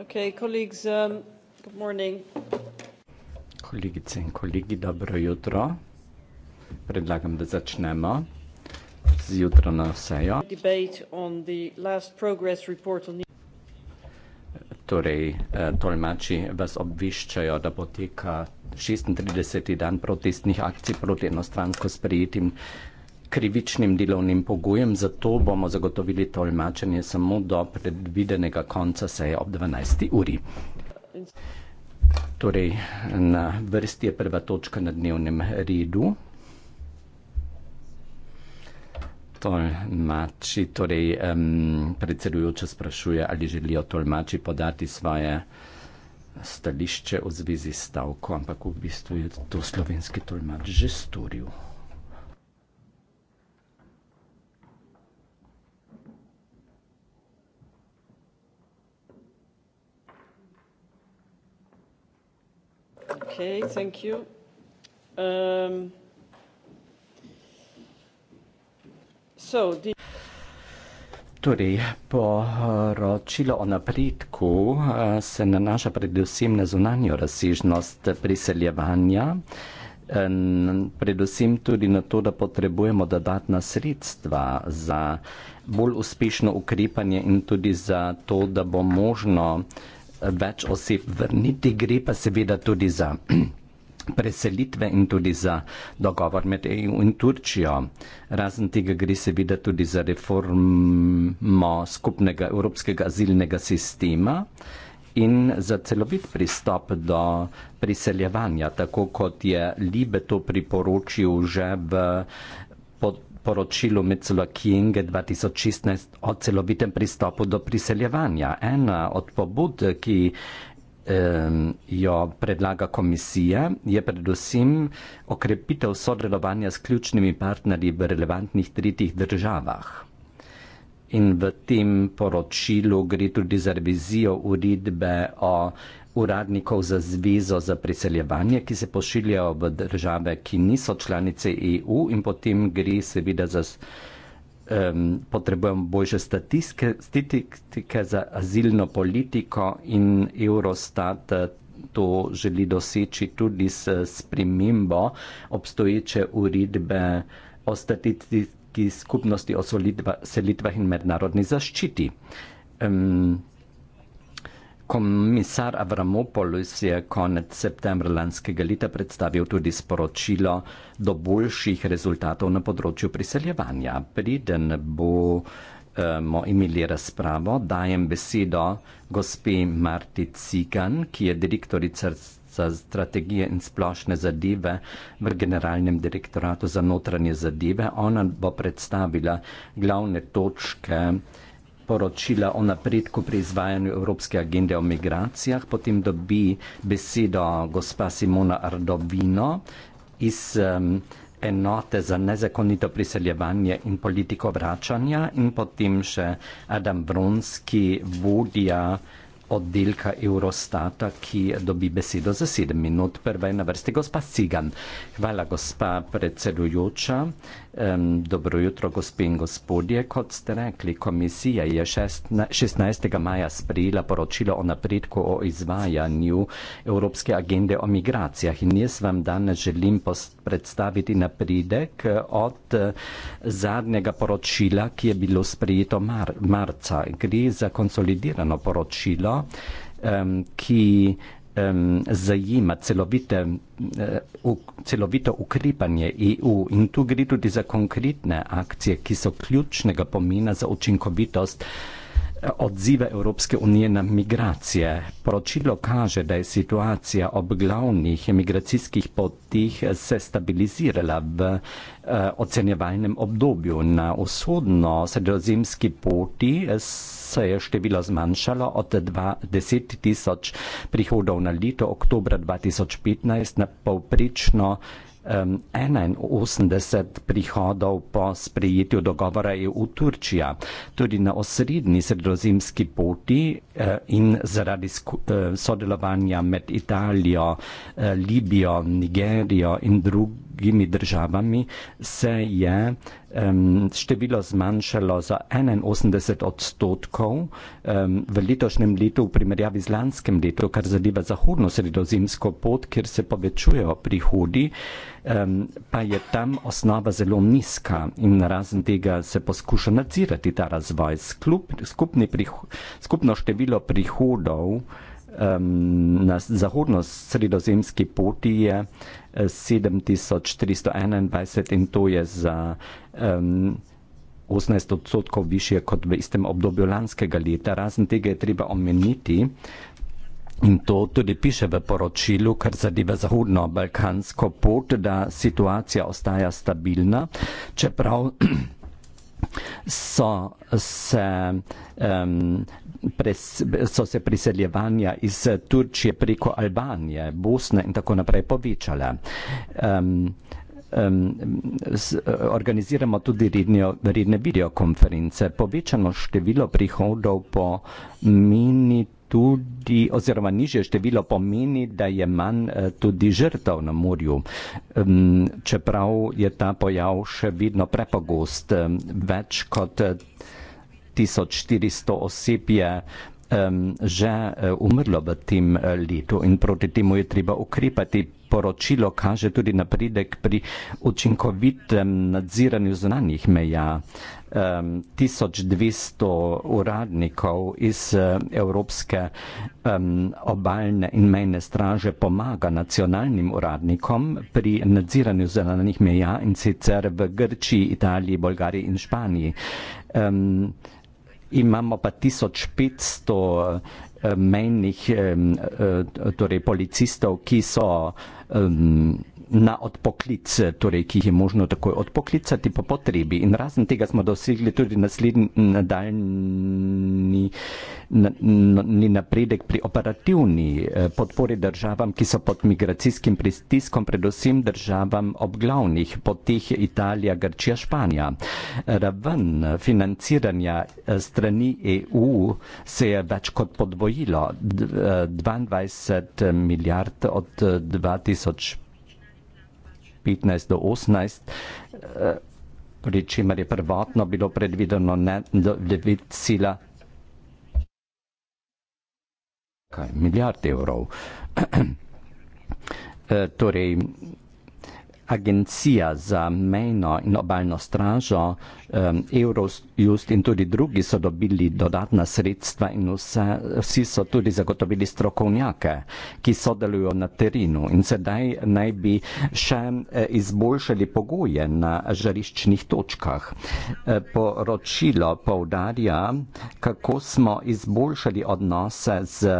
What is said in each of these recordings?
Okay, colleagues, um, good morning. Kolegice in kolegi, dobro jutro. Predlagam, da začnemo zjutraj na sejo. Torej, eh, tolmači vas obviščajo, da poteka 36. dan protestnih akcij proti enostransko sprejetim krivičnim delovnim pogojem, zato bomo zagotovili tolmačenje samo do predvidenega konca seje ob 12. uri. Torej, na vrsti je prva točka na dnevnem redu. Tolmači, torej um, predsedujoča sprašuje, ali želijo tolmači podati svoje stališče v zvezi s stavko, ampak v bistvu je to slovenski tolmač že storil. Okay, thank you. Um, so the Torej, poročilo o napredku eh, se nanaša predvsem na zunanjo razsežnost priseljevanja, predvsem tudi na to, da potrebujemo dodatna sredstva za bolj uspešno ukrepanje in tudi za to, da bo možno več oseb vrniti, gre pa seveda tudi za preselitve in tudi za dogovor med EU in Turčijo. Razen tega gre seveda tudi za reformo skupnega evropskega azilnega sistema in za celovit pristop do priseljevanja, tako kot je Libe to priporočil že v poročilu Mitsula King 2016 o celovitem pristopu do priseljevanja. Ena od pobud, ki jo predlaga komisija, je predvsem okrepitev sodelovanja s ključnimi partnerji v relevantnih tretjih državah. In v tem poročilu gre tudi za revizijo uredbe o uradnikov za zvezo za priseljevanje, ki se pošiljajo v države, ki niso članice EU in potem gre seveda za. Um, potrebujemo boljše statistike, statistike za azilno politiko in Eurostat eh, to želi doseči tudi s spremembo obstoječe uredbe o statistiki skupnosti o selitvah in mednarodni zaščiti. Um, Komisar Avramopoulos je konec septembra lanskega leta predstavil tudi sporočilo do boljših rezultatov na področju priseljevanja. Priden bomo eh, imeli razpravo, dajem besedo gospe Marti Cigan, ki je direktorica za strategije in splošne zadeve v Generalnem direktoratu za notranje zadeve. Ona bo predstavila glavne točke poročila o napredku pri izvajanju Evropske agende o migracijah. Potem dobi besedo gospa Simona Ardovino iz um, enote za nezakonito priseljevanje in politiko vračanja in potem še Adam Bronski, vodja oddelka Eurostata, ki dobi besedo za sedem minut. Prva je na vrsti gospa Cigan. Hvala, gospa predsedujoča. Um, dobro jutro, gospe in gospodje. Kot ste rekli, komisija je 16. maja sprejela poročilo o napredku o izvajanju Evropske agende o migracijah. In jaz vam danes želim predstaviti napredek od zadnjega poročila, ki je bilo sprejeto mar marca. Gre za konsolidirano poročilo, um, ki um, zajima celovite, uh, u, celovito ukrepanje EU in tu gre tudi za konkretne akcije, ki so ključnega pomena za učinkovitost eh, odziva Evropske unije na migracije. Poročilo kaže, da je situacija ob glavnih migracijskih potih se stabilizirala v eh, ocenjevalnem obdobju. Na vzhodno sredozemski poti se je število zmanjšalo od 20 tisoč prihodov na leto oktober 2015 na povprečno um, 81 prihodov po sprejetju dogovora EU-Turčija. Tudi na osrednji sredozemski poti uh, in zaradi sku, uh, sodelovanja med Italijo, uh, Libijo, Nigerijo in drugimi drugimi državami, se je um, število zmanjšalo za 81 odstotkov um, v letošnjem letu v primerjavi z lanskem letu, kar zadeva zahodno sredozemsko pot, kjer se povečujejo prihodi, um, pa je tam osnova zelo nizka in razen tega se poskuša nadzirati ta razvoj. Skup, priho, skupno število prihodov um, na zahodno sredozemski poti je 7321 in to je za um, 18 odstotkov više kot v istem obdobju lanskega leta. Razen tega je treba omeniti in to tudi piše v poročilu, kar zadeva zahodno-balkansko pot, da situacija ostaja stabilna, čeprav so se um, pres, so se priseljevanja iz eh, Turčije preko Albanije, Bosne in tako naprej povečala. Um, Um, s, eh, organiziramo tudi redne, redne videokonference. Povečano število prihodov pomeni tudi, oziroma nižje število pomeni, da je manj eh, tudi žrtev na morju. Um, čeprav je ta pojav še vedno prepogost, um, več kot. Uh, 1400 oseb je um, že e, umrlo v tem e, letu in proti temu je treba ukrepati. Poročilo kaže tudi napredek pri učinkovitem nadziranju zunanjih meja. Um, 1200 uradnikov iz e, Evropske um, obaljne in mejne straže pomaga nacionalnim uradnikom pri nadziranju zunanjih meja in sicer v Grčiji, Italiji, Bolgariji in Španiji. Um, imamo pa 1500 eh, mejnih eh, torej policistov, ki so um, na odpoklic, torej, ki jih je možno takoj odpoklicati po potrebi. In razen tega smo dosegli tudi naslednji nadaljni na, napredek pri operativni eh, podpori državam, ki so pod migracijskim pristiskom, predvsem državam ob glavnih poteh Italija, Grčija, Španija. Raven financiranja eh, strani EU se je več kot podvojilo, 22 eh, milijard od 2005. 15 do 18, eh, pri čemer je prvotno bilo predvideno ne do 9 cila milijard evrov. Eh, torej, agencija za mejno in obaljno stražo, um, Eurojust in tudi drugi so dobili dodatna sredstva in vse, vsi so tudi zagotovili strokovnjake, ki sodelujo na terenu in sedaj naj bi še e, izboljšali pogoje na žariščnih točkah. E, poročilo povdarja, kako smo izboljšali odnose z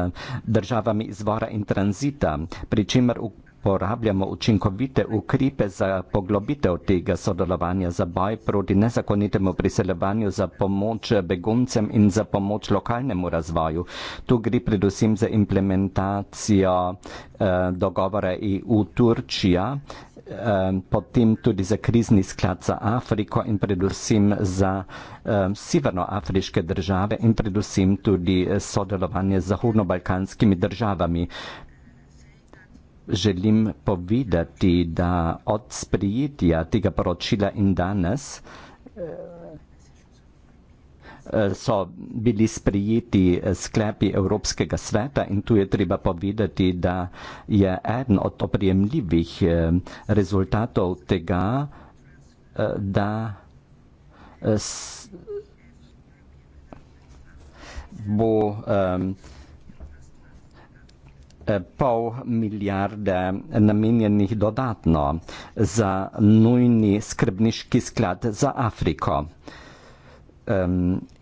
državami izvora in tranzita, pri čemer uporabljamo učinkovite ukripe za poglobitev tega sodelovanja za boj proti nezakonitemu priseljevanju, za pomoč beguncem in za pomoč lokalnemu razvoju. Tu gre predvsem za implementacijo eh, dogovora EU Turčija, eh, potem tudi za krizni sklad za Afriko in predvsem za eh, severnoafriške države in predvsem tudi eh, sodelovanje z zahodnobalkanskimi državami želim povedati, da od sprejetja tega poročila in danes eh, eh, so bili sprejeti eh, sklepi Evropskega sveta in tu je treba povedati, da je eden od oprijemljivih rezultatov tega, da bo sprejeti pol milijarde namenjenih dodatno za nujni skrbniški sklad za Afriko.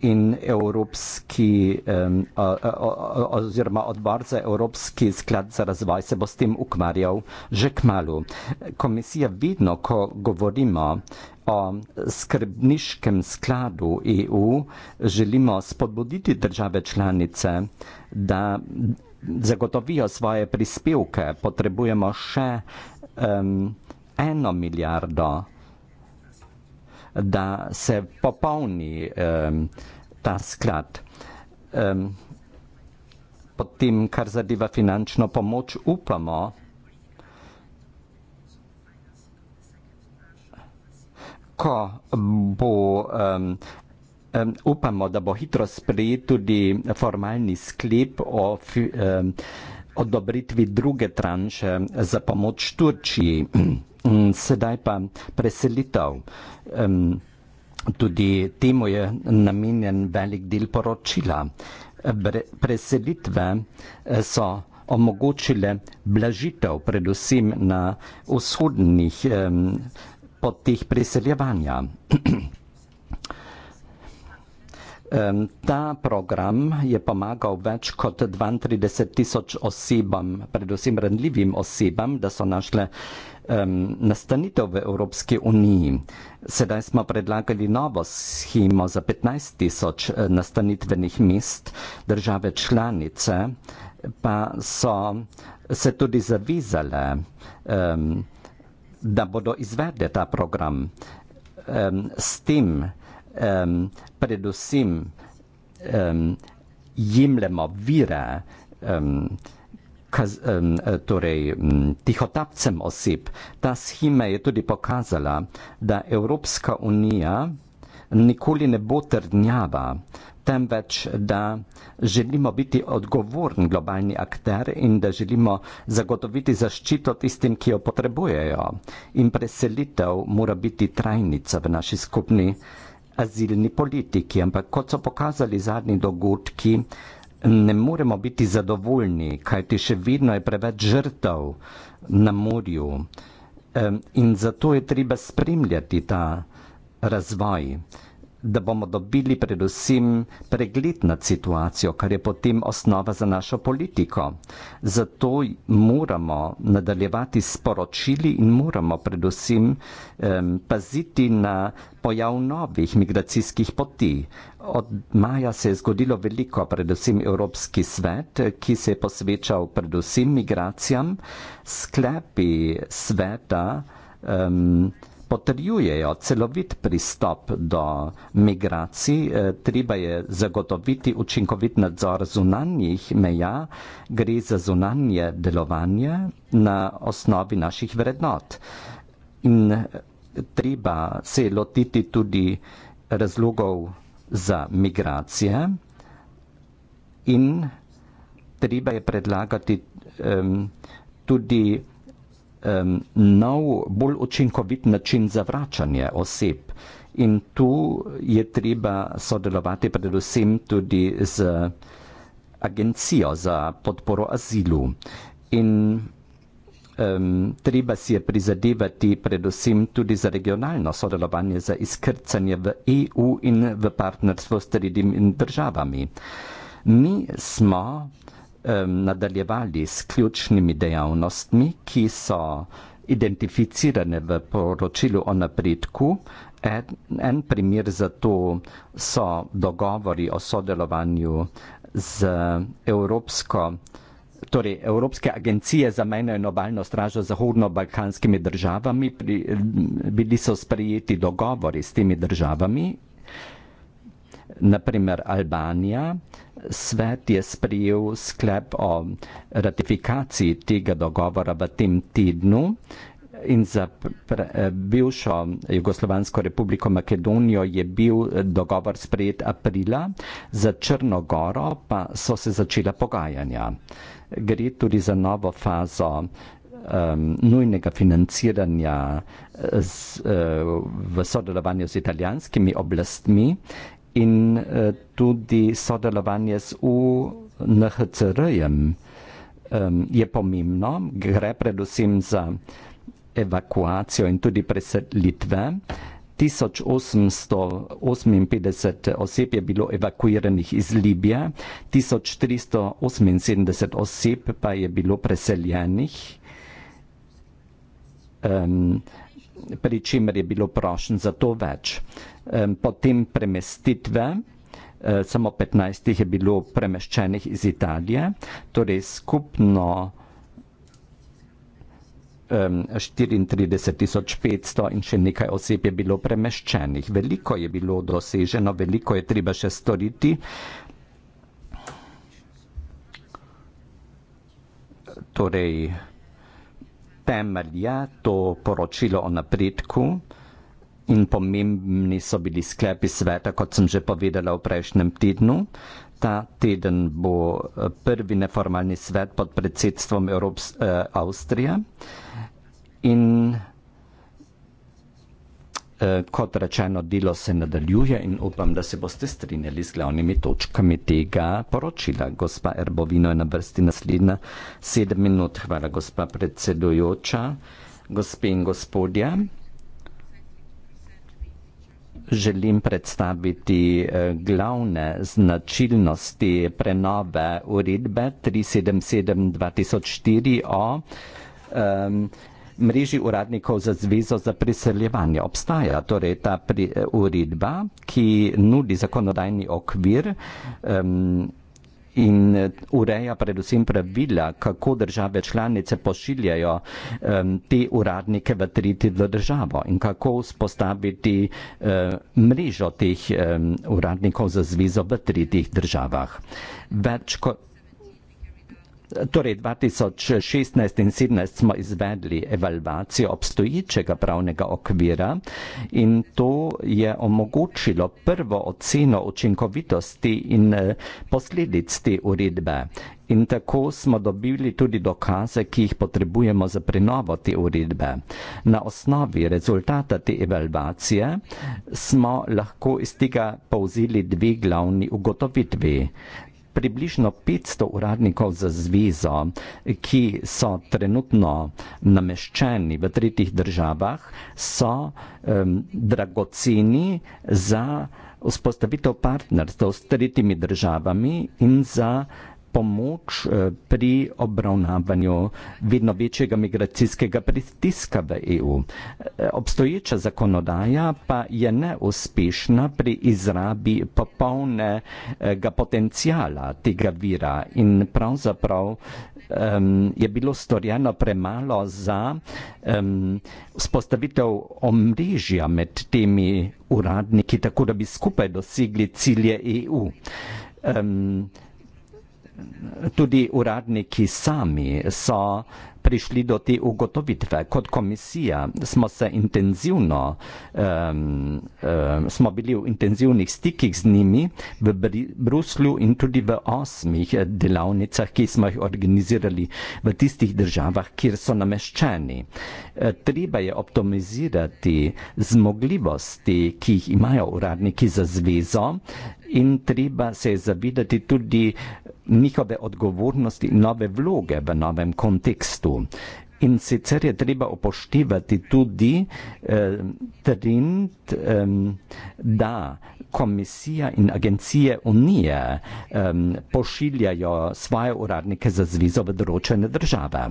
In Evropski, oziroma odbor za Evropski sklad za razvoj se bo s tem ukvarjal že k malu. Komisija vidno, ko govorimo o skrbniškem skladu EU, želimo spodbuditi države članice, da zagotovijo svoje prispevke, potrebujemo še um, eno milijardo, da se popolni um, ta sklad. Um, potem, kar zadeva finančno pomoč, upamo, ko bo um, um, upamo, da bo hitro sprejet tudi formalni sklep o um, odobritvi druge tranše za pomoč Turčiji. Sedaj pa preselitev. Um, tudi temu je namenjen velik del poročila. Bre preselitve e, so omogočile blažitev, predvsem na vzhodnih um, potih preseljevanja. Ta program je pomagal več kot 32 tisoč osebam, predvsem ranljivim osebam, da so našle um, nastanitev v Evropski uniji. Sedaj smo predlagali novo schemo za 15 tisoč e, nastanitvenih mest. Države članice pa so se tudi zavizale, um, da bodo izvedle ta program. Um, s tem, um, predvsem um, jemljemo vire um, kaz, um, torej, um, tihotapcem oseb. Ta schema je tudi pokazala, da Evropska unija nikoli ne bo trdnjava, temveč da želimo biti odgovoren globalni akter in da želimo zagotoviti zaščito tistim, ki jo potrebujejo. In preselitev mora biti trajnica v naši skupni azilni politiki. Ampak kot so pokazali zadnji dogodki, ne moremo biti zadovoljni, kajti še vedno je preveč žrtev na morju in zato je treba spremljati ta razvoj da bomo dobili predvsem pregled nad situacijo, kar je potem osnova za našo politiko. Zato moramo nadaljevati s poročili in moramo predvsem um, paziti na pojav novih migracijskih poti. Od maja se je zgodilo veliko, predvsem Evropski svet, ki se je posvečal predvsem migracijam. Sklepi sveta um, potrjujejo celovit pristop do migracij, e, treba je zagotoviti učinkovit nadzor zunanjih meja, gre za zunanje delovanje na osnovi naših vrednot. In treba se lotiti tudi razlogov za migracije in treba je predlagati um, tudi um, nov, bolj učinkovit način zavračanja oseb. In tu je treba sodelovati predvsem tudi z agencijo za podporo azilu. In um, treba si je prizadevati predvsem tudi za regionalno sodelovanje, za izkrcanje v EU in v partnerstvo s tredjimi državami. Mi smo uh, um, nadaljevali s ključnimi dejavnostmi, ki so identificirane v poročilu o napredku. En, en primer za to so dogovori o sodelovanju z Evropsko, torej Evropske agencije za mejno in obaljno stražo zahodno-balkanskimi državami. Pri, bili so sprejeti dogovori s temi državami naprimer Albanija, svet je sprijel sklep o ratifikaciji tega dogovora v tem tednu in za eh, bivšo Jugoslovansko republiko Makedonijo je bil eh, dogovor sprejet aprila, za Črnogoro pa so se začela pogajanja. Gre tudi za novo fazo um, nujnega financiranja eh, z, uh, v sodelovanju z italijanskimi oblastmi in uh, tudi sodelovanje z UNHCR-jem um, ehm, je pomembno. Gre predvsem za evakuacijo in tudi preselitve. 1858 oseb je bilo evakuiranih iz Libije, 1378 oseb pa je bilo preseljenih. Um, pri čemer je bilo prošen za to več. Potem premestitve, e, samo 15 jih je bilo premeščenih iz Italije, torej skupno 34.500 in še nekaj oseb je bilo premeščenih. Veliko je bilo doseženo, veliko je treba še storiti. Torej, temelje to poročilo o napredku in pomembni so bili sklepi sveta, kot sem že povedala v prejšnjem tednu. Ta teden bo eh, prvi neformalni svet pod predsedstvom Evrops, eh, Avstrije in Eh, kot rečeno, delo se nadaljuje in upam, da se boste strinjali z glavnimi točkami tega poročila. Gospa Erbovino je na vrsti naslednja sedem minut. Hvala, gospa predsedujoča, gospe in gospodje. Želim predstaviti eh, glavne značilnosti prenove uredbe 377-2004 o um, mreži uradnikov za zvezo za priseljevanje. Obstaja torej ta pri, eh, uredba, ki nudi zakonodajni okvir um, in eh, ureja predvsem pravila, kako države članice pošiljajo um, te uradnike v tretji državo in kako vzpostaviti um, mrežo teh um, uradnikov za zvezo v tretjih državah. Več kot Torej, 2016 in 2017 smo izvedli evalvacijo obstoječega pravnega okvira in to je omogočilo prvo oceno učinkovitosti in eh, posledic te uredbe. In tako smo dobili tudi dokaze, ki jih potrebujemo za prenovo te uredbe. Na osnovi rezultata te evalvacije smo lahko iz tega povzeli dve glavni ugotovitvi približno 500 uradnikov za zvezo, ki so trenutno nameščeni v tretjih državah, so um, dragoceni za vzpostavitev partnerstva s tretjimi državami in za pomoč eh, pri obravnavanju vedno večjega migracijskega pritiska v EU. Eh, obstoječa zakonodaja pa je neuspešna pri izrabi popolnega potencijala tega vira in pravzaprav um, je bilo storjeno premalo za um, spostavitev omrežja med temi uradniki, tako da bi skupaj dosegli cilje EU. Um, tudi uradniki sami so prišli do te ugotovitve. Kot komisija smo se intenzivno, um, um, smo bili v intenzivnih stikih z njimi v Bruslju in tudi v osmih delavnicah, ki smo jih organizirali v tistih državah, kjer so nameščeni. E, treba je optimizirati zmogljivosti, ki jih imajo uradniki za zvezo in treba se je zavidati tudi njihove odgovornosti in nove vloge v novem kontekstu. In sicer je treba upoštevati tudi eh, trend, eh, da komisija in agencije Unije eh, pošiljajo svoje uradnike za zvizo v določene države.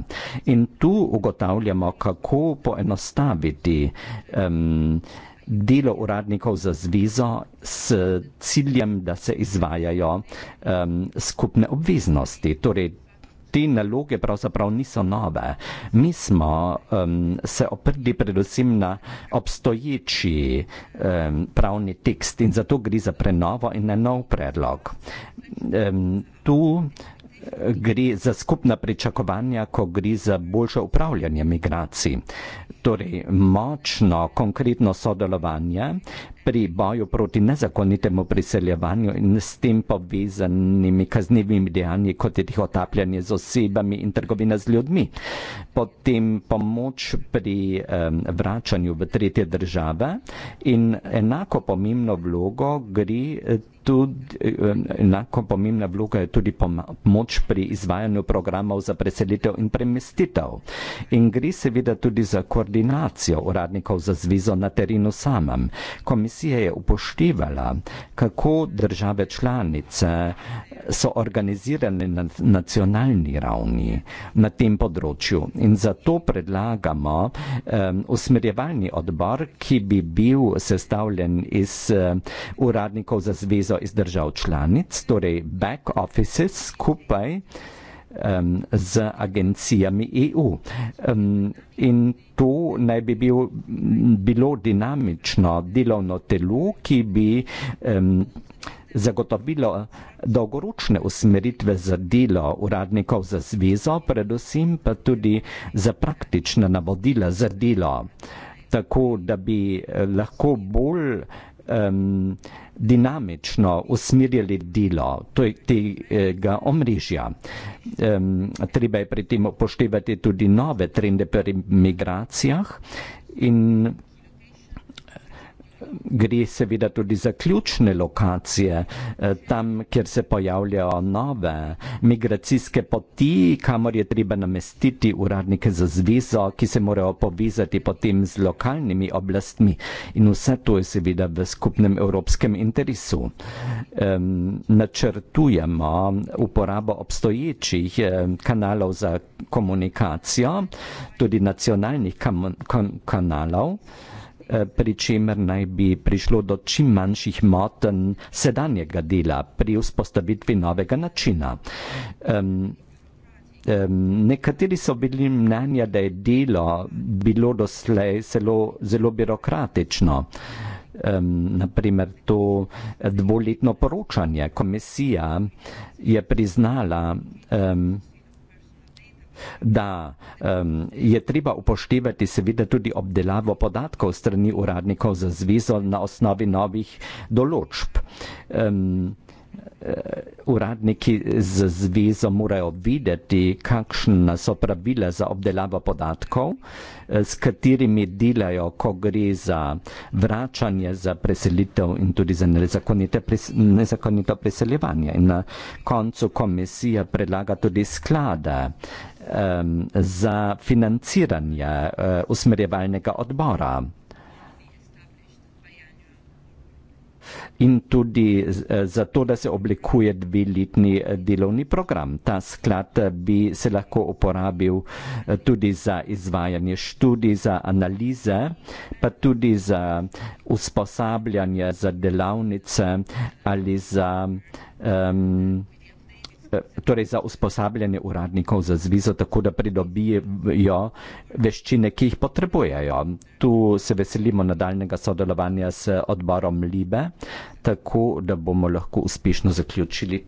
In tu ugotavljamo, kako poenostaviti eh, delo uradnikov za zvezo s ciljem, da se izvajajo um, skupne obveznosti. Torej, Te naloge pravzaprav niso nove. Mi smo um, se oprli predvsem na obstoječi um, pravni tekst in zato gre za prenovo in na nov predlog. Um, tu gre za skupna pričakovanja, ko gre za boljše upravljanje migracij. Torej, močno, konkretno sodelovanje pri boju proti nezakonitemu priseljevanju in s tem povezanimi kaznivimi dejanji, kot je tih otapljanje z osebami in trgovina z ljudmi. Potem pomoč pri um, vračanju v tretje države in enako pomembno vlogo gre tudi um, enako pomembna vloga je tudi pomoč pri izvajanju programov za preselitev in premestitev. In gre seveda tudi za koordinacijo uradnikov za zvezo na terenu samem. Komisija je upoštevala, kako države članice so organizirane na nacionalni ravni na tem področju. In zato predlagamo um, usmerjevalni odbor, ki bi bil sestavljen iz uh, uradnikov za zvezo iz držav članic, torej back offices skupaj um, z agencijami EU. Um, in tu naj bi bil, bilo dinamično delovno telo, ki bi um, zagotovilo dolgoročne usmeritve za delo uradnikov za zvezo, predvsem pa tudi za praktična navodila za delo, tako da bi eh, lahko bolj um, dinamično usmirjali delo tega omrežja. Um, treba je pri tem upoštevati tudi nove trende pri migracijah in gre seveda tudi za ključne lokacije, eh, tam, kjer se pojavljajo nove migracijske poti, kamor je treba namestiti uradnike za zvezo, ki se morajo povezati potem z lokalnimi oblastmi. In vse to je seveda v skupnem evropskem interesu. Načrtujemo uporabo obstoječih eh, kanalov za komunikacijo, tudi nacionalnih kanalov, Eh, pri čemer naj bi prišlo do čim manjših motenj sedanjega dela pri vzpostavitvi novega načina. Um, um, nekateri so bili mnenja, da je delo bilo doslej zelo, zelo birokratično. Um, naprimer to eh, dvoletno poročanje. Komisija je priznala, um, da um, je treba upoštevati seveda tudi obdelavo podatkov strani uradnikov za zvezo na osnovi novih določb. Um, Eh, uradniki z zvezo morajo videti, kakšna so pravila za obdelavo podatkov, eh, s katerimi delajo, ko gre za vračanje, za preselitev in tudi za nezakonito preseljevanje. In na koncu komisija predlaga tudi sklada um, ehm, za financiranje uh, usmerjevalnega odbora. in tudi eh, zato, da se oblikuje dveletni eh, delovni program. Ta sklad eh, bi se lahko uporabil tudi za izvajanje študij, za analize, pa tudi za usposabljanje, za delavnice ali za um, Eh, torej za usposabljanje uradnikov za zvizo, tako da pridobijo veščine, ki jih potrebujejo. Tu se veselimo nadaljnega sodelovanja s odborom Libe, tako da bomo lahko uspešno zaključili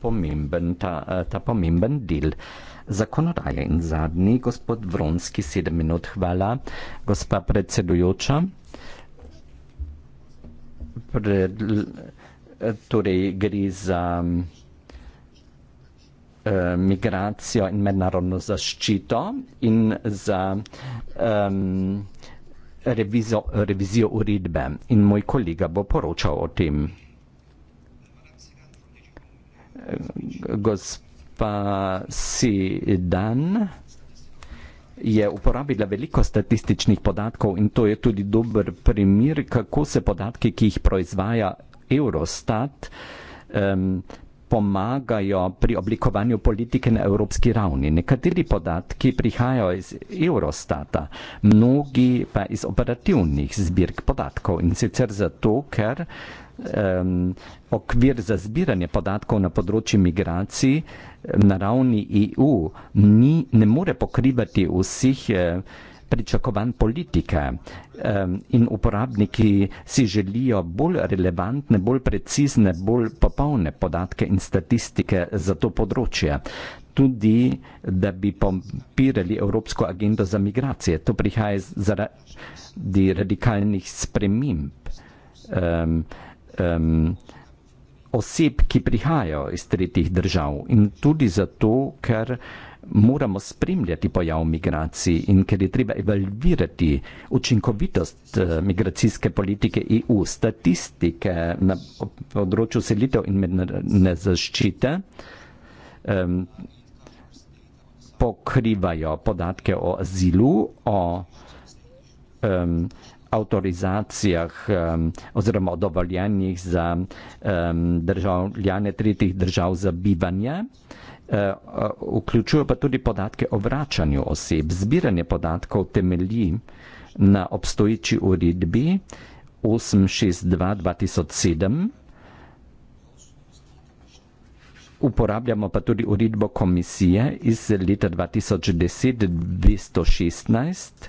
pomemben, ta, eh, ta pomemben del. Zakonodaje in zadnji, gospod Vronski, sedem minut, hvala. Gospa predsedujoča, pred, eh, torej gre za. Eh, migracijo in mednarodno zaščito in za um, revizo, revizijo uredbe. In moj kolega bo poročal o tem. Gospa Sidan je uporabila veliko statističnih podatkov in to je tudi dober primer, kako se podatki, ki jih proizvaja Eurostat, um, pomagajo pri oblikovanju politike na evropski ravni. Nekateri podatki prihajajo iz Eurostata, mnogi pa iz operativnih zbirk podatkov in sicer zato, ker um, okvir za zbiranje podatkov na področju migracij na ravni EU ni, ne more pokrivati vseh eh, pričakovanj politike eh, in uporabniki si želijo bolj relevantne, bolj precizne, bolj popolne podatke in statistike za to področje. Tudi, da bi pompirali Evropsko agendo za migracije. To prihaja zaradi radikalnih sprememb. Um, um, oseb, ki prihajajo iz tretjih držav in tudi zato, ker moramo spremljati pojav migracij in ker je treba evalvirati učinkovitost eh, migracijske politike EU, statistike na področju selitev in mednarodne zaščite, um, pokrivajo podatke o azilu, o um, avtorizacijah um, oziroma dovoljanjih za um, državljane tretjih držav za bivanje. Eh, eh, vključuje pa tudi podatke o vračanju oseb. Zbiranje podatkov temelji na obstoječi uredbi 862-2007, uporabljamo pa tudi uredbo komisije iz leta 2010-216,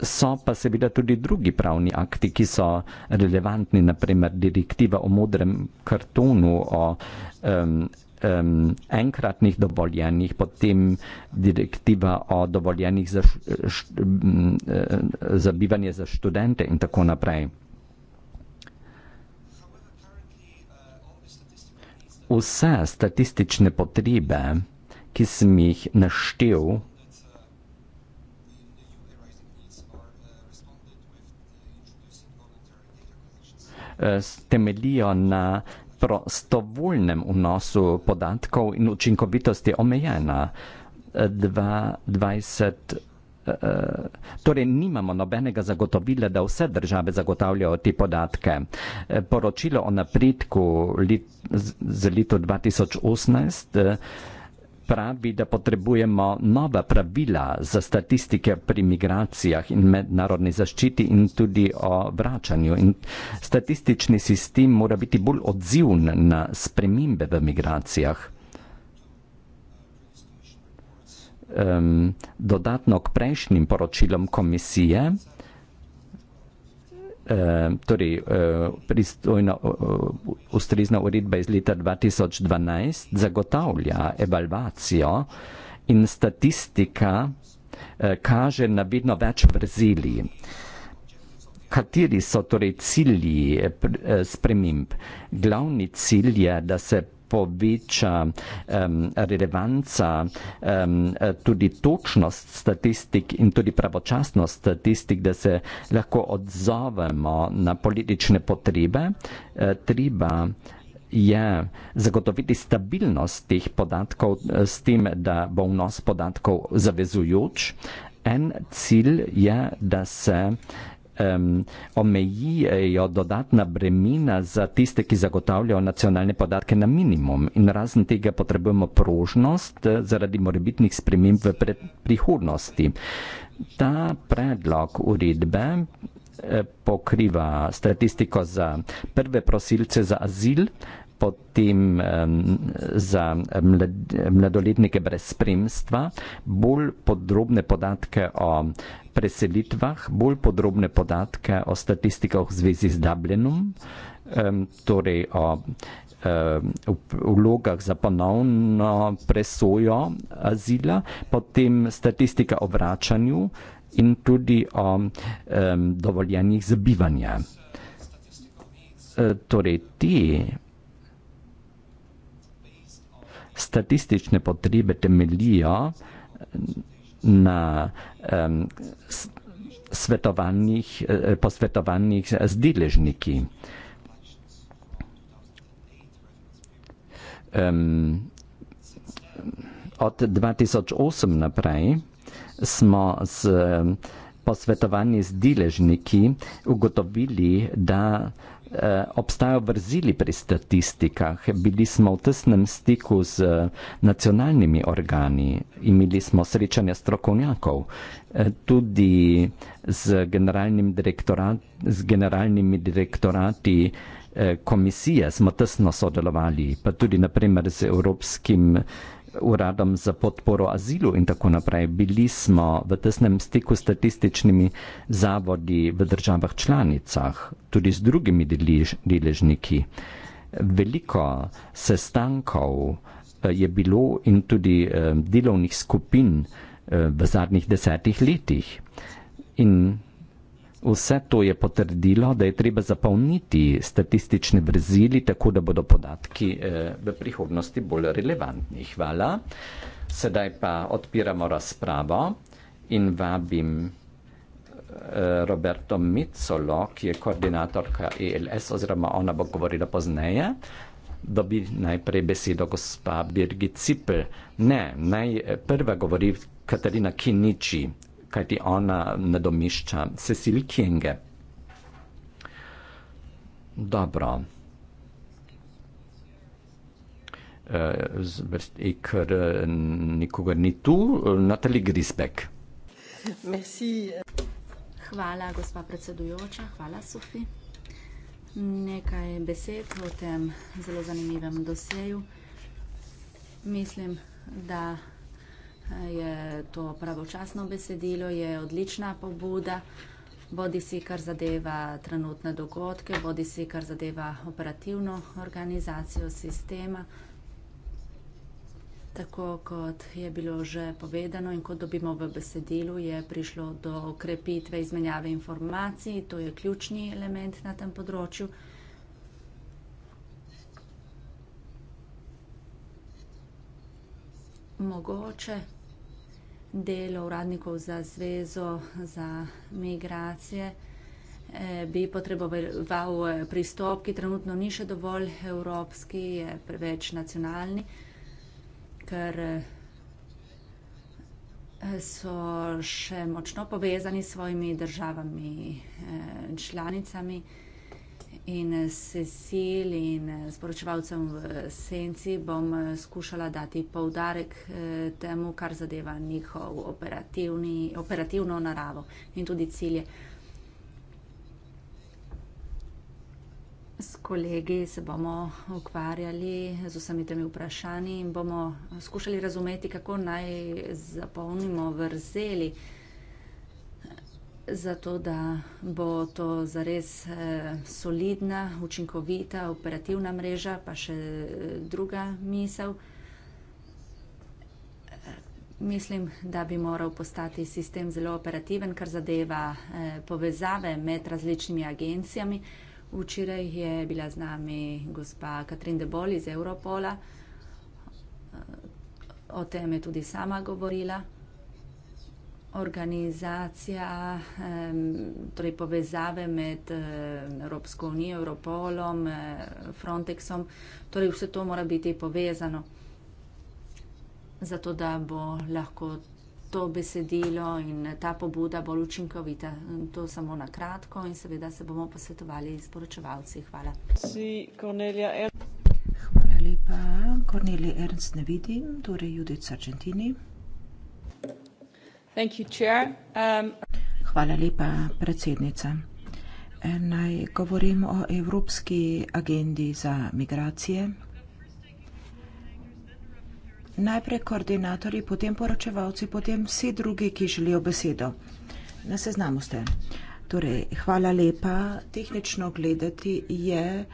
So pa seveda tudi drugi pravni akti, ki so relevantni, naprimer direktiva o modrem kartonu, o um, um, enkratnih dovoljenih, potem direktiva o dovoljenih za, e, za bivanje za študente in tako naprej. Vse statistične potrebe, ki sem jih naštel, Eh, temeljijo na prostovoljnem vnosu podatkov in učinkovitosti omejena. 20, eh, eh, torej nimamo nobenega zagotovila, da vse države zagotavljajo te podatke. Poročilo o napredku z leto 2018 pravi, da potrebujemo nova pravila za statistike pri migracijah in mednarodni zaščiti in tudi o vračanju. In statistični sistem mora biti bolj odziven na spremembe v migracijah. Um, dodatno k prejšnjim poročilom komisije. Eh, torej eh, pristojna eh, ustrezna uredba iz leta 2012 zagotavlja evalvacijo in statistika kaže na vedno več vrzeli. Kateri so torej cilji sprememb? Glavni cilj je, da se poveča um, relevanca, um, tudi točnost statistik in tudi pravočasnost statistik, da se lahko odzovemo na politične potrebe. E, treba je zagotoviti stabilnost teh podatkov s tem, da bo vnos podatkov zavezujoč. En cilj je, da se um, omeji eh, jo dodatna bremena za tiste, ki zagotavljajo nacionalne podatke na minimum. In razen tega potrebujemo prožnost eh, zaradi morebitnih sprememb v prihodnosti. Ta predlog uredbe eh, pokriva statistiko za prve prosilce za azil, potem um, za mladoletnike brez spremstva, bolj podrobne podatke o preselitvah bolj podrobne podatke o statistikah v zvezi z Dublinom, um, torej o vlogah za ponovno presojo azila, potem statistika o vračanju in tudi o um, dovoljenih zabivanja. E, torej, ti statistične potrebe temelijo na um, svetovanjih, eh, e, posvetovanjih e, z deležniki. Um, od 2008 naprej smo z posvetovanji z deležniki ugotovili, da Eh, obstajajo vrzili pri statistikah, bili smo v tesnem stiku z eh, nacionalnimi organi, imeli smo srečanja strokovnjakov, eh, tudi z, generalnim direktorat, z generalnimi direktorati komisije smo tesno sodelovali, pa tudi naprimer z Evropskim uradom za podporo azilu in tako naprej. Bili smo v tesnem stiku s statističnimi zavodi v državah članicah, tudi z drugimi delež, deležniki. Veliko sestankov eh, je bilo in tudi eh, delovnih skupin eh, v zadnjih desetih letih. In Vse to je potrdilo, da je treba zapolniti statistični brezili, tako da bodo podatki eh, v prihodnosti bolj relevantni. Hvala. Sedaj pa odpiramo razpravo in vabim eh, Roberto Micolo, ki je koordinatorka ELS, oziroma ona bo govorila pozneje. Dobi najprej besedo gospa Birgit Cipel. Ne, najprva eh, govori Katarina Kiniči, kajti ona nadomešča Cecil Kienge. Dobro. E, Zvrsti, ker e, nikogar ni tu, Natalie Grisbeck. Merci. Hvala, gospa predsedujoča, hvala, Sofi. Nekaj besed o tem zelo zanimivem doseju. Mislim, da je to pravočasno besedilo, je odlična pobuda, bodi si kar zadeva trenutne dogodke, bodi si kar zadeva operativno organizacijo sistema. Tako kot je bilo že povedano in kot dobimo v besedilu, je prišlo do okrepitve izmenjave informacij, to je ključni element na tem področju. Mogoče delo uradnikov za zvezo za migracije eh, bi potreboval eh, pristop, ki trenutno ni še dovolj evropski, je preveč nacionalni, ker eh, so še močno povezani s svojimi državami, članicami in Cecil in eh, sporočevalcem v senci bom eh, skušala dati povdarek eh, temu, kar zadeva njihov operativni, operativno naravo in tudi cilje. S kolegi se bomo ukvarjali z vsemi temi vprašanji in bomo skušali razumeti, kako naj zapolnimo vrzeli zato da bo to zares eh, solidna, učinkovita operativna mreža, pa še eh, druga misel. Eh, mislim, da bi moral postati sistem zelo operativen, kar zadeva povezave med različnimi agencijami. Včeraj je bila z nami gospa Katrin Debol iz Europola. O tem je tudi sama govorila organizacija, torej povezave med Evropsko unijo, Europolom, eh, Frontexom, torej vse to mora biti povezano, zato da bo lahko to besedilo in ta pobuda bolj učinkovita. To samo na kratko in seveda se bomo posvetovali s poročevalci. Hvala. Hvala lepa. Kornelija Ernst ne vidim, torej Judica Argentini. Um, hvala lepa, predsednica. E, naj govorim o evropski agendi za migracije. Najprej koordinatorji, potem poročevalci, potem vsi drugi, ki želijo besedo. Na seznamu ste. Torej, hvala lepa. Tehnično gledati je,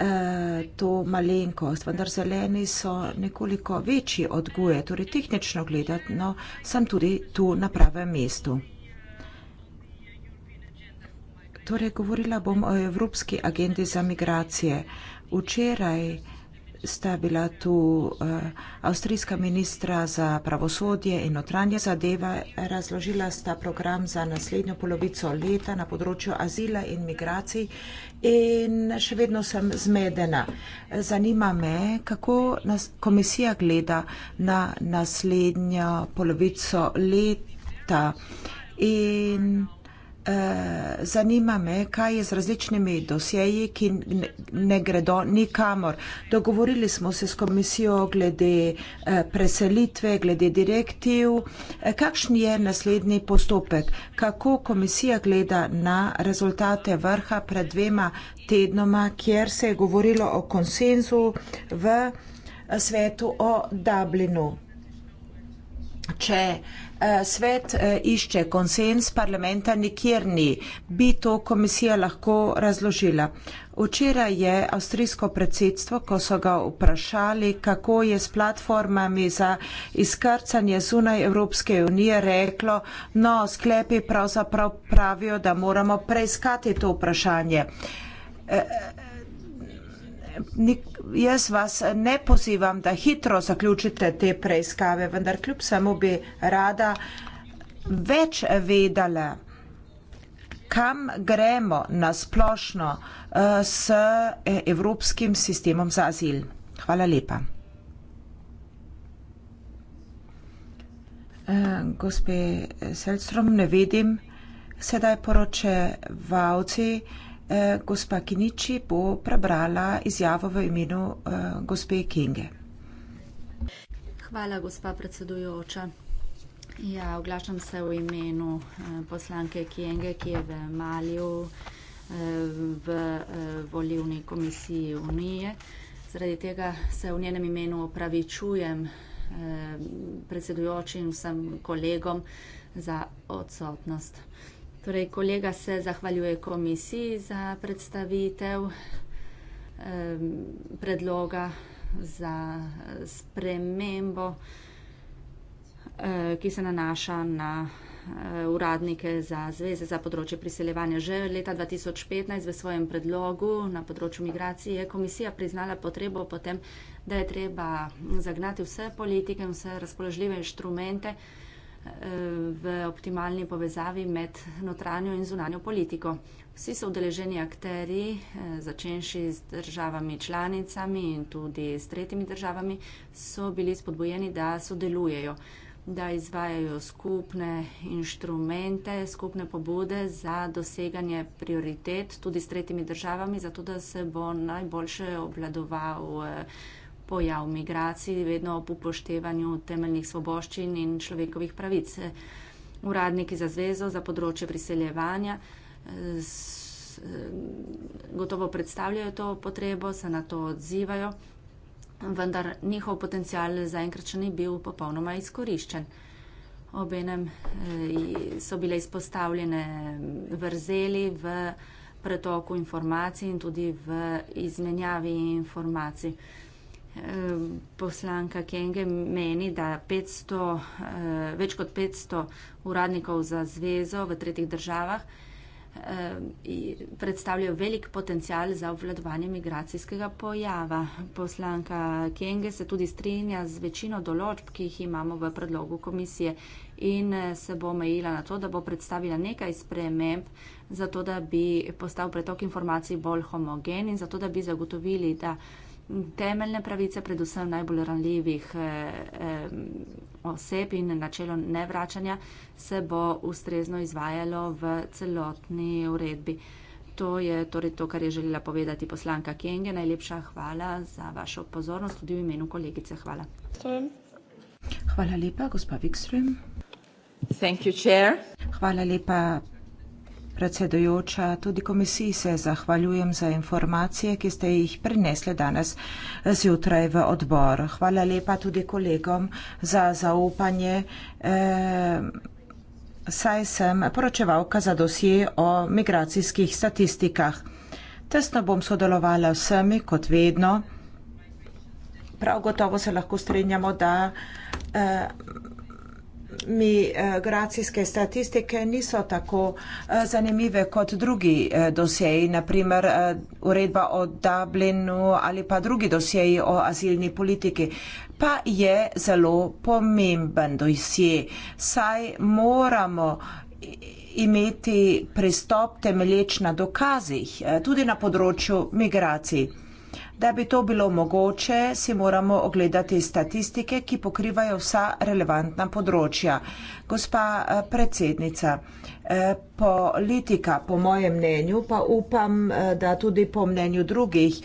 Eh, to malenkost, vendar zeleni so nekoliko večji od guje, torej tehnično gledano sem tudi tu na pravem mestu. Torej, govorila bom o Evropski agendi za migracije. Včeraj sta bila tu uh, avstrijska ministra za pravosodje in notranje zadeve, razložila sta program za naslednjo polovico leta na področju azila in migracij in še vedno sem zmedena. Zanima me, kako nas komisija gleda na naslednjo polovico leta in Eh, zanima me, kaj je z različnimi dosjeji, ki ne, ne gredo nikamor. Dogovorili smo se s komisijo glede e, preselitve, glede direktiv. E, kakšen je naslednji postopek? Kako komisija gleda na rezultate vrha pred dvema tednoma, kjer se je govorilo o konsenzu v svetu o Dublinu? če eh, svet eh, išče konsens, parlamenta nikjer ni, bi to komisija lahko razložila. Včeraj je avstrijsko predsedstvo, ko so ga vprašali, kako je s platformami za izkrcanje zunaj Evropske unije, reklo, no, sklepi pravzaprav pravijo, da moramo preiskati to vprašanje. E, jaz vas ne pozivam, da hitro zaključite te preiskave, vendar kljub samo bi rada več vedela, kam gremo na splošno eh, s eh, Evropskim sistemom za azil. Hvala lepa. Eh, gospe Selstrom, ne vidim sedaj poroče v avci. Hvala lepa. Eh, gospa Kiniči bo prebrala izjavo v imenu eh, gospe Kinge. Hvala, gospa predsedujoča. Ja, oglašam se v imenu eh, poslanke Kinge, ki je v Malju v volivni komisiji Unije. Zaradi tega se v njenem imenu opravičujem predsedujočim vsem kolegom za odsotnost. Torej, kolega se zahvaljuje komisiji za predstavitev um, predloga za eh, spremembo, um, ki se nanaša na um, uradnike za zveze za področje priseljevanja. Že leta 2015 v svojem predlogu na področju migracije je komisija priznala potrebo potem, da je treba zagnati vse politike in vse razpoložljive inštrumente, um, v optimalni povezavi med notranjo in zunanjo politiko. Vsi so udeleženi akteri, eh, začenši z državami članicami in tudi s tretjimi državami, so bili spodbojeni, da sodelujejo, da izvajajo skupne inštrumente, skupne pobude za doseganje prioritet tudi s tretjimi državami, zato da se bo najboljše obladoval eh, pojav migracij, vedno ob upoštevanju temeljnih svoboščin in človekovih pravic. Uradniki za zvezo za področje priseljevanja eh, eh, gotovo predstavljajo to potrebo, se na to odzivajo, vendar njihov potencial zaenkrat še ni bil popolnoma izkoriščen. Obenem eh, so bile izpostavljene vrzeli v pretoku informacij in tudi v izmenjavi informacij poslanka Kenge meni, da 500, eh, več kot 500 uradnikov za zvezo v tretjih državah predstavljajo velik potencial za obvladovanje migracijskega pojava. Poslanka Kenge se tudi strinja z večino določb, ki jih imamo v predlogu komisije in eh, se bo omejila na to, da bo predstavila nekaj sprememb za to, da bi postal pretok informacij bolj homogen in za to, da bi zagotovili, da temeljne pravice, predvsem najbolj ranljivih eh, eh, oseb in načelo nevračanja, se bo ustrezno izvajalo v celotni uredbi. To je torej to, kar je želela povedati poslanka Kenge. Najlepša hvala za vašo pozornost, tudi v imenu kolegice. Hvala. Hvala lepa, gospa Wikström. Hvala lepa, Predsedujoča, tudi komisiji se zahvaljujem za informacije, ki ste jih prinesli danes eh, zjutraj v odbor. Hvala lepa tudi kolegom za zaupanje. E, saj sem poročevalka za dosje o migracijskih statistikah. Tesno bom sodelovala vsemi, kot vedno. Prav gotovo se lahko strinjamo, da. E, migracijske eh, statistike niso tako eh, zanimive kot drugi eh, dosjeji, naprimer uredba o Dublinu ali pa drugi dosjeji o azilni politiki. Pa je zelo pomemben dosje, saj moramo imeti pristop temelječ na dokazih, tudi na področju migracij. Da bi to bilo mogoče, si moramo ogledati statistike, ki pokrivajo vsa relevantna področja. Gospa eh, predsednica, eh, politika, po mojem mnenju, pa upam, eh, da tudi po mnenju drugih,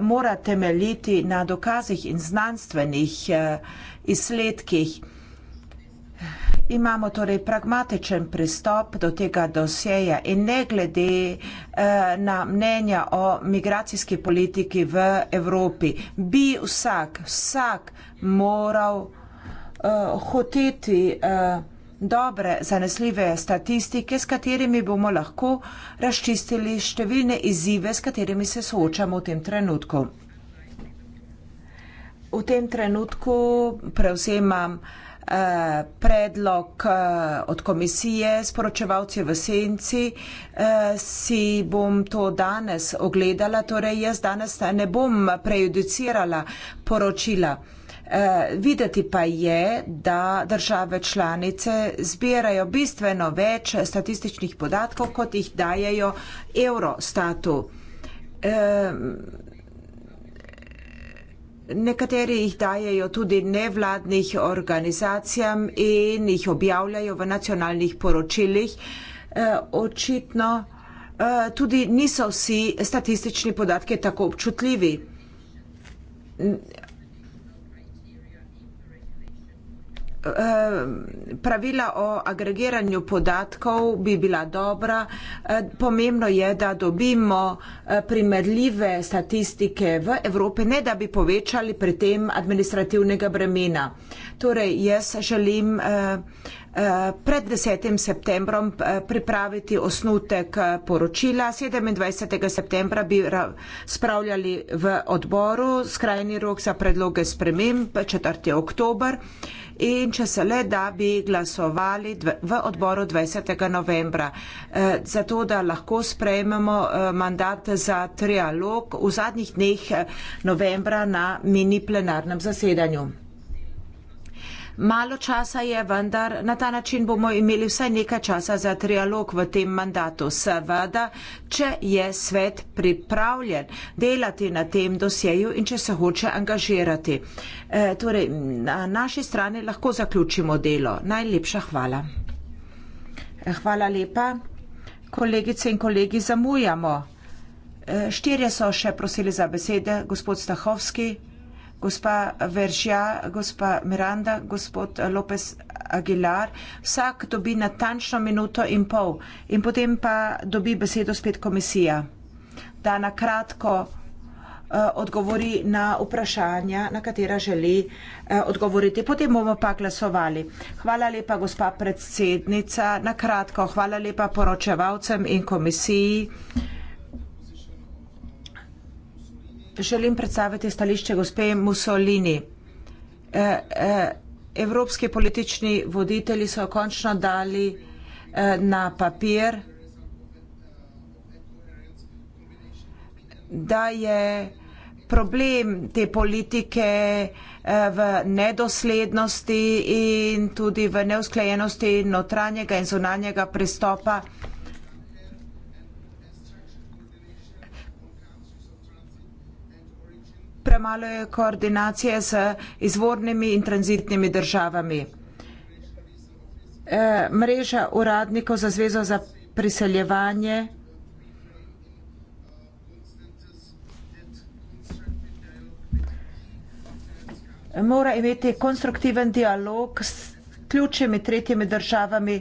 mora temeljiti na dokazih in znanstvenih izsledkih imamo torej pragmatičen pristop do tega dosjeja in ne glede eh, na mnenja o migracijski politiki v Evropi, bi vsak, vsak moral eh, hoteti eh, dobre zanesljive statistike, s katerimi bomo lahko razčistili številne izzive, s katerimi se soočamo v tem trenutku. V tem trenutku prevzemam uh, Eh, predlog eh, od komisije Sporočevalci v senci, eh, si bom to danes ogledala, torej jaz danes ne bom prejudicirala poročila. Videti pa je, da države članice zbirajo bistveno več statističnih podatkov, kot jih dajejo Eurostatu. Nekateri jih dajejo tudi nevladnih organizacijam in jih objavljajo v nacionalnih poročilih. Eh, očitno eh, tudi niso vsi statistični podatki tako občutljivi. Eh, pravila o agregiranju podatkov bi bila dobra. Eh, pomembno je, da dobimo eh, primerljive statistike v Evropi, ne da bi povečali pri tem administrativnega bremena. Torej, jaz želim pred 10. septembrom pripraviti osnutek poročila. 27. septembra bi spravljali v odboru skrajni rok za predloge sprememb 4. oktober in če se le da bi glasovali v odboru 20. novembra, eh, zato da lahko sprejmemo eh, mandat za trialog v zadnjih dneh eh, novembra na mini plenarnem zasedanju. Malo časa je, vendar na ta način bomo imeli vsaj nekaj časa za trialog v tem mandatu. Seveda, če je svet pripravljen delati na tem dosjeju in če se hoče angažirati. E, torej, na naši strani lahko zaključimo delo. Najlepša hvala. E, hvala lepa. Kolegice in kolegi, zamujamo. E, štirje so še prosili za besede, gospod Stahovski gospa Veržja, gospa Miranda, gospod Lopez Aguilar. Vsak dobi natančno minuto in pol in potem pa dobi besedo spet komisija, da na kratko eh, odgovori na vprašanja, na katera želi eh, odgovoriti. Potem bomo pa glasovali. Hvala lepa, gospa predsednica. Na kratko, hvala lepa poročevalcem in komisiji želim predstaviti stališče gospe Mussolini. Eh, eh, evropski politični voditelji so končno dali eh, na papir, da je problem te politike v nedoslednosti in tudi v neusklejenosti notranjega in zunanjega pristopa premalo je koordinacije z izvornimi in tranzitnimi državami. Eh, mreža uradnikov za zvezo za priseljevanje mora imeti konstruktiven dialog s ključnimi tretjimi državami.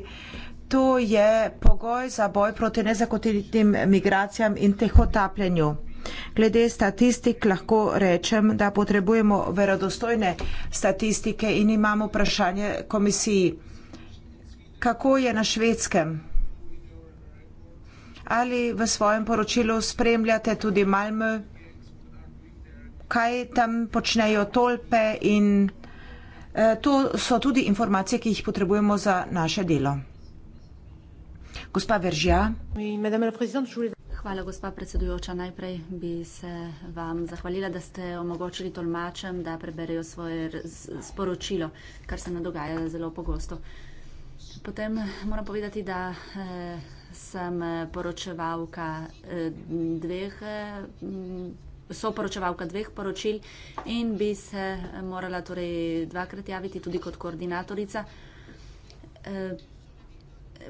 To je pogoj za boj proti nezakotitim migracijam in teh otapljenju. Glede statistik lahko rečem, da potrebujemo verodostojne statistike in imamo vprašanje komisiji. Kako je na švedskem? Ali v svojem poročilu spremljate tudi Malmö? Kaj tam počnejo tolpe in eh, to so tudi informacije, ki jih potrebujemo za naše delo. Gospa Veržja. Hvala, gospa predsedujoča. Najprej bi se vam zahvalila, da ste omogočili tolmačem, da preberejo svoje sporočilo, kar se ne dogaja zelo pogosto. Potem moram povedati, da eh, sem eh, poročevalka eh, dveh, so poročevalka dveh poročil in bi se morala torej dvakrat javiti tudi kot koordinatorica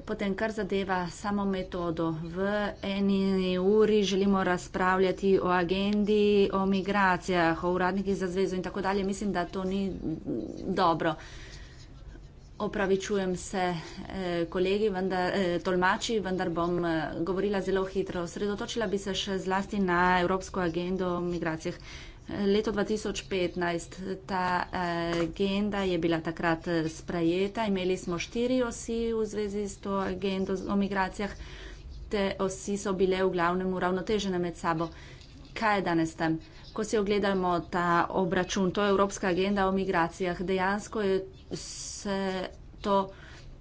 potem kar zadeva samo metodo. V eni uri želimo razpravljati o agendi, o migracijah, o uradnikih za zvezo in tako dalje. Mislim, da to ni dobro. Opravičujem se eh, kolegi, vendar, eh, tolmači, vendar bom eh, govorila zelo hitro. Sredotočila bi se še zlasti na evropsko agendo o migracijah. Leto 2015, ta eh, agenda je bila takrat eh, sprejeta, imeli smo štiri osi v zvezi s to agendo o migracijah, te osi so bile v glavnem uravnotežene med sabo. Kaj je danes tam? Ko si ogledamo ta obračun, to je Evropska agenda o migracijah, dejansko je, se to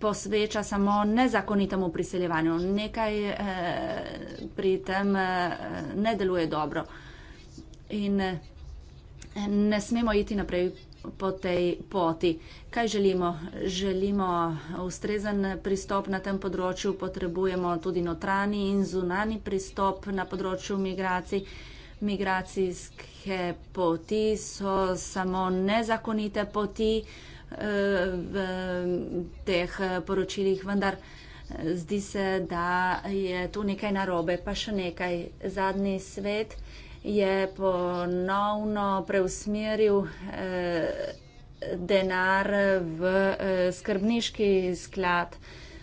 posveča samo nezakonitemu priseljevanju. Nekaj eh, pri tem eh, ne deluje dobro. In eh, ne smemo iti naprej po tej poti. Kaj želimo? Želimo ustrezen pristop na tem področju, potrebujemo tudi notrani in zunani pristop na področju migracij. Migracijske poti so samo nezakonite poti eh, v teh eh, poročilih, vendar eh, zdi se, da je tu nekaj narobe. Pa še nekaj. Zadnji svet je ponovno preusmeril eh, denar v eh, skrbniški sklad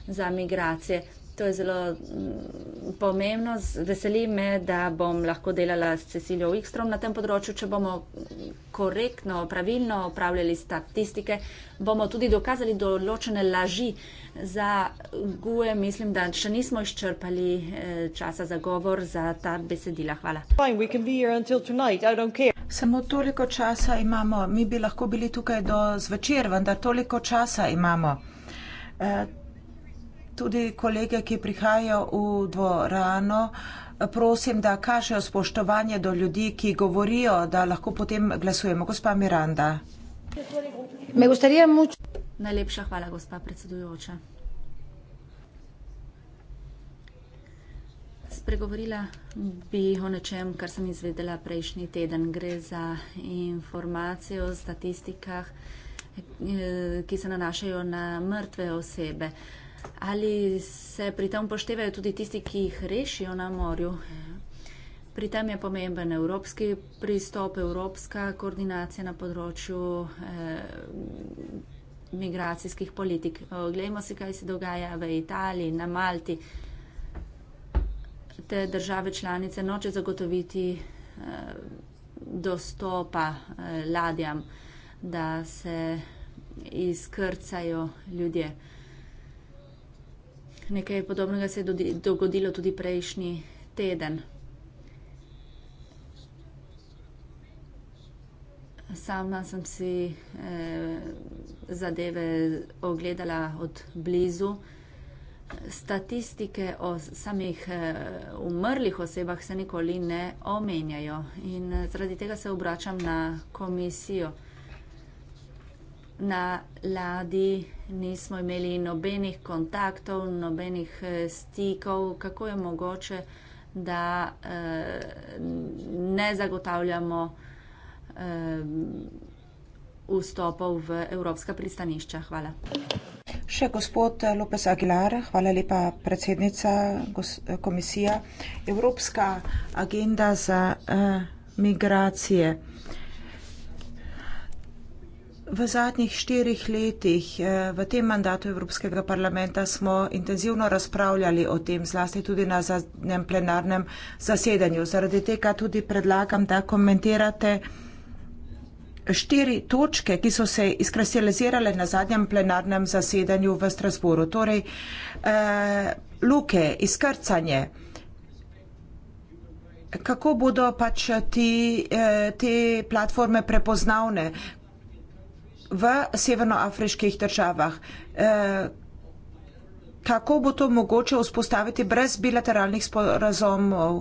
za migracije. To je zelo mm, pomembno. Veseli me, da bom lahko delala s Cecilijo Wikstrom na tem področju. Če bomo korektno, pravilno upravljali statistike, bomo tudi dokazali določene laži. Za GUE mislim, da še nismo izčrpali eh, časa za govor za ta besedila. Hvala. Samo toliko časa imamo. Mi bi lahko bili tukaj do zvečer, vendar toliko časa imamo. Uh, tudi kolege, ki prihajajo v dvorano, prosim, da kažejo spoštovanje do ljudi, ki govorijo, da lahko potem glasujemo. Gospa Miranda. Najlepša hvala, gospa predsedujoča. Spregovorila bi o nečem, kar sem izvedela prejšnji teden. Gre za informacijo o statistikah, eh, ki se nanašajo na mrtve osebe. Ali se pri tem upoštevajo tudi tisti, ki jih rešijo na morju? Pri tem je pomemben evropski pristop, evropska koordinacija na področju eh, migracijskih politik. Oglejmo si, kaj se dogaja v Italiji, na Malti. Te države članice noče zagotoviti eh, dostopa eh, ladjam, da se izkrcajo ljudje. Eh, nekaj podobnega se je dogodilo tudi prejšnji teden. Sama sem si eh, zadeve ogledala od blizu. Statistike o samih eh, umrlih osebah se nikoli ne omenjajo in eh, zaradi tega se obračam na komisijo. Na ladi nismo imeli nobenih kontaktov, nobenih eh, stikov, kako je mogoče, da eh, ne zagotavljamo eh, vstopov v evropska pristanišča. Hvala. Še gospod eh, Lopes Aguilar, hvala lepa predsednica komisija. Evropska agenda za eh, migracije. Eh, V zadnjih štirih letih eh, v tem mandatu Evropskega parlamenta smo intenzivno razpravljali o tem, zlasti tudi na zadnjem plenarnem zasedanju. Zaradi tega tudi predlagam, da komentirate štiri točke, ki so se izkristalizirale na zadnjem plenarnem zasedanju v Strasboru. Torej, eh, luke, izkrcanje. Kako bodo pač ti, eh, te platforme prepoznavne, v severnoafriških državah. E, kako bo to mogoče vzpostaviti brez bilateralnih sporazumov?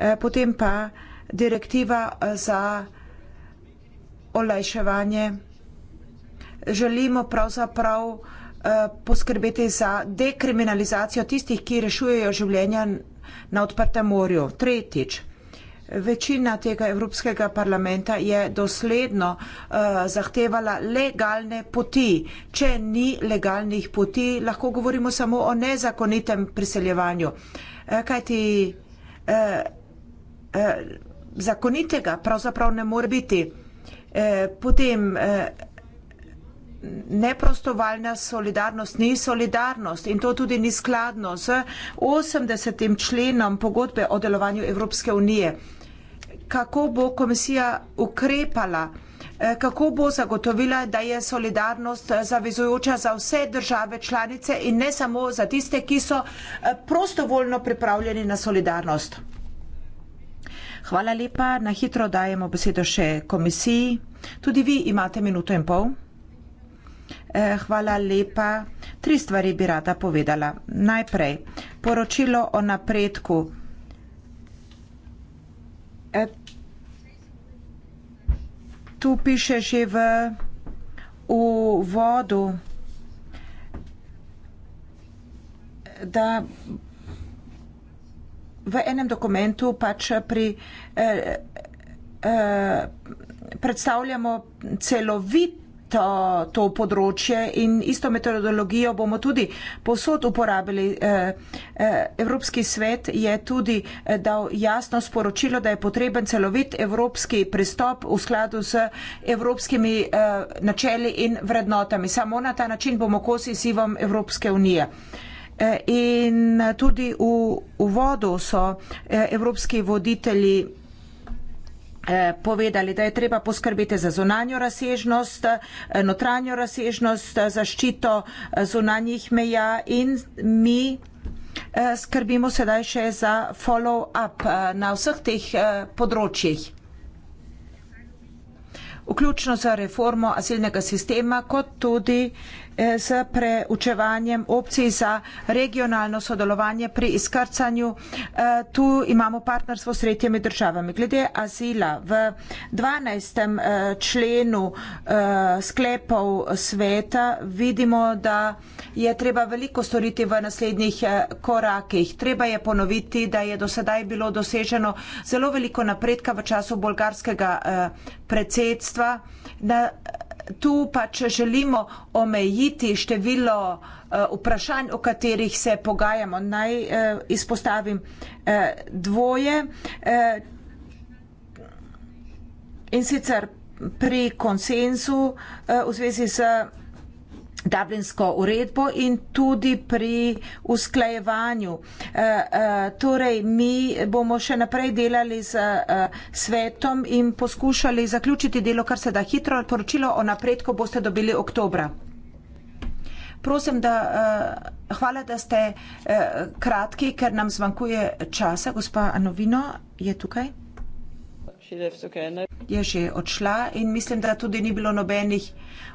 E, potem pa direktiva e, za olajševanje. Želimo pravzaprav poskrbeti za dekriminalizacijo tistih, ki rešujejo življenja na odprtem morju. Tretjič. Večina tega Evropskega parlamenta je dosledno uh, zahtevala legalne poti. Če ni legalnih poti, lahko govorimo samo o nezakonitem priseljevanju. E, kajti e, e, zakonitega pravzaprav ne more biti. E, potem e, neprostovaljna solidarnost ni solidarnost in to tudi ni skladno z 80. členom pogodbe o delovanju Evropske unije kako bo komisija ukrepala, eh, kako bo zagotovila, da je solidarnost eh, zavezujoča za vse države članice in ne samo za tiste, ki so eh, prostovoljno pripravljeni na solidarnost. Hvala lepa. Na hitro dajemo besedo še komisiji. Tudi vi imate minuto in pol. Hvala lepa. Tri stvari bi rada povedala. Najprej, poročilo o napredku. tu piše že v uvodu, da v enem dokumentu pač pri, eh, eh, predstavljamo celovit to, to področje in isto metodologijo bomo tudi posod uporabili. Eh, eh, evropski svet je tudi eh, dal jasno sporočilo, da je potreben celovit evropski pristop v skladu z evropskimi načeli in vrednotami. Samo na ta način bomo kosi sivom Evropske unije. In tudi v uvodu so evropski voditelji Eh, povedali, da je treba poskrbeti za zunanjo razsežnost, eh, notranjo razsežnost, eh, zaščito zunanjih meja in mi skrbimo sedaj še za follow-up na vseh teh področjih. Vključno za reformo asilnega sistema, kot tudi s preučevanjem opcij za regionalno sodelovanje pri izkrcanju. E, tu imamo partnerstvo s tretjimi državami. Glede azila v 12. E, členu e, sklepov sveta vidimo, da je treba veliko storiti v naslednjih korakih. Treba je ponoviti, da je do sedaj bilo doseženo zelo veliko napredka v času bolgarskega predsedstva. Na, tu pač želimo omejiti število eh, vprašanj, o katerih se pogajamo. Naj eh, izpostavim eh, dvoje. In sicer pri konsensu v zvezi z Dublinsko uredbo in tudi pri usklajevanju. E, e, torej, mi bomo še naprej delali z e, svetom in poskušali zaključiti delo, kar se da hitro. Poročilo o napredku boste dobili oktobra. Prosim, da, e, hvala, da ste e, kratki, ker nam zvankuje časa. Gospa Anovino je tukaj. Je že odšla in mislim, da tudi ni bilo nobenih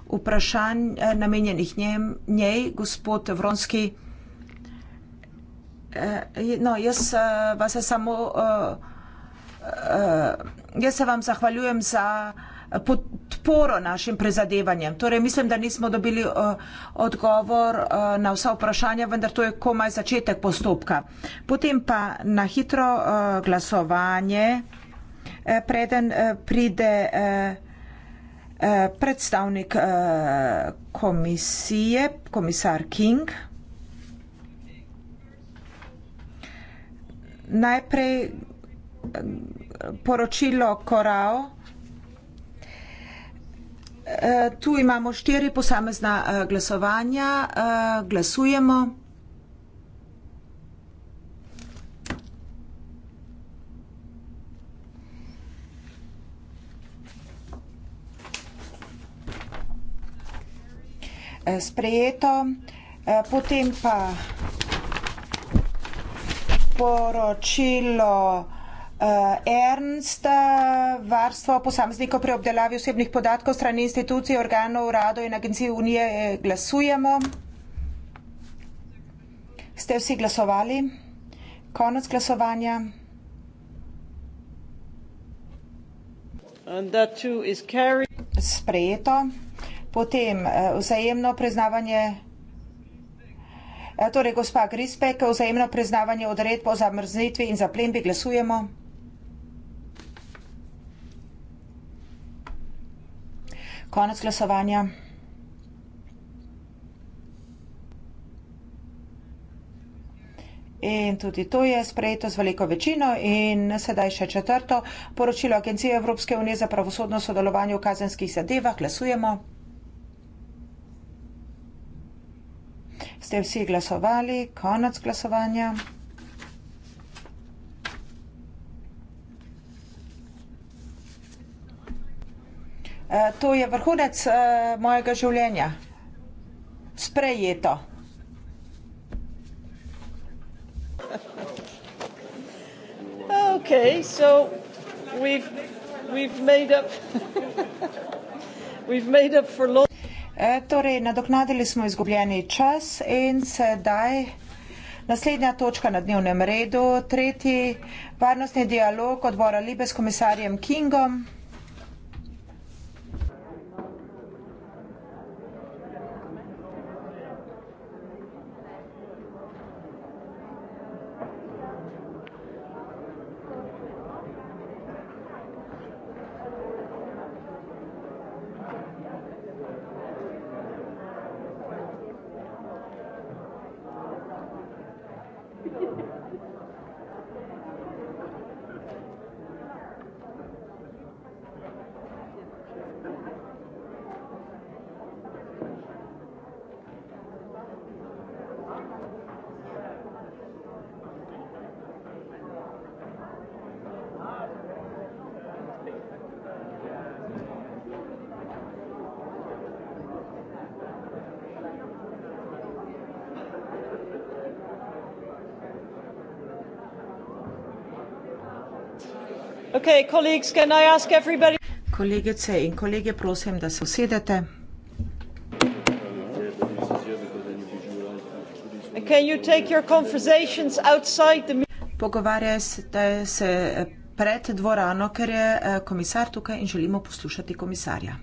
vprašanj eh, namenjenih njem, njej, gospod Vronski. Eh, no, jaz eh, vas samo. Jaz se vam zahvaljujem za podporo našim prizadevanjem. Torej, mislim, da nismo dobili odgovor na vsa vprašanja, vendar to je komaj začetek postopka. Potem pa na hitro glasovanje. Eh, preden eh, pride eh, predstavnik komisije, komisar King. Najprej poročilo Korao. Tu imamo štiri posamezna glasovanja. Glasujemo. Eh, sprejeto. Eh, potem pa poročilo eh, Ernst, varstvo posameznikov pri obdelavi osebnih podatkov strani institucij, organov, urado in agencij Unije glasujemo. Ste vsi glasovali? Konec glasovanja. Sprejeto. Potem eh, vzajemno priznavanje. Eh, torej, gospa Grispek, vzajemno priznavanje odredbo o zamrznitvi in zaplembi glasujemo. Konec glasovanja. In tudi to je sprejeto z veliko večino. In sedaj še četrto poročilo Agencije Evropske unije za pravosodno sodelovanje v kazenskih zadevah. Glasujemo. Ste vsi glasovali? Konec glasovanja. E, to je vrhunec e, mojega življenja. Sprejeto. Okay, so we've we've made up we've made up for long. E, torej, nadoknadili smo izgubljeni čas in sedaj naslednja točka na dnevnem redu, tretji varnostni dialog odbora Libe s komisarjem Kingom. Okay, colleagues, can I ask everybody? Kolegice in kolege, prosim, da se usedete. Can you take your conversations outside the Pogovarjajte se pred dvorano, ker je eh, komisar tukaj in želimo poslušati komisarja.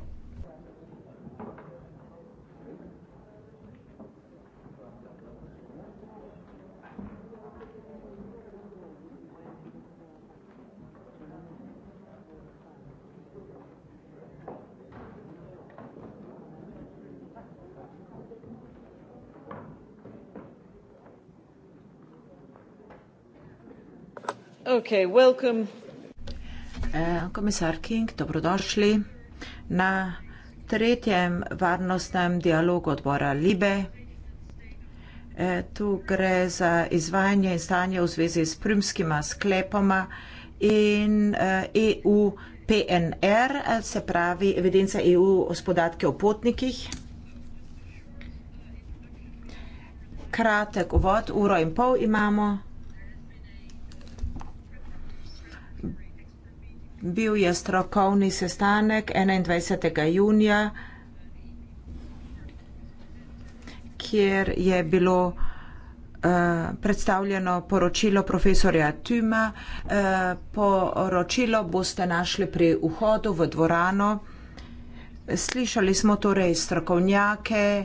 Okay, eh, Komisar King, dobrodošli na tretjem varnostnem dialogu odbora Libe. Eh, tu gre za izvajanje in stanje v zvezi s primskima sklepoma in EU eh, e PNR, se pravi evidenca EU s podatki o potnikih. Kratek uvod, uro in pol imamo. Bil je strokovni sestanek 21. junija, kjer je bilo uh, predstavljeno poročilo profesorja Tuma. Uh, poročilo boste našli pri vhodu v dvorano. Slišali smo torej strokovnjake,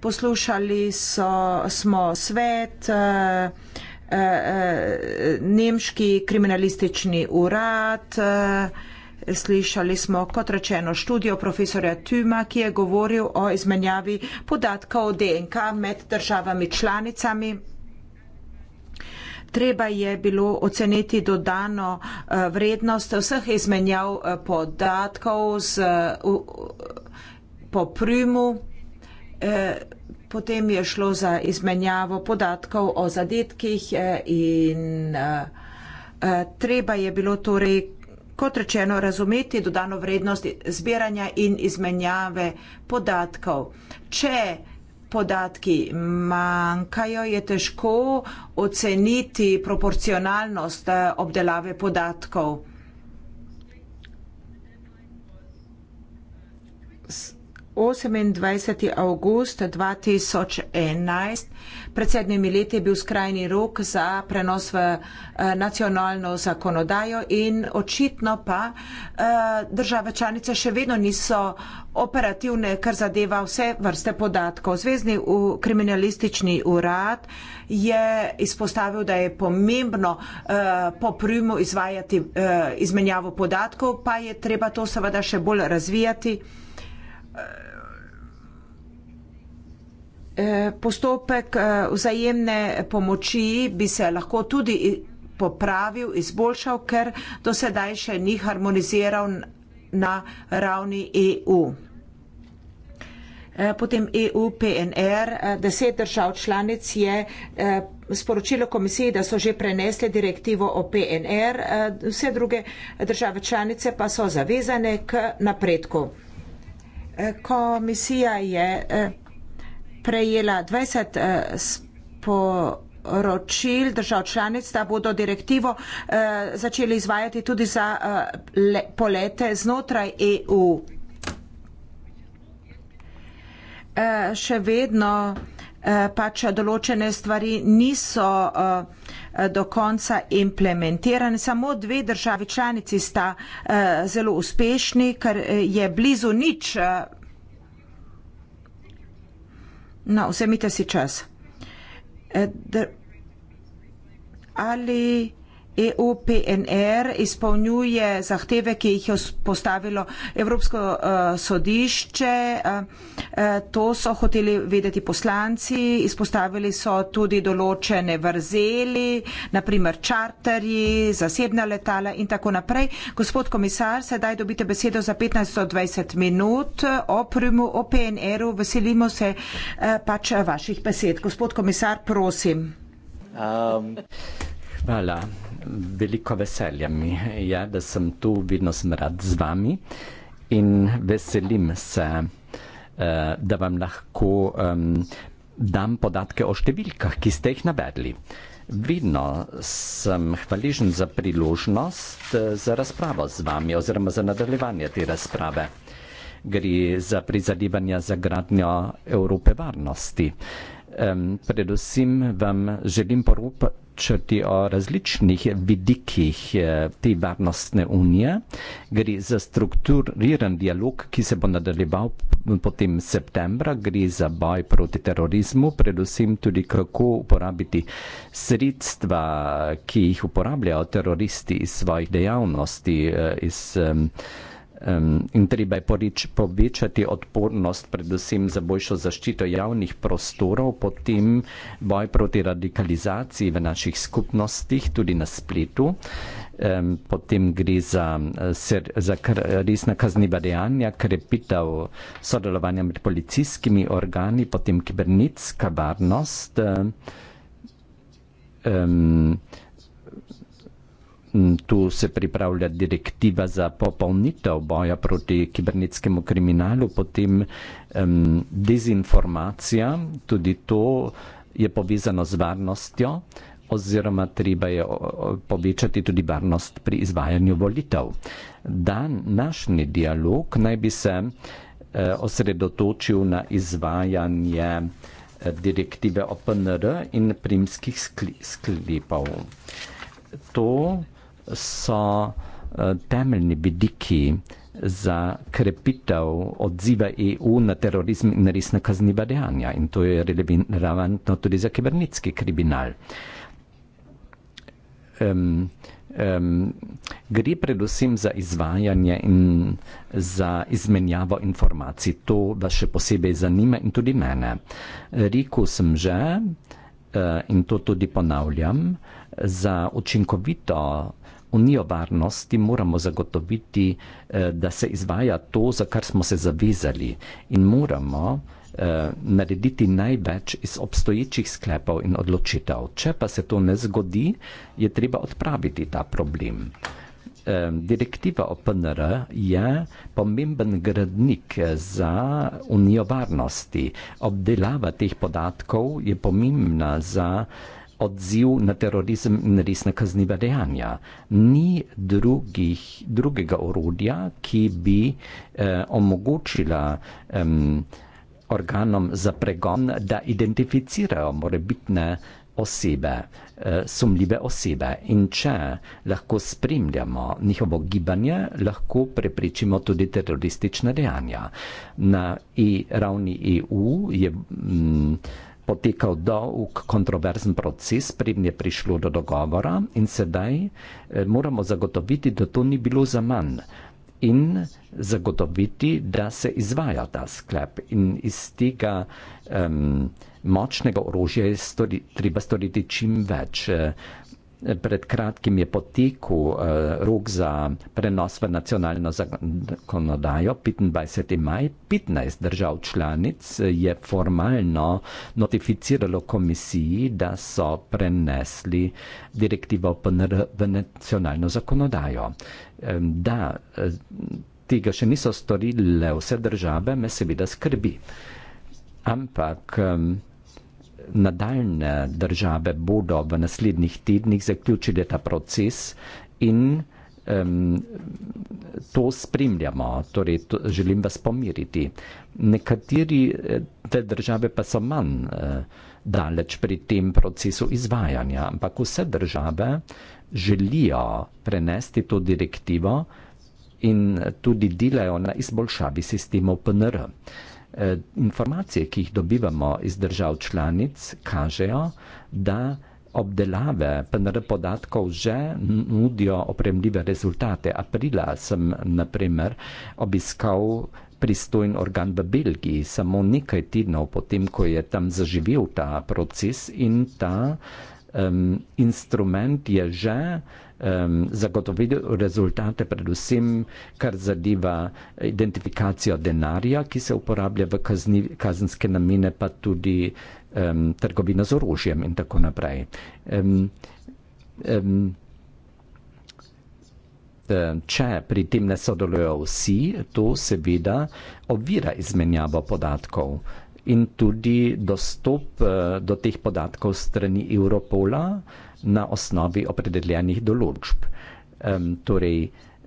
poslušali so, smo svet. Uh, Eh, eh, nemški kriminalistični urad, eh, slišali smo kot rečeno študijo profesora Tuma, ki je govoril o izmenjavi podatkov o DNK med državami članicami. Treba je bilo oceniti dodano eh, vrednost vseh izmenjav eh, podatkov z, u, u, po prvemu. Eh, potem je šlo za izmenjavo podatkov o zadetkih eh, in eh, eh, treba je bilo torej, kot rečeno, razumeti dodano vrednost zbiranja in izmenjave podatkov. Če podatki manjkajo, je težko oceniti proporcionalnost obdelave podatkov. 28. avgust 2011. Pred sedmimi leti je bil skrajni rok za prenos v eh, nacionalno zakonodajo in očitno pa eh, države članice še vedno niso operativne, kar zadeva vse vrste podatkov. Zvezdni kriminalistični urad je izpostavil, da je pomembno eh, po prvimu izvajati izmenjavo podatkov, pa je treba to seveda še bolj razvijati. Eh, postopek eh, vzajemne pomoči bi se lahko tudi popravil, izboljšal, ker do sedaj še ni harmoniziral na ravni EU. Eh, potem EU, PNR, deset držav članic je sporočilo komisiji, da so že prenesli direktivo o PNR, vse druge države članice pa so zavezane k napredku. Komisija je eh, prejela 20 eh, sporočil držav članic, da bodo direktivo eh, začeli izvajati tudi za polete znotraj EU. Še vedno pač določene stvari niso. Eh, do konca implementiran. Samo dve državi članici sta eh, zelo uspešni, ker eh, je blizu nič. No, vzemite si čas. Ali EUPNR izpolnjuje zahteve, ki jih je postavilo Evropsko uh, sodišče. Uh, uh, to so hoteli vedeti poslanci. Izpostavili so tudi določene vrzeli, naprimer čarterji, zasebna letala in tako naprej. Gospod komisar, sedaj dobite besedo za 15-20 minut o primu OPNR-u. Veselimo se uh, pač vaših besed. Gospod komisar, prosim. Um. Hvala veliko veselja mi je, ja, da sem tu, vedno sem rad z vami in veselim se, eh, da vam lahko um, dam podatke o številkah, ki ste jih navedli. Vedno sem hvaležen za priložnost eh, za razpravo z vami oziroma za nadaljevanje te razprave. Gre za prizadevanja za gradnjo Evrope varnosti um, predvsem vam želim poročati o različnih vidikih eh, te varnostne unije. Gre za strukturiran dialog, ki se bo nadaljeval potem septembra, gre za boj proti terorizmu, predvsem tudi kako uporabiti sredstva, ki jih uporabljajo teroristi iz svojih dejavnosti. Eh, iz, um, um, in treba je porič, povečati odpornost predvsem za boljšo zaščito javnih prostorov, potem boj proti radikalizaciji v naših skupnostih, tudi na spletu. Um, potem gre za, eh, ser, za kr, resna kazniva dejanja, krepitev sodelovanja med policijskimi organi, potem kibernetska varnost. Um, um, Mm, tu se pripravlja direktiva za popolnitev boja proti kibernetskemu kriminalu, potem um, dezinformacija, tudi to je povezano z varnostjo, oziroma treba je povečati tudi varnost pri izvajanju volitev. Dan našni dialog naj bi se uh, osredotočil na izvajanje e, direktive OPNR in primskih skli sklepov. To so eh, temeljni vidiki za krepitev odziva EU na terorizem in resna kazniva dejanja. In to je relevantno tudi za kibernetski kriminal. Um, um, gre predvsem za izvajanje in za izmenjavo informacij. To vas še posebej zanima in tudi mene. Rekl sem že uh, in to tudi ponavljam, za učinkovito unijo varnosti moramo zagotoviti, eh, da se izvaja to, za kar smo se zavezali in moramo eh, narediti največ iz obstoječih sklepov in odločitev. Če pa se to ne zgodi, je treba odpraviti ta problem. Eh, direktiva o PNR je pomemben gradnik za unijo varnosti. Obdelava teh podatkov je pomembna za odziv na terorizem in resna kazniva dejanja. Ni drugih, drugega orodja, ki bi eh, omogočila eh, organom za pregon, da identificirajo morebitne osebe, eh, sumljive osebe. In če lahko spremljamo njihovo gibanje, lahko preprečimo tudi teroristične dejanja. Na e ravni EU je. Hm, potekal dolg kontroverzen proces, prednje je prišlo do dogovora in sedaj eh, moramo zagotoviti, da to ni bilo za manj in zagotoviti, da se izvaja ta sklep. In iz tega um, močnega orožja je stori, treba storiti čim več. Uh, pred kratkim je poteku eh, rok za prenos v nacionalno zakonodajo 25. maj 15 držav članic je formalno notificiralo komisiji, da so prenesli direktivo PNR v nacionalno zakonodajo. Eh, da eh, tega še niso storile vse države, me seveda skrbi. Ampak eh, nadaljne države bodo v naslednjih tednih zaključile ta proces in um, to spremljamo. Torej, to, želim vas pomiriti. Nekateri eh, te države pa so manj uh, daleč pri tem procesu izvajanja, ampak vse države želijo prenesti to direktivo in tudi delajo na izboljšavi sistemov PNR. Uh, Eh, informacije, ki jih dobivamo iz držav članic, kažejo, da obdelave PNR podatkov že nudijo opremljive rezultate. Aprila sem, naprimer, obiskal pristojen organ v Belgiji, samo nekaj tednov potem, ko je tam zaživel ta proces in ta um, instrument je že um, zagotovil rezultate, predvsem kar zadeva identifikacijo denarja, ki se uporablja v kazni, kazenske namene, pa tudi um, trgovina z orožjem in tako naprej. Um, um, Če pri tem ne sodelujo vsi, to seveda ovira izmenjavo podatkov in tudi dostop eh, do teh podatkov strani Europola, na osnovi opredeljenih določb. Um, torej,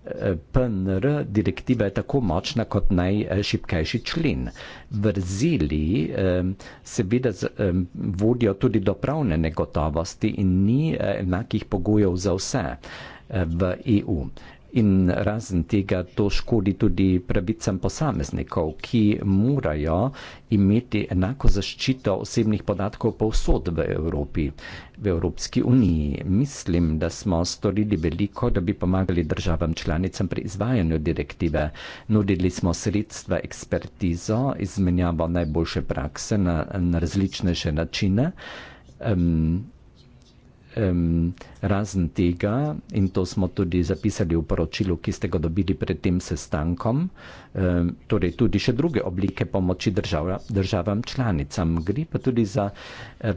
eh, PNR direktiva je tako močna kot najšipkejši člen. Vrzeli seveda vodijo tudi do pravne negotovosti in ni eh, enakih pogojev za vse eh, v EU. In razen tega to škodi tudi pravicam posameznikov, ki morajo imeti enako zaščito osebnih podatkov povsod v Evropi, v Evropski uniji. Mislim, da smo storili veliko, da bi pomagali državam članicam pri izvajanju direktive. Nudili smo sredstva, ekspertizo, izmenjavo najboljše prakse na, na različnejše načine. Um, um, razen tega, in to smo tudi zapisali v poročilu, ki ste ga dobili pred tem sestankom, um, torej tudi še druge oblike pomoči država, državam članicam. Gre pa tudi za eh,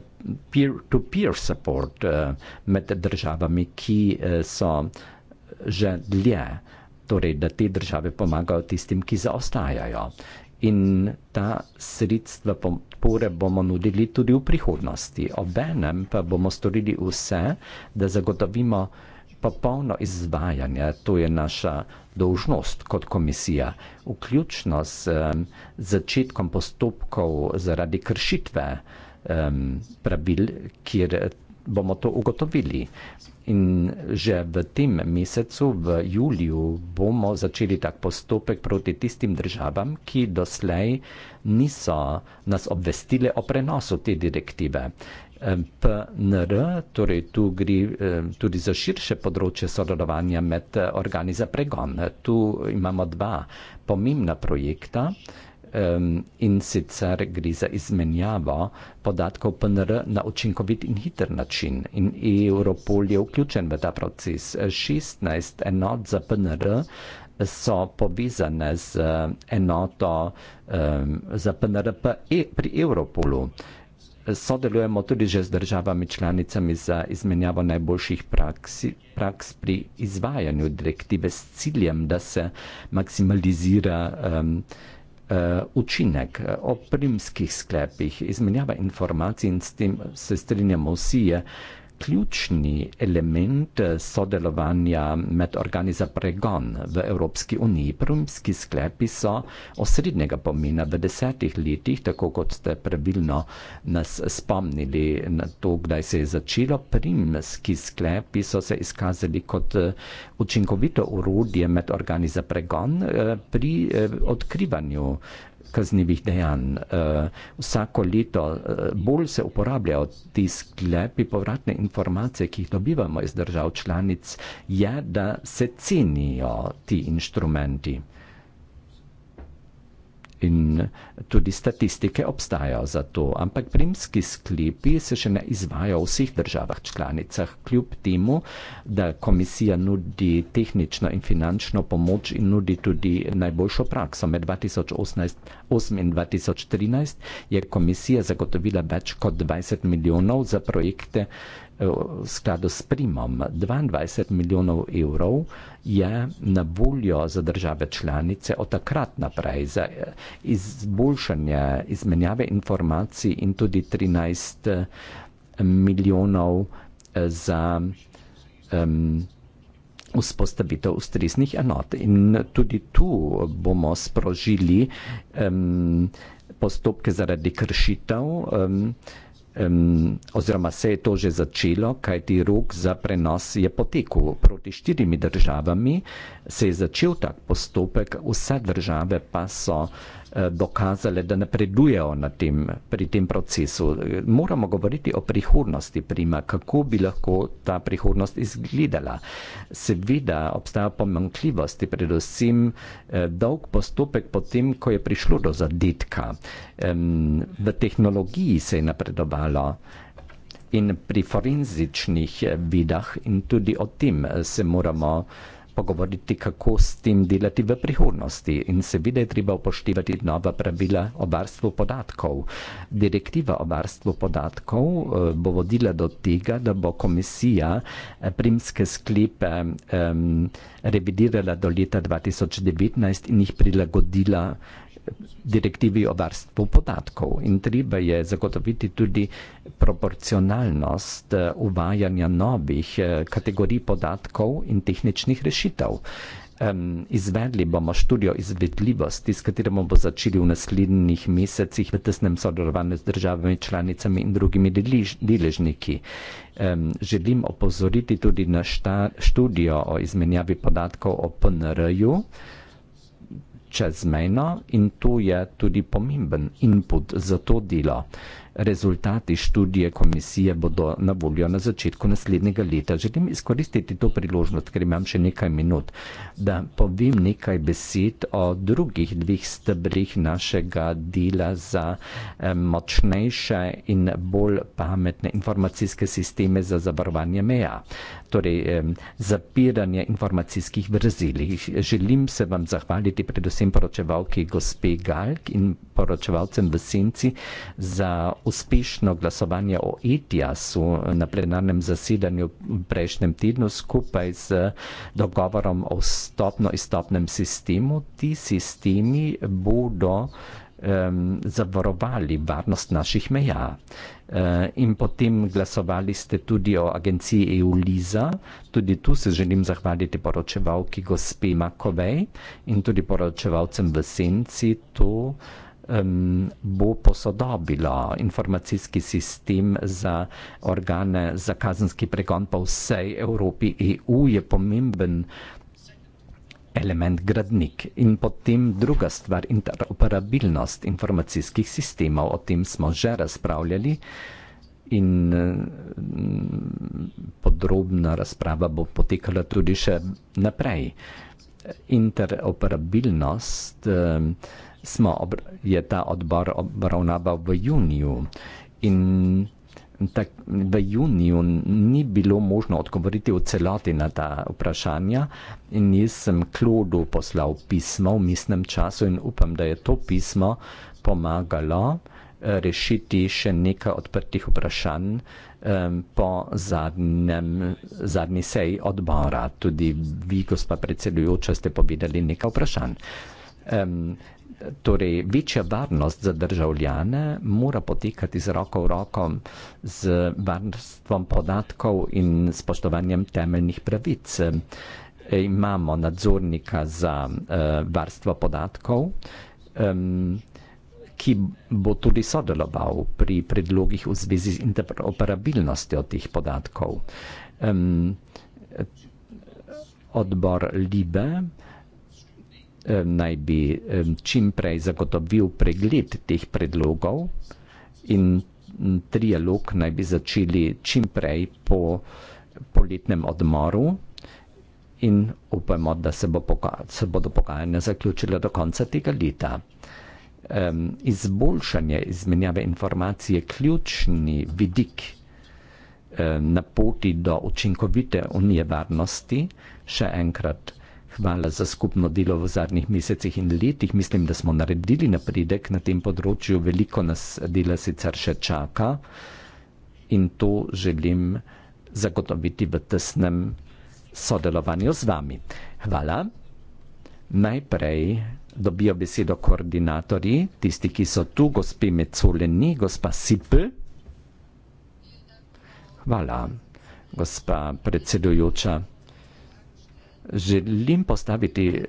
peer-to-peer uh, -peer support uh, med državami, ki uh, so že dlje, torej da te države pomagajo tistim, ki zaostajajo in ta sredstva podpore bomo nudili tudi v prihodnosti. Obenem pa bomo storili vse, da zagotovimo popolno izvajanje, to je naša dolžnost kot komisija, vključno s um, začetkom postopkov zaradi kršitve um, pravil, kjer bomo to ugotovili. In že v tem mesecu, v juliju, bomo začeli tak postopek proti tistim državam, ki doslej niso nas obvestile o prenosu te direktive. PNR, torej tu gre tudi za širše področje sodelovanja med eh, organi za pregon. Tu imamo dva pomembna projekta um, in sicer gre za izmenjavo podatkov PNR na učinkovit in hiter način. In Europol je vključen v ta proces. 16 enot za PNR so povezane z enoto um, za PNR e, pri Europolu. Sodelujemo tudi že z državami članicami za izmenjavo najboljših praksi, praks pri izvajanju direktive s ciljem, da se maksimalizira um, Eh, učinek eh, o primskih sklepih, izmenjava informacij in s tem se strinjamo vsi je ključni element eh, sodelovanja med organizacijo pregon v Evropski uniji. Prvimski sklepi so osrednjega pomena v desetih letih, tako kot ste pravilno nas spomnili na to, kdaj se je začelo. Prvimski sklepi so se izkazali kot eh, učinkovito urodje med organizacijo pregon eh, pri odkrivanju kaznjivih dejanj. Eh, vsako leto eh, bolj se uporabljajo ti sklepi, povratne informacije, ki jih dobivamo iz držav članic, je, da se cenijo ti inštrumenti. In tudi statistike obstajajo za to, ampak primski sklepi se še ne izvajo v vseh državah članicah, kljub temu, da komisija nudi tehnično in finančno pomoč in nudi tudi najboljšo prakso. Med 2018 in 2013 je komisija zagotovila več kot 20 milijonov za projekte, v skladu s primom 22 milijonov evrov je na voljo za države članice od takrat naprej za izboljšanje izmenjave informacij in tudi 13 eh, milijonov eh, za um, vzpostavitev ustreznih enot. In tudi tu bomo sprožili um, postopke zaradi kršitev. Um, um, oziroma se je to že začelo, kajti rok za prenos je potekel proti štirimi državami, se je začel tak postopek, vse države pa so. Eh, dokazale, da napredujejo tem, pri tem procesu. Moramo govoriti o prihodnosti prima, kako bi lahko ta prihodnost izgledala. Seveda obstaja pomankljivosti, predvsem eh, dolg postopek potem, ko je prišlo do zadetka. V tehnologiji se je napredovalo. In pri forenzičnih eh, vidah, in tudi o tem se moramo uh, pogovoriti, kako s tem delati v prihodnosti in seveda je treba upoštevati nova pravila o varstvu podatkov. Direktiva o varstvu podatkov eh, bo vodila do tega, da bo komisija eh, primske sklepe um, revidirala do leta 2019 in jih prilagodila direktivi o varstvu podatkov in treba je zagotoviti tudi proporcionalnost eh, uvajanja novih eh, kategorij podatkov in tehničnih rešitev. Um, izvedli bomo študijo izvedljivosti, s katerim bomo začeli v naslednjih mesecih v tesnem sodelovanju z državami, članicami in drugimi deležniki. Um, želim opozoriti tudi na šta, študijo o izmenjavi podatkov o PNR-ju čezmejno in tu je tudi pomemben input za to delo. Rezultati študije komisije bodo na voljo na začetku naslednjega leta. Želim izkoristiti to priložnost, ker imam še nekaj minut, da povem nekaj besed o drugih dveh stebrih našega dela za eh, močnejše in bolj pametne informacijske sisteme za zavarovanje meja, torej zapiranje informacijskih vrzeli. Želim se vam zahvaliti predvsem poročevalki gospe Galk in poročevalcem v Senci za uspešno glasovanje o ETIAS-u na plenarnem zasedanju v prejšnjem tednu skupaj z dogovorom o stopno-istopnem sistemu. Ti sistemi bodo um, zavarovali varnost naših meja. Eh, in potem glasovali ste tudi o agenciji EULIZA, tudi tu se želim zahvaliti poročevalki gospe Makovej in tudi poročevalcem v Senci. To, uh, bo posodobilo informacijski sistem za organe za kazenski pregon po vsej Evropi. EU je pomemben element gradnik in potem druga stvar interoperabilnost informacijskih sistemov. O tem smo že razpravljali in podrobna razprava bo potekala tudi še naprej. Interoperabilnost eh, smo je ta odbor obravnaval v juniju. In tak, v juniju ni bilo možno odgovoriti v celoti na ta vprašanja. In jaz sem Klodu poslal pismo v mislem času in upam, da je to pismo pomagalo eh, rešiti še nekaj odprtih vprašanj um, po zadnjem, zadnji seji odbora. Tudi vi, gospa predsedujoča, ste povedali nekaj vprašanj. Um, torej večja varnost za državljane mora potekati z roko v roko z varnostvom podatkov in spoštovanjem temeljnih pravic. E, imamo nadzornika za e, varstvo podatkov, e, ki bo tudi sodeloval pri predlogih v zvezi z interoperabilnostjo teh podatkov. E, odbor Libe Eh, naj bi eh, čim prej zagotovil pregled teh predlogov in trialog naj bi začeli čim prej po poletnem odmoru in upamo, da se, bo poka se bodo pogajanja zaključila do konca tega leta. Um, izboljšanje izmenjave informacij je ključni vidik um, na poti do učinkovite unije varnosti. Še enkrat, Hvala za skupno delo v zadnjih mesecih in letih. Mislim, da smo naredili napredek na tem področju. Veliko nas dela sicer še čaka in to želim zagotoviti v tesnem sodelovanju z vami. Hvala. Najprej dobijo besedo koordinatorji, tisti, ki so tu, gospe Mecoleni, gospa Sipl. Hvala, gospa predsedujoča. Želim postaviti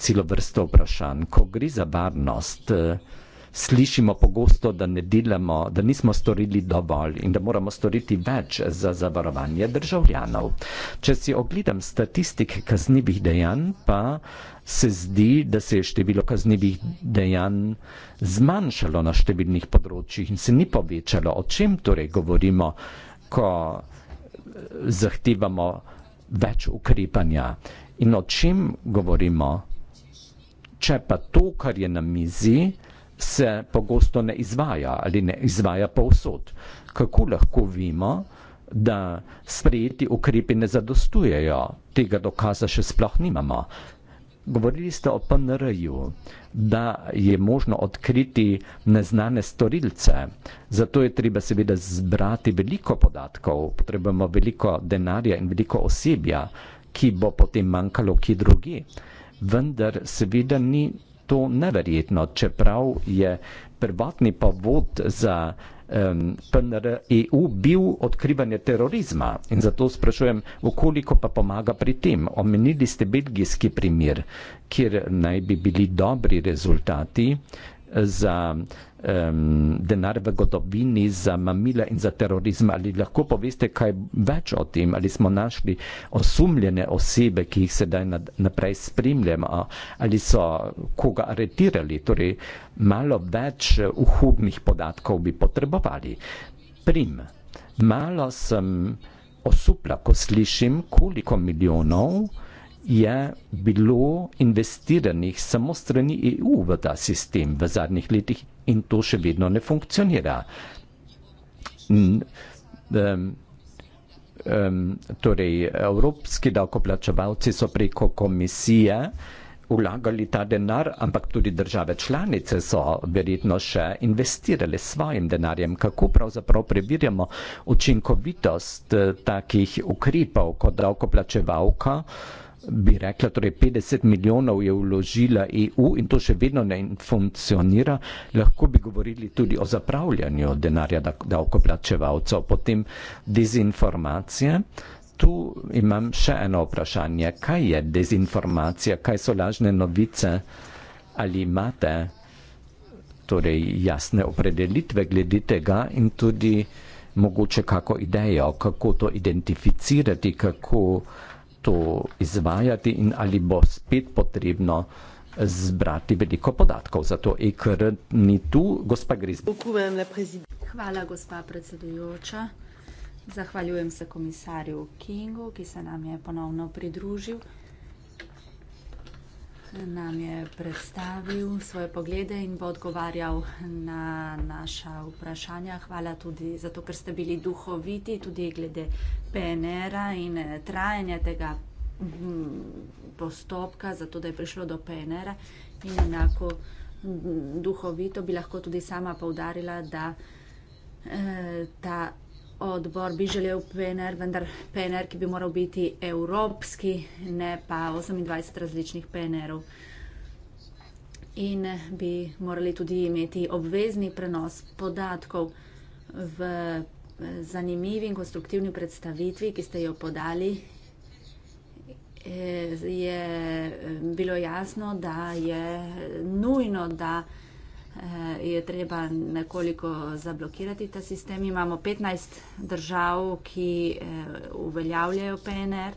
celo vrsto vprašanj. Ko gre za varnost, eh, slišimo pogosto, da ne delamo, da nismo storili dovolj in da moramo storiti več za zavarovanje državljanov. Če si ogledam statistike kaznivih dejanj, pa se zdi, da se je število kaznivih dejanj zmanjšalo na številnih področjih in se ni povečalo. O čem torej govorimo, ko eh, zahtevamo? več ukrepanja. In o čem govorimo? Če pa to, kar je na mizi, se pogosto ne izvaja ali ne izvaja povsod, kako lahko vemo, da sprejeti ukrepi ne zadostujejo? Tega dokaza še sploh nimamo. Govorili ste o PNR-ju, da je možno odkriti neznane storilce. Zato je treba seveda zbrati veliko podatkov, potrebujemo veliko denarja in veliko osebja, ki bo potem manjkalo ki drugi. Vendar seveda ni to neverjetno, čeprav je prvotni povod za PNR-EU bil odkrivanje terorizma in zato sprašujem, koliko pa pomaga pri tem. Omenili ste belgijski primer, kjer naj bi bili dobri rezultati za um, denar v gotovini za mamila in za terorizem. Ali lahko poveste kaj več o tem, ali smo našli osumljene osebe, ki jih sedaj nad, naprej spremljamo, ali so koga aretirali, torej malo več eh, uhudnih podatkov bi potrebovali. Prim, malo sem osupla, ko slišim, koliko milijonov je bilo investiranih samo strani EU v ta sistem v zadnjih letih in to še vedno ne funkcionira. N, um, um, torej, evropski davkoplačevalci so preko komisije vlagali ta denar, ampak tudi države članice so verjetno še investirale svojim denarjem. Kako pravzaprav preverjamo učinkovitost eh, takih ukrepov kot davkoplačevalka? Uh, bi rekla, torej 50 milijonov je vložila EU in to še vedno ne funkcionira, lahko bi govorili tudi o zapravljanju denarja davkoplačevalcev, potem dezinformacije. Tu imam še eno vprašanje, kaj je dezinformacija, kaj so lažne novice, ali imate torej jasne opredelitve glede tega in tudi mogoče kako idejo, kako to identificirati, kako to izvajati in ali bo spet potrebno zbrati veliko podatkov za to, e ker ni tu gospa Grizi. Hvala, gospa predsedujoča. Zahvaljujem se komisarju Kingu, ki se nam je ponovno pridružil. Nam je predstavil svoje poglede in bo odgovarjal na naša vprašanja. Hvala tudi zato, ker ste bili duhoviti, tudi glede PNR-a in eh, trajanja tega postopka, zato da je prišlo do PNR-a in enako duhovito bi lahko tudi sama povdarila, da eh, ta odbor bi želel PNR, vendar PNR, ki bi moral biti evropski, ne pa 28 različnih PNR-ov. In eh, bi morali tudi imeti obvezni prenos podatkov v PNR zanimivi in konstruktivni predstavitvi, ki ste jo podali, eh, je eh, bilo jasno, da je nujno, da eh, je treba nekoliko zablokirati ta sistem. Imamo 15 držav, ki uveljavljajo PNR,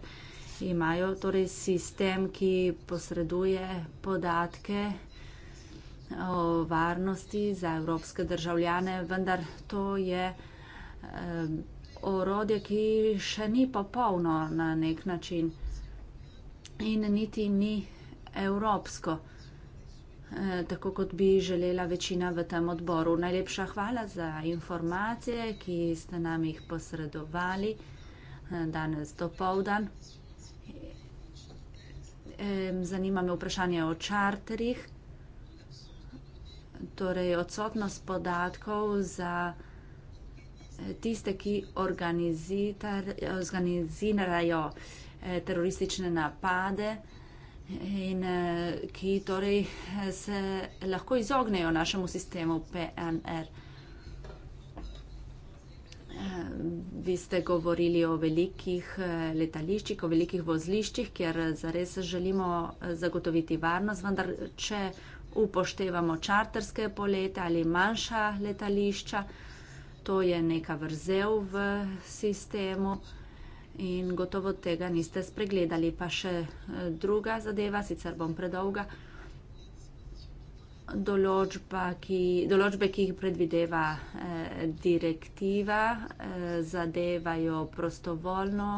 imajo torej sistem, ki posreduje podatke o varnosti za evropske državljane, vendar to je eh, orodje, ki še ni popolno na nek način in niti ni evropsko, eh, tako kot bi želela večina v tem odboru. Najlepša hvala za informacije, ki ste nam jih posredovali eh, danes do povdan. Zanima me vprašanje o čarterih, torej odsotnost podatkov za tiste, ki organizirajo eh, teroristične napade in eh, ki torej eh, se lahko izognejo našemu sistemu PNR. Vi ste govorili o velikih letališčih, o velikih vozliščih, kjer zares želimo zagotoviti varnost, vendar če upoštevamo čarterske polete ali manjša letališča, to je neka vrzel v sistemu in gotovo tega niste spregledali. Pa še eh, druga zadeva, sicer bom predolga, ki, določbe, ki jih predvideva eh, direktiva, eh, zadevajo prostovoljno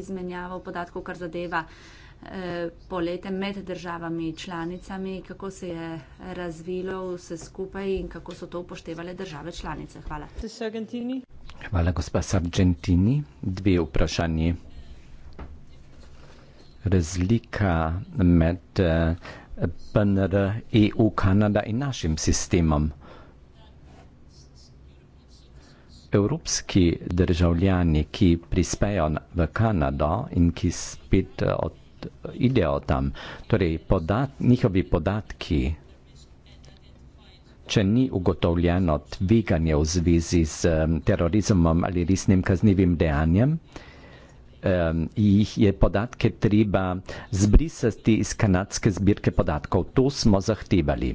izmenjavo podatkov, kar zadeva eh, Eh, poletem med državami članicami, kako se je razvilo vse skupaj in kako so to upoštevale države članice. Hvala. Hvala, gospa Sargentini. Dve vprašanje. Razlika med eh, PNR EU Kanada in našim sistemom. Evropski državljani, ki prispejo v Kanado in ki spet eh, od idejo tam. Torej, podat, njihovi podatki, če ni ugotovljeno tveganje v zvezi s um, terorizmom ali resnim kaznivim dejanjem, um, jih je podatke treba zbrisati iz kanadske zbirke podatkov. To smo zahtevali.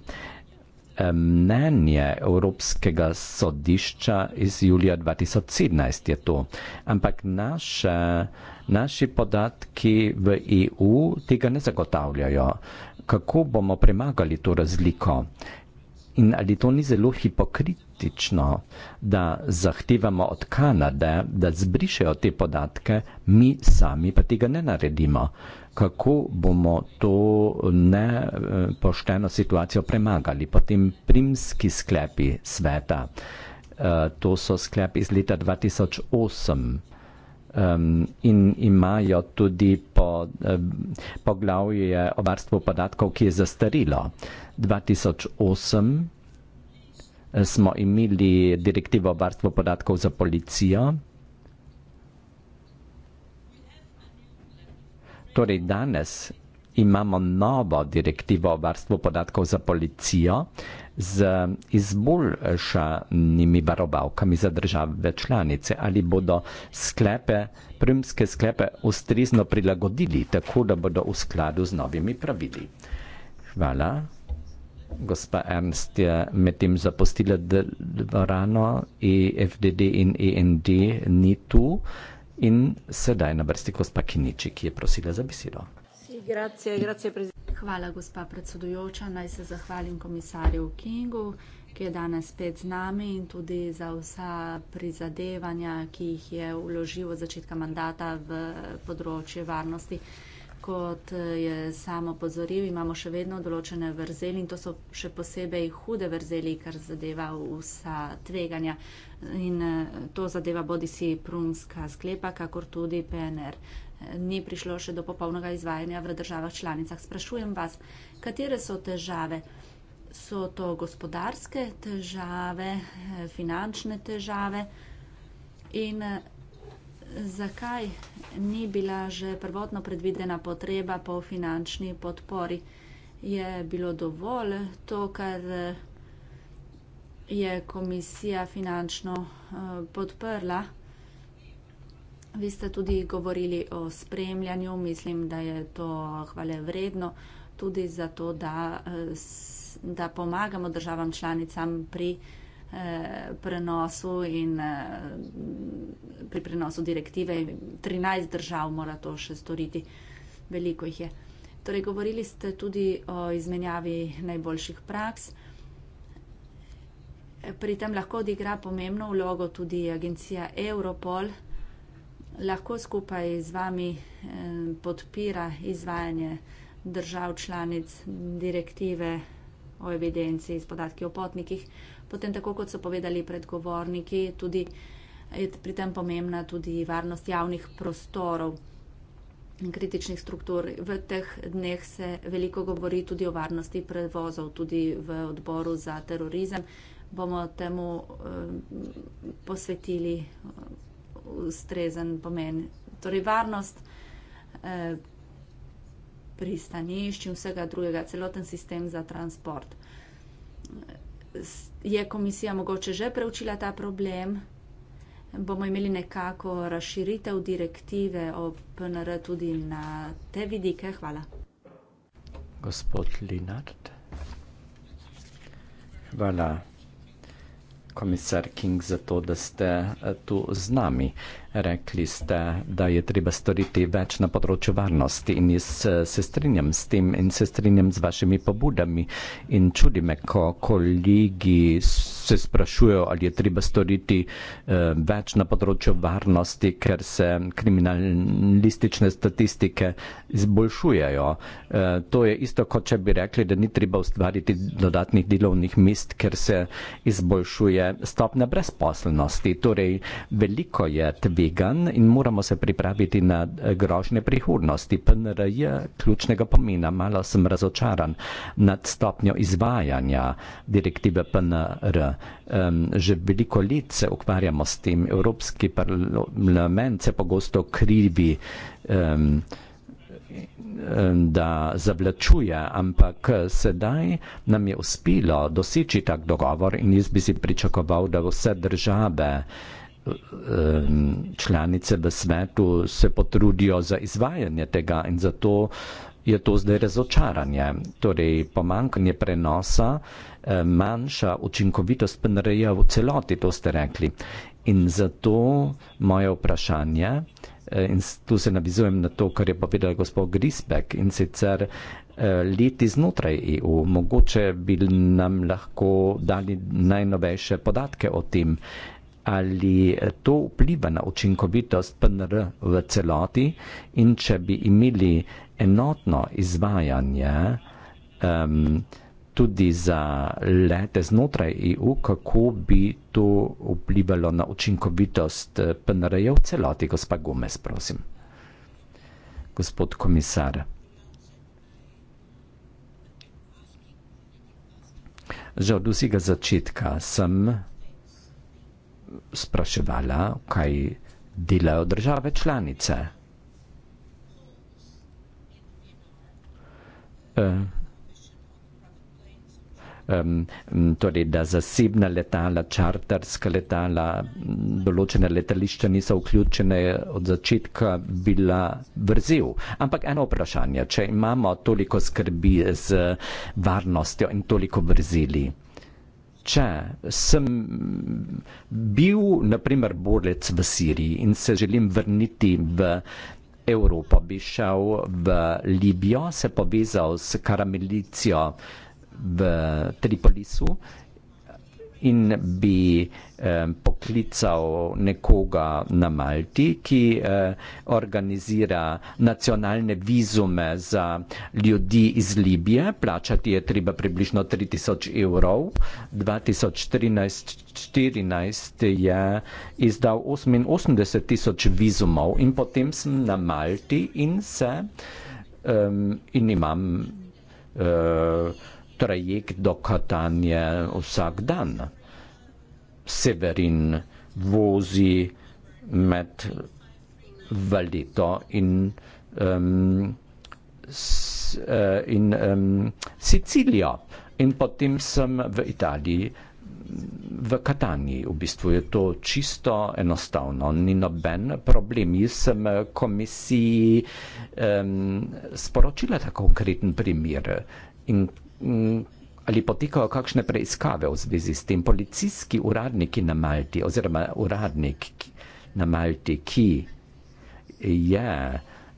Mnenje Evropskega sodišča iz julija 2017 je to, ampak naše naši podatki v EU tega ne zagotavljajo. Kako bomo premagali to razliko? In ali to ni zelo hipokritično, da zahtevamo od Kanade, da zbrišejo te podatke, mi sami pa tega ne naredimo? Kako bomo to nepošteno situacijo premagali? Potem primski sklepi sveta, eh, to so sklepi iz leta 2008 um, in imajo tudi po, um, poglavje o varstvu podatkov, ki je zastarilo. 2008 eh, smo imeli direktivo o varstvu podatkov za policijo. Torej danes imamo novo direktivo o varstvu podatkov za policijo z izboljšanimi varovalkami za države članice. Ali bodo sklepe, primske sklepe ustrezno prilagodili, tako da bodo v skladu z novimi pravili? Hvala. Gospa Ernst je medtem zapustila dvorano, EFDD in END ni tu. In sedaj na vrsti gospa Kiniči, ki je prosila za besedo. Hvala, gospa predsedujoča. Naj se zahvalim komisarju Kingu, ki je danes spet z nami in tudi za vsa prizadevanja, ki jih je vložil od začetka mandata v področje varnosti. Kot je samo pozoril, imamo še vedno določene vrzeli in to so še posebej hude vrzeli, kar zadeva vsa tveganja. In eh, to zadeva bodi si prunska sklepa, kakor tudi PNR ni prišlo še do popolnega izvajanja v državah članicah. Sprašujem vas, katere so težave? So to gospodarske težave, finančne težave in zakaj ni bila že prvotno predvidena potreba po finančni podpori? Je bilo dovolj to, kar je komisija finančno eh, podprla? Vi ste tudi govorili o spremljanju, mislim, da je to hvale vredno tudi zato, da, eh, da pomagamo državam članicam pri eh, prenosu in eh, pri prenosu direktive. 13 držav mora to še storiti, veliko jih je. Torej, govorili ste tudi o izmenjavi najboljših praks. Pri tem lahko odigra pomembno vlogo tudi agencija Europol lahko skupaj z vami eh, podpira izvajanje držav članic direktive o evidenci s podatki o potnikih. Potem, tako kot so povedali predgovorniki, tudi, je pri tem pomembna tudi varnost javnih prostorov in kritičnih struktur. V teh dneh se veliko govori tudi o varnosti prevozov, tudi v odboru za terorizem. Bomo temu eh, posvetili. Eh, ustrezen pomen. Torej, varnost eh, pristanišč in vsega drugega, celoten sistem za transport. Je komisija mogoče že preučila ta problem? Bomo imeli nekako razširitev direktive o PNR tudi na te vidike? Hvala. Gospod Linard. Hvala komisar King, za to, da ste eh, tu z nami. Rekli ste, da je treba storiti več na področju varnosti in jaz eh, se strinjam s tem in se strinjam z vašimi pobudami in čudi me, ko kolegi se sprašujejo, ali je treba storiti uh, več na področju varnosti, ker se kriminalistične statistike izboljšujejo. Uh, to je isto, kot če bi rekli, da ni treba ustvariti dodatnih delovnih mest, ker se izboljšuje stopna brezposelnosti. Torej, veliko je tebi tvegan in moramo se pripraviti na eh, grožne prihodnosti. PNR je ključnega pomena. Malo sem razočaran nad stopnjo izvajanja direktive PNR. Um, že veliko let se ukvarjamo s tem. Evropski parlament se pogosto krivi. Um, da zavlačuje, ampak eh, sedaj nam je uspelo doseči tak dogovor in jaz bi si pričakoval, da vse države članice v svetu se potrudijo za izvajanje tega in zato je to zdaj razočaranje. Torej, pomankanje prenosa, manjša učinkovitost PNR-ja -ja v celoti, to ste rekli. In zato moje vprašanje, eh, in tu se navizujem na to, kar je povedal gospod Grisbek in sicer eh, leti znotraj EU. Mogoče bi nam lahko dali najnovejše podatke o tem, ali eh, to vpliva na učinkovitost PNR v celoti in če bi imeli enotno izvajanje um, tudi za lete znotraj EU, kako bi to vplivalo na učinkovitost eh, PNR-ja v celoti, gospa Gomez, prosim. Gospod komisar. Že od vsega začetka sem spraševala, kaj delajo države članice. E, Um, torej, da zasebna letala, čarterska letala, določene letališča niso vključene od začetka, bila vrzel. Ampak eno vprašanje, če imamo toliko skrbi z varnostjo in toliko vrzeli, če sem bil, naprimer, borec v Siriji in se želim vrniti v Evropo, bi šel v Libijo, se povezal s karamelicijo v Tripolisu in bi eh, poklical nekoga na Malti, ki eh, organizira nacionalne vizume za ljudi iz Libije. Plačati je treba približno 3000 evrov. 2014-2014 je izdal 88 tisoč vizumov in potem sem na Malti in se eh, in imam eh, trajekt do Katanje vsak dan. Severin vozi med Valdito in, um, s, uh, in um, Sicilijo, in potem sem v Italiji, v Katanji. V bistvu je to čisto enostavno, ni noben problem. Jaz sem komisiji um, sporočila ta konkreten primer. In Mm, ali potekajo kakšne preiskave v zvezi s tem. Policijski uradniki na Malti oziroma uradnik na Malti, ki je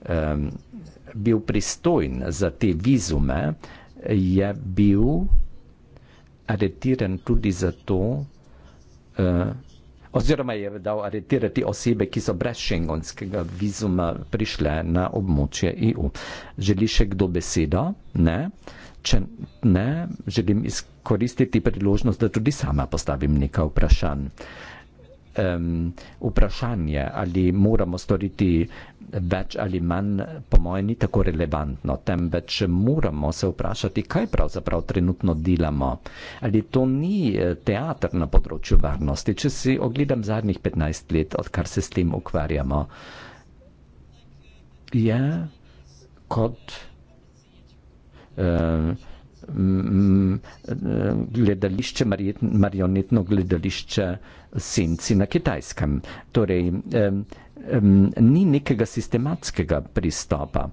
um, bil pristojen za te vizume, je bil aretiran tudi zato, uh, eh, oziroma je dal aretirati osebe, ki so brez šengonskega vizuma prišle na območje EU. Želi še kdo besedo? Ne. Uh, Če ne, želim izkoristiti priložnost, da tudi sama postavim nekaj vprašanj. Um, vprašanje, ali moramo storiti več ali manj, po mojem, ni tako relevantno, temveč moramo se vprašati, kaj pravzaprav trenutno delamo. Ali to ni eh, teater na področju varnosti, če si ogledam zadnjih 15 let, odkar se s tem ukvarjamo, je kot gledališče, marionetno gledališče Senci na Kitajskem. Torej, ni nekega sistematskega pristopa.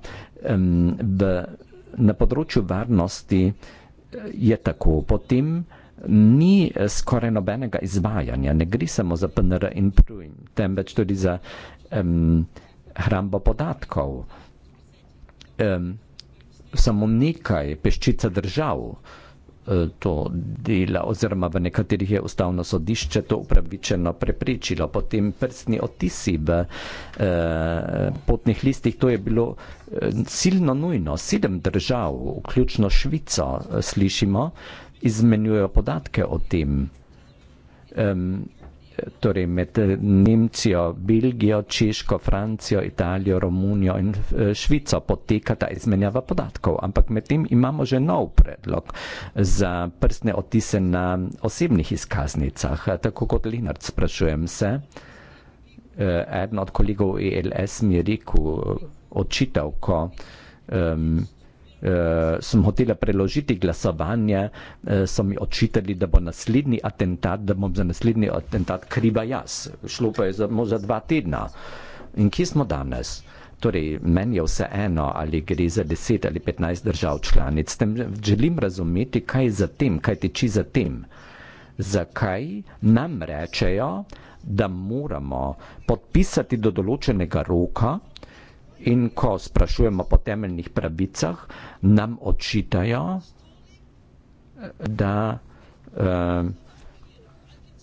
Na področju varnosti eh, je tako. Potem ni eh, skoraj nobenega izvajanja, ne gre samo za PNR in PRUIN, temveč tudi za hrambo podatkov samo nekaj, peščica držav eh, to dela oziroma v nekaterih je ustavno sodišče to upravičeno preprečilo. Potem prstni otisi v eh, potnih listih, to je bilo eh, silno nujno. Sedem držav, vključno Švico, eh, slišimo, izmenjujejo podatke o tem. Eh, torej med eh, Nemčijo, Belgijo, Češko, Francijo, Italijo, Romunijo in eh, Švico poteka ta izmenjava podatkov. Ampak medtem imamo že nov predlog za prstne otise na osebnih izkaznicah. Tako kot Linard, sprašujem se, eh, eden od kolegov ELS mi je rekel, očital, ko um, Uh, sem hotela preložiti glasovanje, uh, so mi očitali, da bo naslednji atentat, da bom za naslednji atentat kriva jaz. Šlo pa je samo za, za dva tedna. In kje smo danes? Torej, meni je vse eno, ali gre za 10 ali 15 držav članic. Tem želim razumeti, kaj je za tem, kaj teči za tem. Zakaj nam rečejo, da moramo podpisati do določenega roka uh, in ko sprašujemo po temeljnih pravicah, nam očitajo, da um,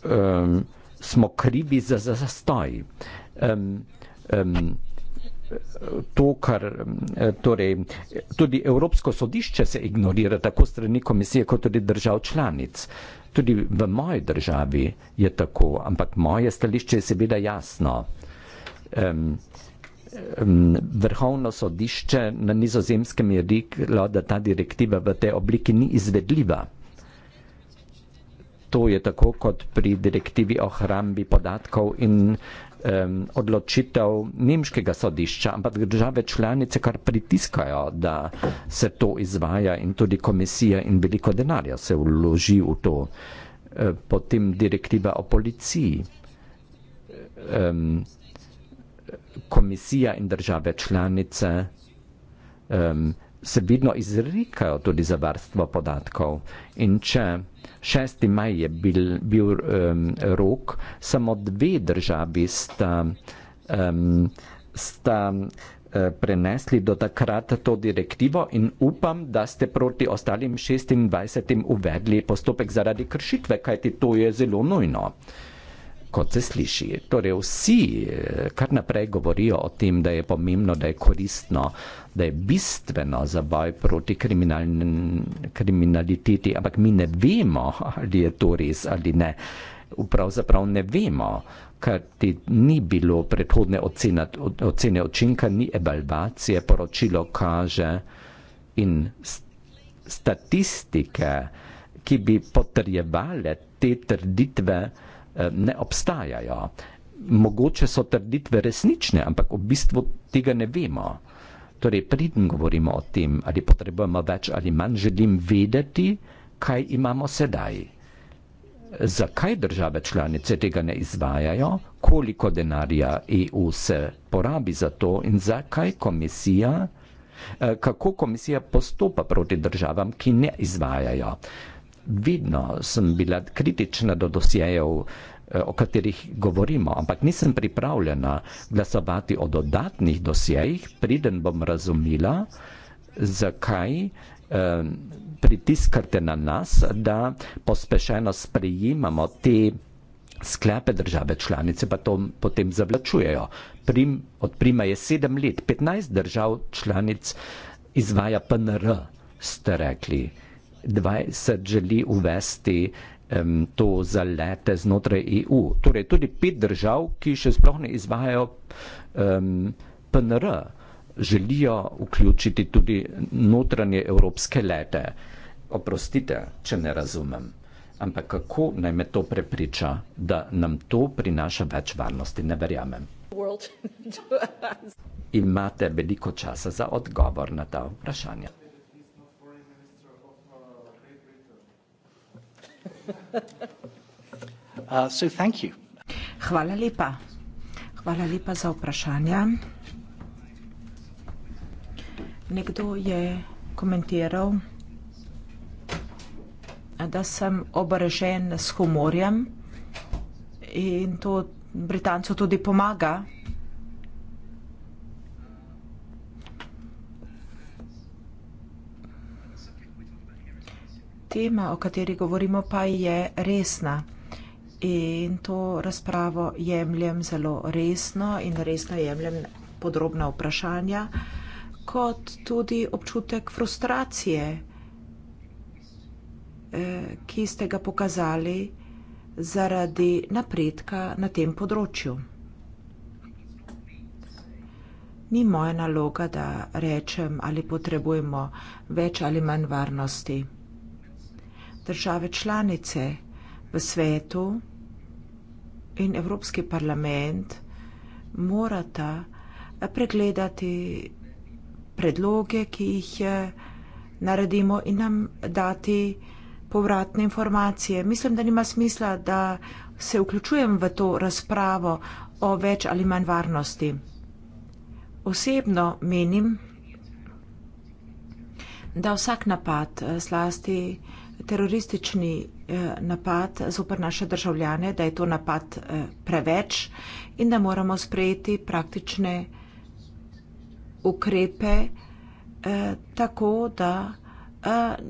um, smo krivi za zastoj. Um, um, To, kar torej, tudi Evropsko sodišče se ignorira, tako strani komisije, kot tudi držav članic. Tudi v moji državi je tako, ampak moje stališče je seveda jasno. Um, vrhovno sodišče na nizozemskem je reklo, da ta direktiva v tej obliki ni izvedljiva. To je tako kot pri direktivi o hrambi podatkov in um, odločitev nemškega sodišča, ampak države članice kar pritiskajo, da se to izvaja in tudi komisija in veliko denarja se vloži v to. Potem direktiva o policiji. Um, komisija in države članice um, se vidno izrikajo tudi za varstvo podatkov. In če 6. maj je bil, bil um, rok, samo dve državi sta, um, sta eh, prenesli do takrat to direktivo in upam, da ste proti ostalim 26. uvedli postopek zaradi kršitve, kajti to je zelo nujno. Uh, kot se sliši. Torej, vsi, eh, kar naprej govorijo o tem, da je pomembno, da je koristno, da je bistveno za boj proti kriminaliteti, ampak mi ne vemo, ali je to res ali ne. Pravzaprav ne vemo, ker ti ni bilo predhodne ocena, ocene očinka, ni evalvacije, poročilo kaže in statistike, ki bi potrjevale te trditve. Eh, ne obstajajo. Mogoče so trditve resnične, ampak v bistvu tega ne vemo. Torej, pridem govorimo o tem, ali potrebujemo več ali manj, želim vedeti, kaj imamo sedaj. Zakaj države članice tega ne izvajajo, koliko denarja EU se porabi za to in zakaj komisija, eh, kako komisija postopa proti državam, ki ne izvajajo vedno sem bila kritična do dosjejev, eh, o katerih govorimo, ampak nisem pripravljena glasovati o dodatnih dosjejih, preden bom razumela, zakaj eh, pritiskate na nas, da pospešeno sprejemamo te sklepe države članice, pa to potem zavlačujejo. Prim, od prima je sedem let, petnajst držav članic izvaja PNR, ste rekli. 2020 želi uvesti um, to za lete znotraj EU. Torej, tudi pet držav, ki še sploh ne izvajajo um, PNR, želijo vključiti tudi notranje evropske lete. Oprostite, če ne razumem. Ampak kako naj me to prepriča, da nam to prinaša več varnosti? Ne verjamem. Imate veliko časa za odgovor na ta vprašanja. uh, so Hvala lepa. Hvala lepa za vprašanja. Nekdo je komentiral, da sem obražen s humorjem in to Britancu tudi pomaga tema, o kateri govorimo, pa je resna. In to razpravo jemljem zelo resno in resno jemljem podrobna vprašanja, kot tudi občutek frustracije, eh, ki ste ga pokazali zaradi napredka na tem področju. Ni moja naloga, da rečem, ali potrebujemo več ali manj varnosti države članice v svetu in Evropski parlament morata pregledati predloge, ki jih eh, naredimo in nam dati povratne informacije. Mislim, da nima smisla, da se vključujem v to razpravo o več ali manj varnosti. Osebno menim, da vsak napad eh, zlasti teroristični eh, napad zoper naše državljane, da je to napad eh, preveč in da moramo sprejeti praktične ukrepe eh, tako, da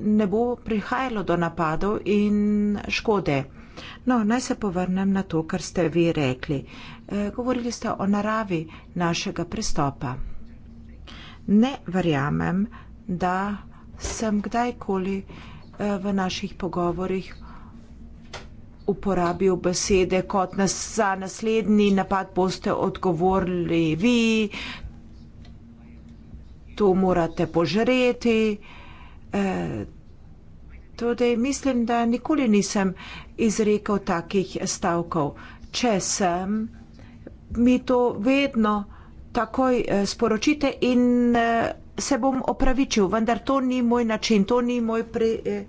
ne bo prihajalo do napadov in škode. No, naj se povrnem na to, kar ste vi rekli. Govorili ste o naravi našega prestopa. Ne verjamem, da sem kdajkoli Eh, v naših pogovorjih uporabil besede kot nas, za naslednji napad boste odgovorili vi, to morate požreti. Eh, Tudi torej, mislim, da nikoli nisem izrekel takih stavkov. Če sem, mi to vedno takoj eh, sporočite in se bom opravičil, vendar to ni moj način, to ni moj pre... Eh,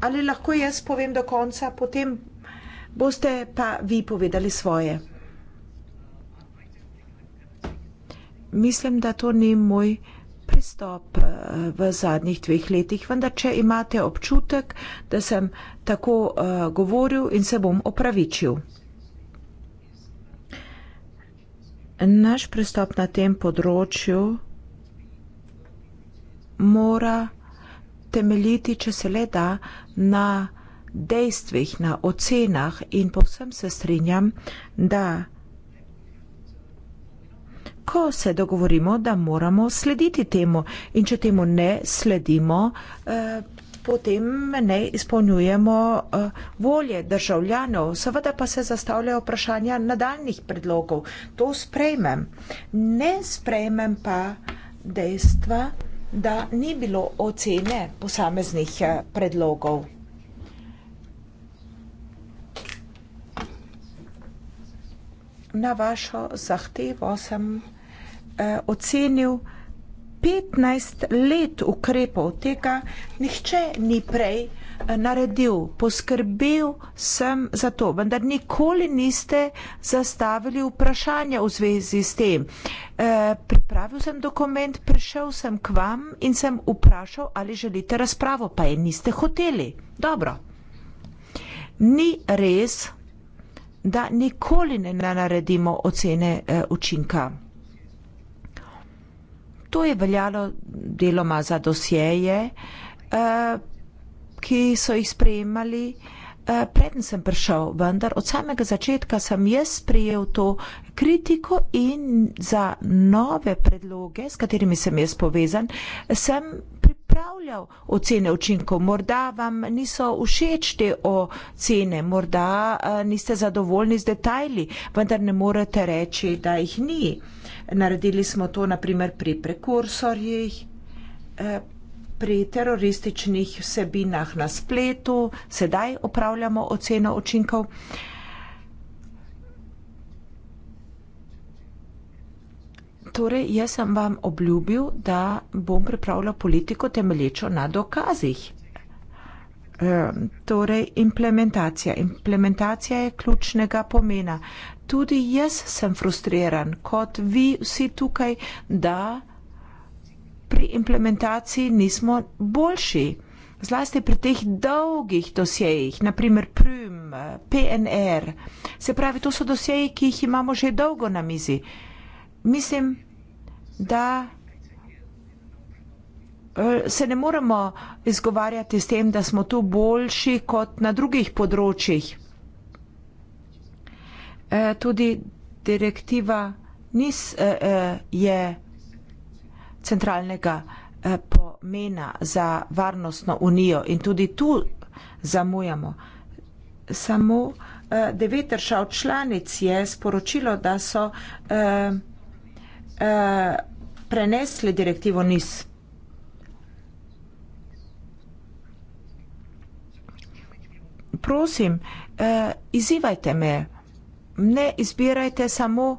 ali lahko jaz povem do konca, potem boste pa vi povedali svoje. Mislim, da to ni moj pristop eh, v zadnjih dveh letih, vendar če imate občutek, da sem tako eh, govoril in se bom opravičil. Naš pristop na tem področju je, mora temeljiti, če se le da, na dejstvih, na ocenah in povsem se strinjam, da ko se dogovorimo, da moramo slediti temu in če temu ne sledimo, eh, potem ne izpolnjujemo eh, volje državljanov. Seveda pa se zastavljajo vprašanja nadaljnih predlogov. To sprejmem. Ne sprejmem pa dejstva, da ni bilo ocene posameznih eh, predlogov. Na vašo zahtevo sem eh, ocenil 15 let ukrepov tega, nihče ni prej eh, naredil, poskrbel sem za to, vendar nikoli niste zastavili vprašanja v zvezi s tem. E, pripravil sem dokument, prišel sem k vam in sem vprašal, ali želite razpravo, pa je niste hoteli. Dobro. Ni res, da nikoli ne naredimo ocene e, učinka. To je veljalo deloma za dosjeje. E, ki so jih sprejemali. Eh, preden sem prišel, vendar od samega začetka sem jaz sprejel to kritiko in za nove predloge, s katerimi sem jaz povezan, sem pripravljal ocene učinkov. Morda vam niso všeč te ocene, morda eh, niste zadovoljni z detajli, vendar ne morete reči, da jih ni. Naredili smo to naprimer pri prekursorjih. Eh, pri terorističnih vsebinah na spletu, sedaj upravljamo oceno učinkov. Torej, jaz sem vam obljubil, da bom pripravila politiko temelječo na dokazih. Ehm, torej, implementacija. Implementacija je ključnega pomena. Tudi jaz sem frustriran, kot vi vsi tukaj, da pri implementaciji nismo boljši. Zlasti pri teh dolgih dosjejih, naprimer Prüm, PNR. Se pravi, to so dosjeji, ki jih imamo že dolgo na mizi. Mislim, da eh, se ne moremo izgovarjati s tem, da smo tu boljši kot na drugih področjih. Eh, tudi direktiva NIS eh, je centralnega eh, pomena za varnostno unijo in tudi tu zamujamo. Samo eh, devet držav članic je sporočilo, da so eh, prenesli direktivo NIS. Prosim, izivajte me, ne izbirajte samo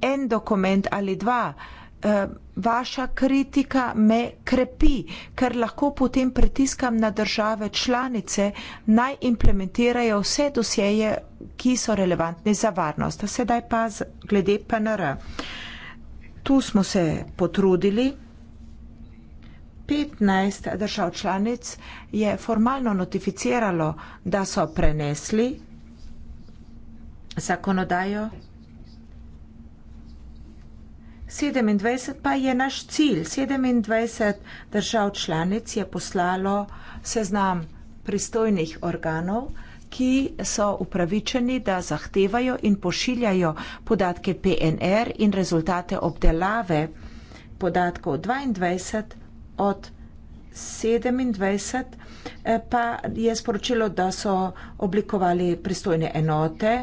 en dokument ali dva vaša kritika me krepi, ker lahko potem pritiskam na države članice, naj implementirajo vse dosjeje, ki so relevantni za varnost. Sedaj pa glede PNR. Tu smo se potrudili. 15 držav članic je formalno notificiralo, da so prenesli zakonodajo. 27 pa je naš cilj. 27 držav članic je poslalo seznam pristojnih organov, ki so upravičeni, da zahtevajo in pošiljajo podatke PNR in rezultate obdelave podatkov 22 od 27, eh, pa je sporočilo, da so oblikovali pristojne enote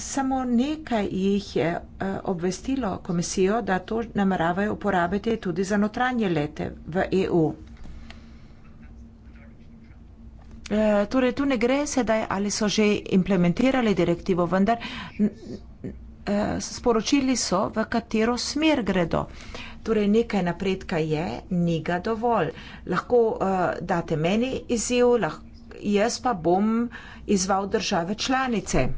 Samo nekaj jih je eh, obvestilo komisijo, da to nameravajo uporabiti tudi za notranje lete v EU. Eh, torej, tu ne gre sedaj, ali so že implementirali direktivo, vendar eh, sporočili so, v katero smer gredo. Torej, nekaj napredka je, ni ga dovolj. Lahko uh, date meni izziv, lahko, jaz pa bom izval države članice.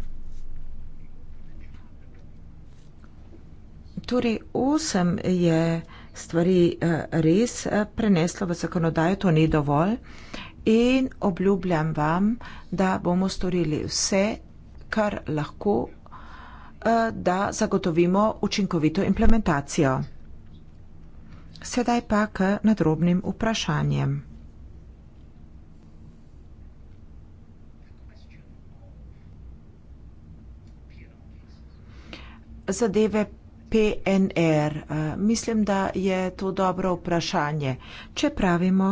torej osem je stvari eh, res eh, preneslo v zakonodajo, to ni dovolj. In obljubljam vam, da bomo storili vse, kar lahko, eh, da zagotovimo učinkovito implementacijo. Sedaj pa k nadrobnim vprašanjem. Zadeve PNR? Mislim, da je to dobro vprašanje. Če pravimo,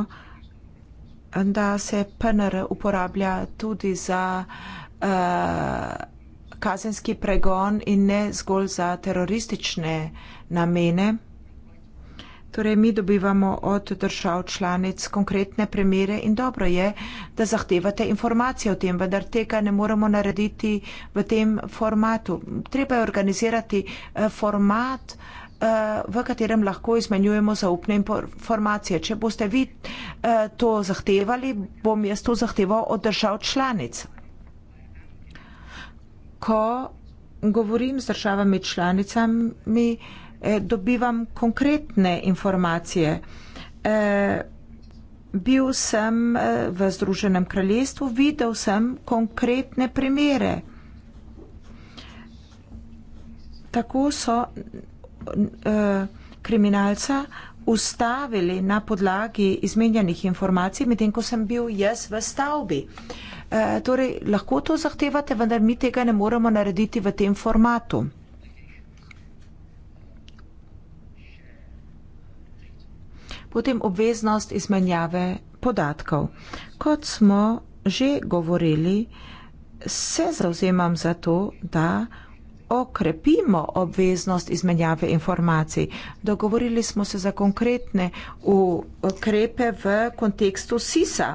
da se PNR uporablja tudi za kazenski pregon in ne zgolj za teroristične namene, Torej, mi dobivamo od držav članic konkretne premere in dobro je, da zahtevate informacije o tem, vendar tega ne moremo narediti v tem formatu. Treba je organizirati eh, format, eh, v katerem lahko izmenjujemo zaupne informacije. Če boste vi eh, to zahtevali, bom jaz to zahteval od držav članic. Ko govorim z državami članicami, Eh, dobivam konkretne informacije. Eh, bil sem eh, v Združenem kraljestvu, videl sem konkretne primere. Tako so kriminalca ustavili na podlagi izmenjanih informacij, medtem ko sem bil jaz v stavbi. E, torej, lahko to zahtevate, vendar mi tega ne moremo narediti v tem formatu. potem obveznost izmenjave podatkov. Kot smo že govorili, se zauzemam za to, da okrepimo obveznost izmenjave informacij. Dogovorili smo se za konkretne ukrepe v kontekstu SISA.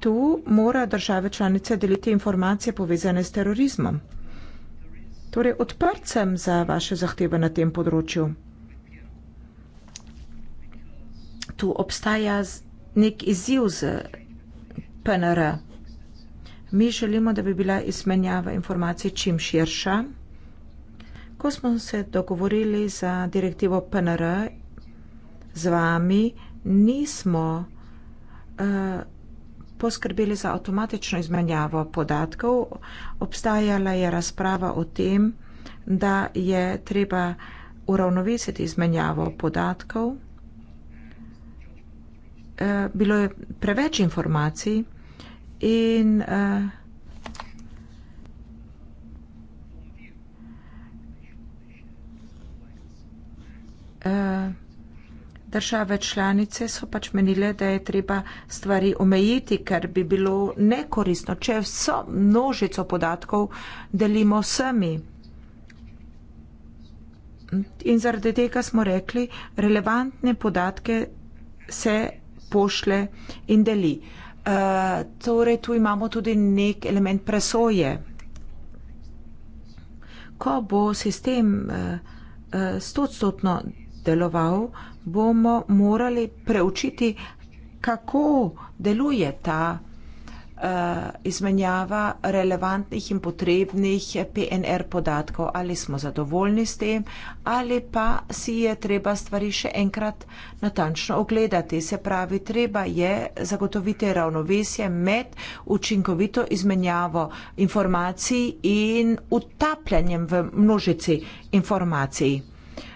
Tu mora države članice deliti informacije povezane s terorizmom. Torej, odprt sem za vaše zahteve na tem področju. Tu obstaja nek izziv z PNR. Mi želimo, da bi bila izmenjava informacij čim širša. Ko smo se dogovorili za direktivo PNR z vami, nismo uh, poskrbeli za avtomatično izmenjavo podatkov. Obstajala je razprava o tem, da je treba uravnovesiti izmenjavo podatkov. Eh, bilo je preveč informacij in uh, uh, države članice so pač menile, da je treba stvari omejiti, ker bi bilo nekoristno, če vso množico podatkov delimo sami. In zaradi tega smo rekli, relevantne podatke se pošle in deli. Uh, torej, tu imamo tudi nek element presoje. Ko bo sistem uh, uh, stotstotno deloval, bomo morali preučiti, kako deluje ta eh, izmenjava relevantnih in potrebnih PNR podatkov, ali smo zadovoljni s tem, ali pa si je treba stvari še enkrat natančno ogledati. Se pravi, treba je zagotoviti ravnovesje med učinkovito izmenjavo informacij in utapljanjem v množici informacij.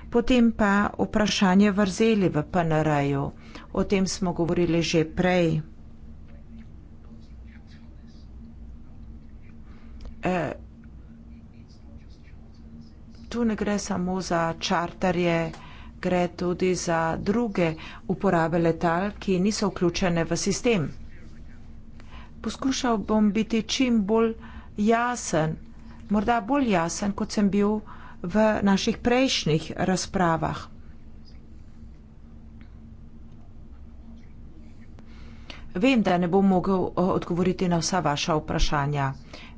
Potem pa vprašanje vrzeli v PNR-ju. O tem smo govorili že prej. E, tu ne gre samo za čarterje, gre tudi za druge uporabe letal, ki niso vključene v sistem. Poskušal bom biti čim bolj jasen, morda bolj jasen, kot sem bil v naših prejšnjih razpravah. Vem, da ne bom mogel eh, odgovoriti na vsa vaša vprašanja.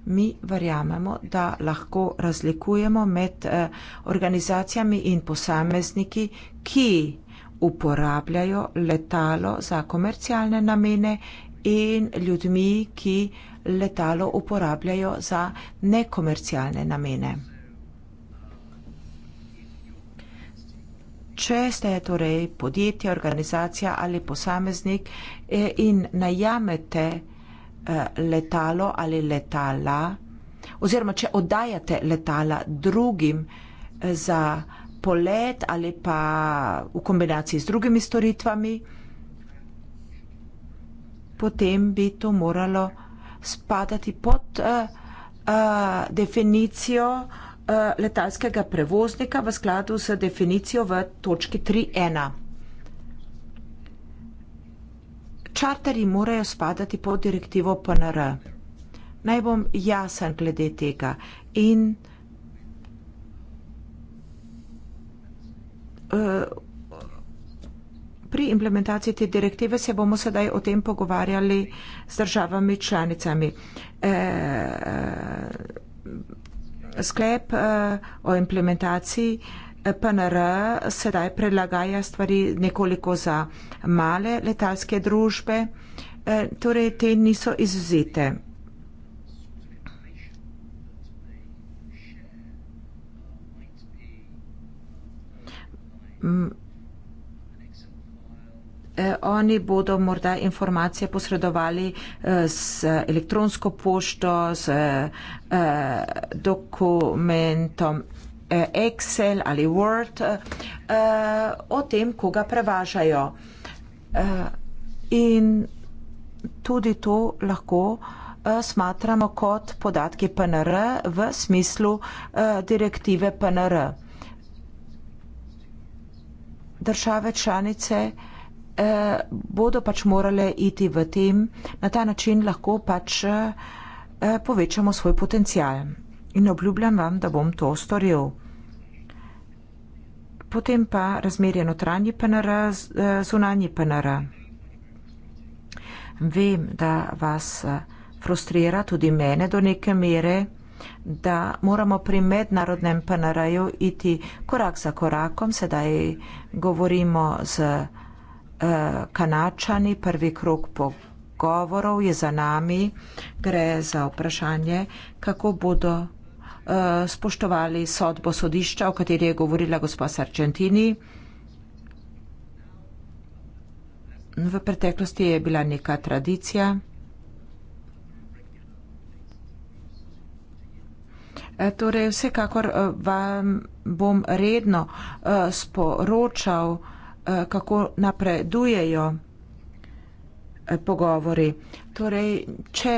Mi verjamemo, da lahko razlikujemo med eh, organizacijami in posamezniki, ki uporabljajo letalo za komercialne namene in ljudmi, ki letalo uporabljajo za nekomercialne namene. če ste torej podjetje, organizacija ali posameznik eh, in najamete eh, letalo ali letala, oziroma če oddajate letala drugim eh, za polet ali pa v kombinaciji z drugimi storitvami, potem bi to moralo spadati pod uh, uh, definicijo uh, Eh, letalskega prevoznika v skladu s definicijo v točki 3.1. Čarteri morajo spadati pod direktivo PNR. Naj bom jasen glede tega in eh, Pri implementaciji te direktive se bomo sedaj o tem pogovarjali z državami članicami. Eh, sklep eh, o implementaciji eh, PNR sedaj predlagaja stvari nekoliko za male letalske družbe, eh, torej te niso izuzete. Mm. E, oni bodo morda informacije posredovali z e, elektronsko pošto, z e, dokumentom Excel ali Word o tem, koga prevažajo. In tudi to lahko smatramo kot podatki PNR v smislu direktive PNR. Države članice Eh, bodo pač morale iti v tem, na ta način lahko pač eh, povečamo svoj potencial. In obljubljam vam, da bom to storil. Potem pa razmerje notranji PNR, eh, zunanji PNR. Vem, da vas frustrira tudi mene do neke mere, da moramo pri mednarodnem PNR-ju iti korak za korakom, sedaj govorimo z kanačani, prvi krok pogovorov je za nami, gre za vprašanje, kako bodo eh, spoštovali sodbo sodišča, o kateri je govorila gospod Sargentini. V preteklosti je bila neka tradicija. Eh, torej, vsekakor eh, vam bom redno sporočal, Eh, kako napredujejo eh, pogovori. Torej, če,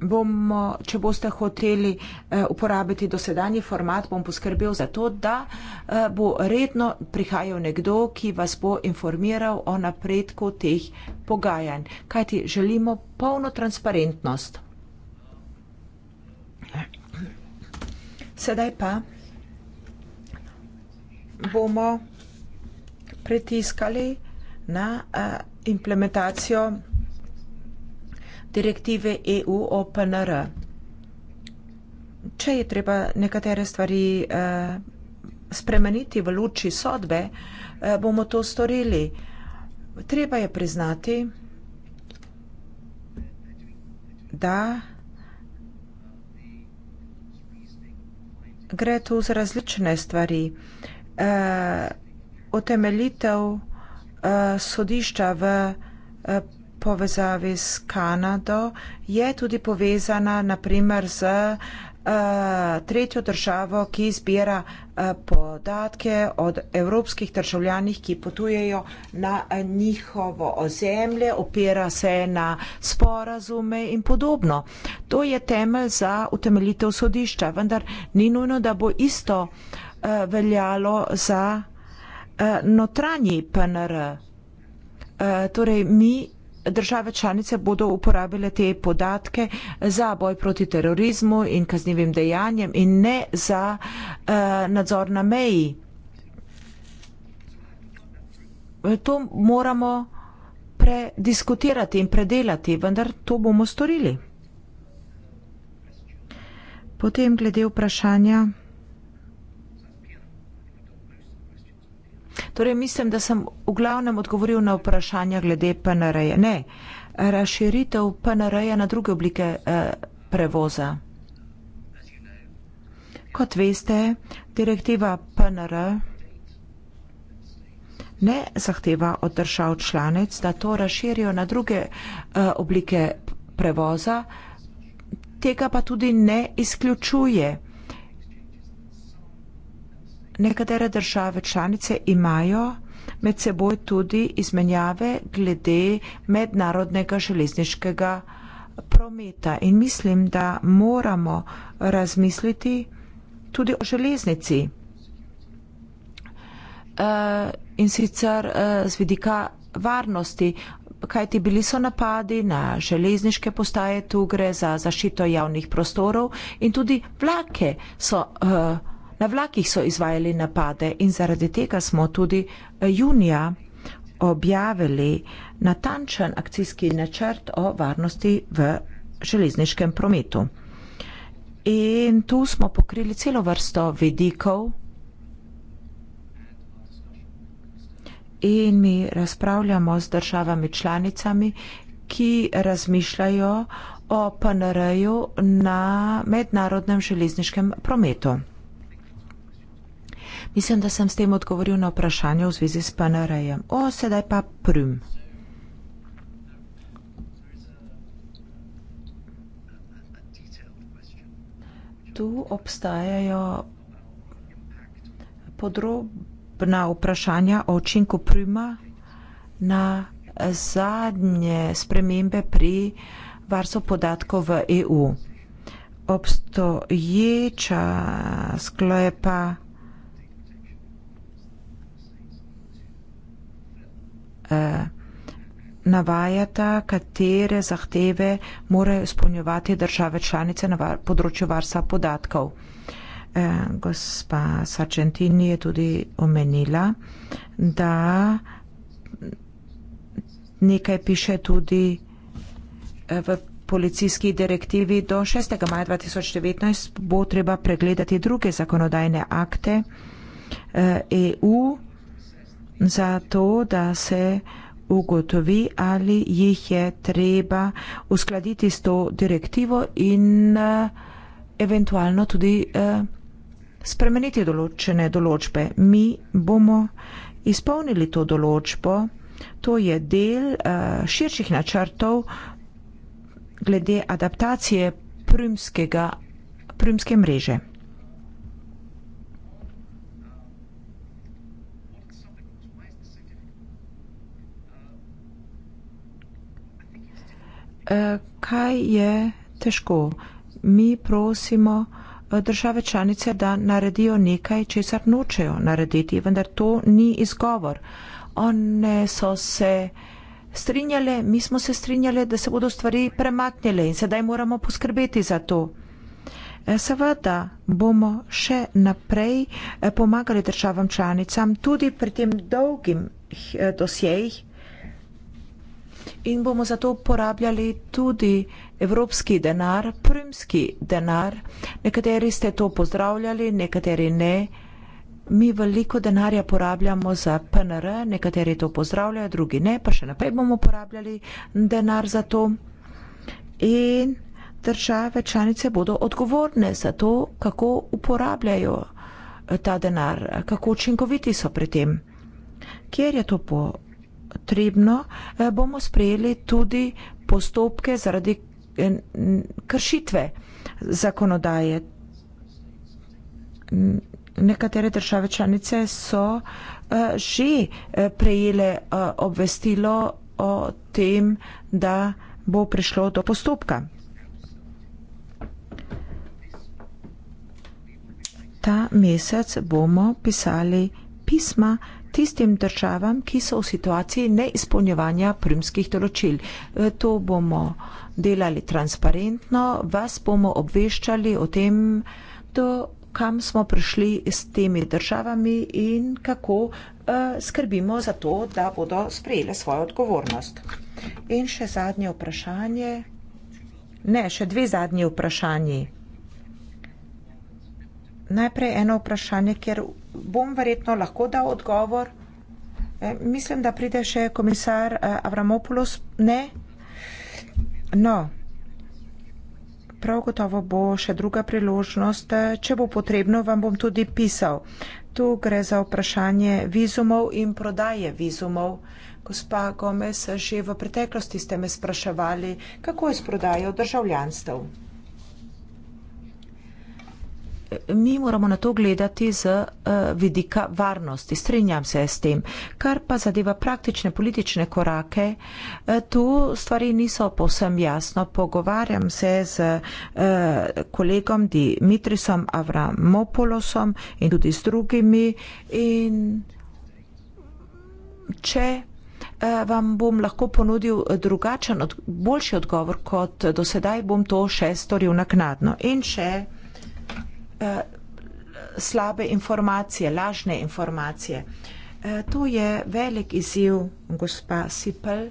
bomo, če boste hoteli eh, uporabiti dosedanji format, bom poskrbel za to, da bo redno prihajal nekdo, ki vas bo informiral o napredku teh pogajanj. Kajti želimo polno transparentnost. Sedaj pa bomo pritiskali na uh, implementacijo direktive EU o PNR. Če je treba nekatere stvari uh, spremeniti v luči sodbe, uh, bomo to storili. Treba je priznati, da gre tu za različne stvari. Uh, utemeljitev uh, sodišča v uh, povezavi s Kanado je tudi povezana naprimer z uh, tretjo državo, ki zbira uh, podatke od evropskih državljanih, ki potujejo na uh, njihovo ozemlje, opira se na sporazume in podobno. To je temelj za utemeljitev sodišča, vendar ni nujno, da bo isto uh, veljalo za. Eh, notranji PNR. Eh, torej, mi, države članice, bodo uporabile te podatke za boj proti terorizmu in kaznjivim dejanjem in ne za eh, nadzor na meji. To moramo prediskutirati in predelati, vendar to bomo storili. Potem glede vprašanja. Torej, mislim, da sem v glavnem odgovoril na vprašanja glede PNR-ja. Ne, razširitev PNR-ja na druge oblike eh, prevoza. Kot veste, direktiva PNR ne zahteva od držav članec, da to razširijo na druge eh, oblike prevoza, tega pa tudi ne izključuje. Nekatere države članice imajo med seboj tudi izmenjave glede mednarodnega železniškega prometa in mislim, da moramo razmisliti tudi o železnici. Eh, in sicer eh, z vidika varnosti, kajti bili so napadi na železniške postaje, tu gre za zaščito javnih prostorov in tudi vlake so. Uh, Na vlakih so izvajali napade in zaradi tega smo tudi eh, junija objavili natančen akcijski načrt o varnosti v železniškem prometu. In tu smo pokrili celo vrsto vidikov in mi razpravljamo z državami članicami, ki razmišljajo o PNR-ju na mednarodnem železniškem prometu. Mislim, da sem s tem odgovoril na vprašanje v zvezi s PNR-jem. O, sedaj pa prim. Tu obstajajo podrobna vprašanja o učinku prima na zadnje spremembe pri varstvu podatkov v EU. Obstoječa sklepa Eh, navajata, katere zahteve morajo izpolnjevati države članice na področju varstva podatkov. Eh, gospa Sargentini je tudi omenila, da nekaj piše tudi eh, v policijski direktivi. Do 6. maja 2019 bo treba pregledati druge zakonodajne akte EU. E zato, da se ugotovi, ali jih je treba uskladiti s to direktivo in eh, eventualno tudi eh, spremeniti določene določbe. Mi bomo izpolnili to določbo. To je del eh, širših načrtov glede adaptacije primske mreže. kaj je težko. Mi prosimo eh, države članice, da naredijo nekaj, česar nočejo narediti, vendar to ni izgovor. One so se strinjale, mi smo se strinjale, da se bodo stvari premaknile in sedaj moramo poskrbeti za to. Eh, seveda bomo še naprej eh, pomagali državam članicam tudi pri tem dolgim dosjejih, in bomo zato uporabljali tudi evropski denar, primski denar. Nekateri ste to pozdravljali, nekateri ne. Mi veliko denarja porabljamo za PNR, nekateri to pozdravljajo, drugi ne, pa še naprej bomo uporabljali denar za to. In države članice bodo odgovorne za to, kako uporabljajo eh, ta denar, kako učinkoviti so pri tem. Kjer je to po potrebno, eh, bomo sprejeli tudi postopke zaradi eh, kršitve zakonodaje. Nekatere države članice so eh, že prejele obvestilo o tem, da bo prišlo do postopka. Ta mesec bomo pisali pisma, tistim državam, ki so v situaciji neizpolnjevanja primskih določil. E, to bomo delali transparentno, vas bomo obveščali o tem, do kam smo prišli s temi državami in kako e, skrbimo za to, da bodo sprejeli svojo odgovornost. In še zadnje vprašanje. Ne, še dve zadnji vprašanji najprej eno vprašanje, ker bom verjetno lahko dal odgovor. E, mislim, da pride še komisar e, Avramopoulos. Ne? No, prav gotovo bo še druga priložnost. E, če bo potrebno, vam bom tudi pisal. Tu gre za vprašanje vizumov in prodaje vizumov. Gospa Gomez, že v preteklosti ste me spraševali, kako je s prodajo državljanstv mi moramo na to gledati z eh, vidika varnosti. Strenjam se s tem. Kar pa zadeva praktične politične korake, eh, tu stvari niso posem jasno. Pogovarjam se z eh, kolegom Dimitrisom Avramopolosom in tudi z drugimi. In če vam bom lahko ponudil drugačen, boljši odgovor kot dosedaj, bom to še storil naknadno. In še eh, slabe informacije, lažne informacije. Eh, to je velik izziv, gospa Sipel.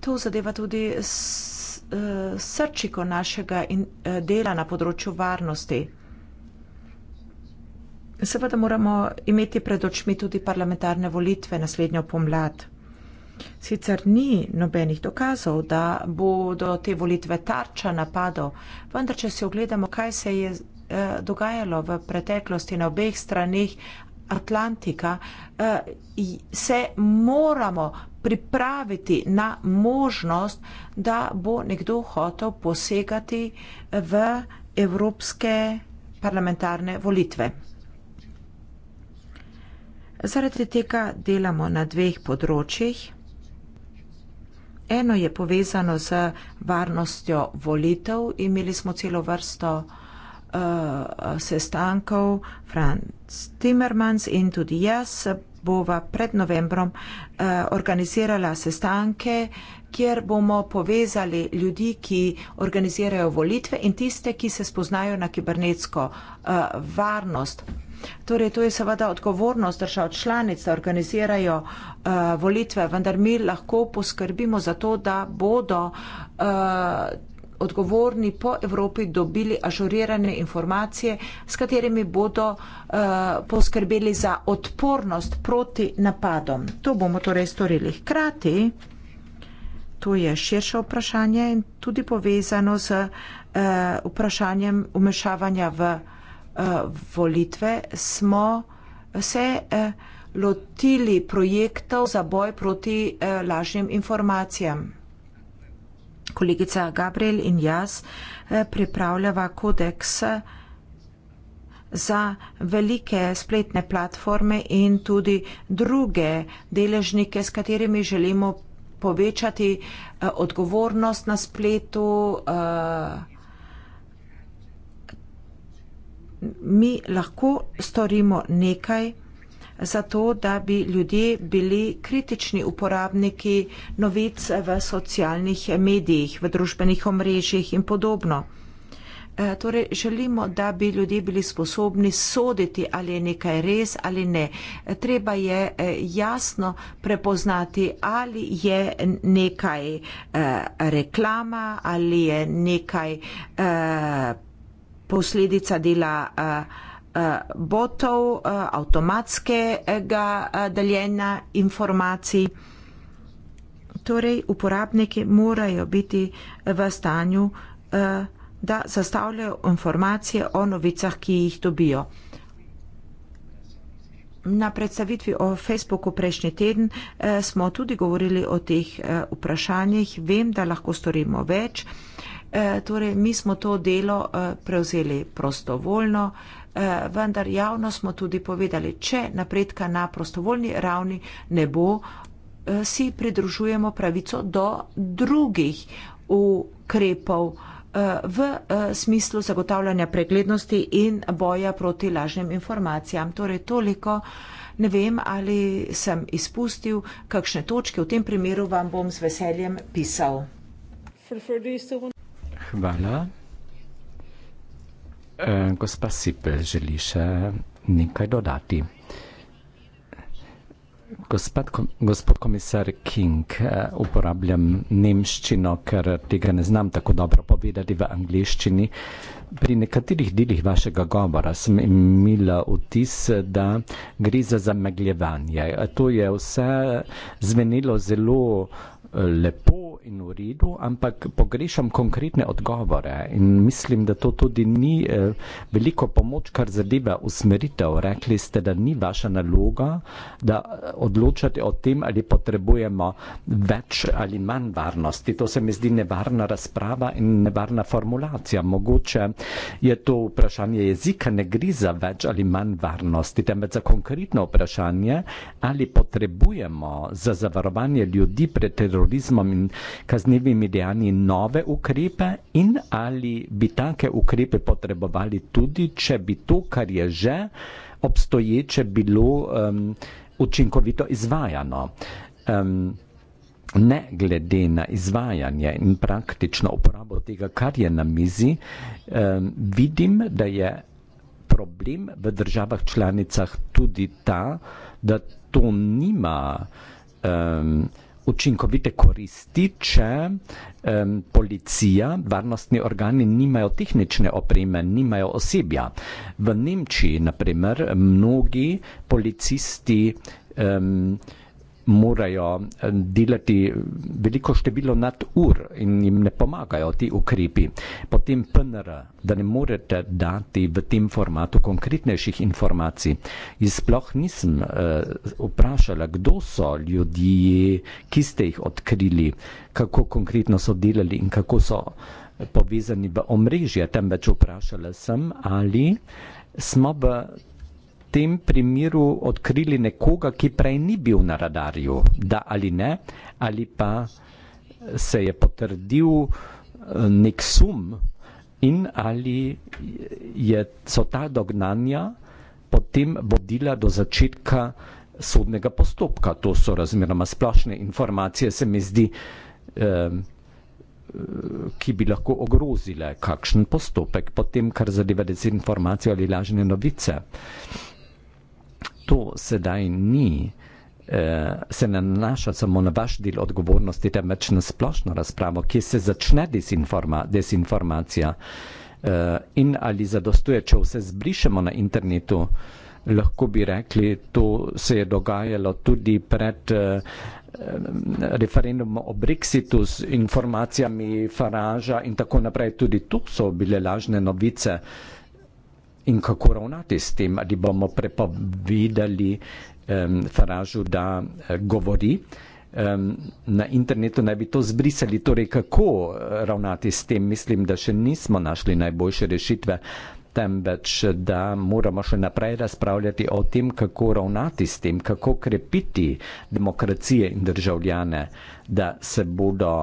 To zadeva tudi s, eh, srčiko našega in, eh, dela na področju varnosti. Seveda moramo imeti pred očmi tudi parlamentarne volitve naslednjo pomlad. Sicer ni nobenih dokazov, da bodo te volitve tarča napadov, vendar če si ogledamo, kaj se je eh, dogajalo v preteklosti na obeh stranih Atlantika, eh, se moramo pripraviti na možnost, da bo nekdo hotel posegati v evropske parlamentarne volitve. Zaradi tega delamo na dveh področjih. Eno je povezano z varnostjo volitev. Imeli smo celo vrsto uh, sestankov, Franz Timmermans in tudi jaz bova pred novembrom uh, organizirala sestanke, kjer bomo povezali ljudi, ki organizirajo volitve in tiste, ki se spoznajo na kibernetsko uh, varnost. Torej, to je seveda odgovornost držav članic, da organizirajo uh, volitve, vendar mi lahko poskrbimo za to, da bodo. Uh, odgovorni po Evropi dobili ažurirane informacije, s katerimi bodo uh, poskrbeli za odpornost proti napadom. To bomo torej storili. Hkrati, to je širše vprašanje in tudi povezano z uh, vprašanjem umešavanja v Eh, volitve, smo se eh, lotili projektov za boj proti eh, lažnim informacijam. Kolegica Gabriel in jaz pripravljava kodeks za velike spletne platforme in tudi druge deležnike, s katerimi želimo povečati odgovornost na spletu, mi lahko storimo nekaj za to, da bi ljudje bili kritični uporabniki novic v socialnih medijih, v družbenih omrežjih in podobno. E, torej, želimo, da bi ljudje bili sposobni soditi, ali je nekaj res ali ne. E, treba je e, jasno prepoznati, ali je nekaj reklama, ali je nekaj posledica dela eh, eh, botov, eh, avtomatskega deljenja informacij. Torej, uporabniki morajo biti v stanju, da zastavljajo informacije o novicah, ki jih dobijo. Na predstavitvi o Facebooku prejšnji teden smo tudi govorili o teh vprašanjih. Vem, da lahko storimo več. Eh, torej mi smo to delo eh, prevzeli prostovoljno, eh, vendar javno smo tudi povedali, če napredka na prostovoljni ravni ne bo, si pridružujemo pravico do drugih ukrepov v smislu zagotavljanja preglednosti in boja proti lažnim informacijam. Torej toliko. Ne vem, ali sem izpustil kakšne točke. V tem primeru vam bom z veseljem pisal hvala. Eh, gospa Sipel želi še nekaj dodati. Gospod, gospod komisar King, eh, uporabljam nemščino, ker tega ne znam tako dobro povedati v angliščini. Pri nekaterih delih vašega govora sem imela vtis, da gre za zamegljevanje. To je vse zvenilo zelo uh, lepo in v redu, ampak pogrešam konkretne odgovore in mislim, da to tudi ni eh, veliko pomoč, kar zadeva usmeritev. Rekli ste, da ni vaša naloga, da eh, odločate o tem, ali potrebujemo več ali manj varnosti. To se mi zdi nevarna razprava in nevarna formulacija. Mogoče je to vprašanje jezika, ne gre za več ali manj varnosti, temveč za konkretno vprašanje, ali potrebujemo za zavarovanje ljudi pred terorizmom terorizmom in kaznevimi dejanji nove ukrepe in ali bi take ukrepe potrebovali tudi, če bi to, kar je že obstoječe, bilo um, učinkovito izvajano. Um, Ne glede na izvajanje in praktično uporabo tega, kar je na mizi, eh, vidim, da je problem v državah članicah tudi ta, da to nima eh, učinkovite koristi, če um, policija, varnostni organi nimajo tehnične opreme, nimajo osebja. V Nemčiji, naprimer, mnogi policisti um, morajo eh, delati veliko število nad ur in jim ne pomagajo ti ukrepi. Potem PNR, da ne morete dati v tem formatu konkretnejših informacij. Jaz sploh nisem uh, vprašala, kdo so ljudje, ki ste jih odkrili, kako konkretno so delali in kako so povezani v omrežje. Temveč vprašala sem, ali smo v tem primeru odkrili nekoga, ki prej ni bil na radarju, da ali ne, ali pa se je potrdil eh, nek sum in ali je, so ta dognanja potem vodila do začetka sodnega postopka. To so razmeroma splošne informacije, se mi zdi, eh, ki bi lahko ogrozile kakšen postopek potem, kar zadeva dezinformacijo ali lažne novice. Eh, to sedaj ni, eh, se ne nanaša samo na vaš del odgovornosti, temveč na splošno razpravo, kje se začne desinforma, desinformacija eh, in ali zadostuje, če vse zbrišemo na internetu. Lahko bi rekli, to se je dogajalo tudi pred eh, referendum o Brexitu z informacijami Faraža in tako naprej. Tudi tu so bile lažne novice in kako ravnati s tem, ali bomo prepovedali um, Faražu, da uh, govori. Um, na internetu naj bi to zbrisali, torej kako eh, ravnati s tem, mislim, da še nismo našli najboljše rešitve, temveč da moramo še naprej razpravljati o tem, kako ravnati s tem, kako krepiti demokracije in državljane, da se bodo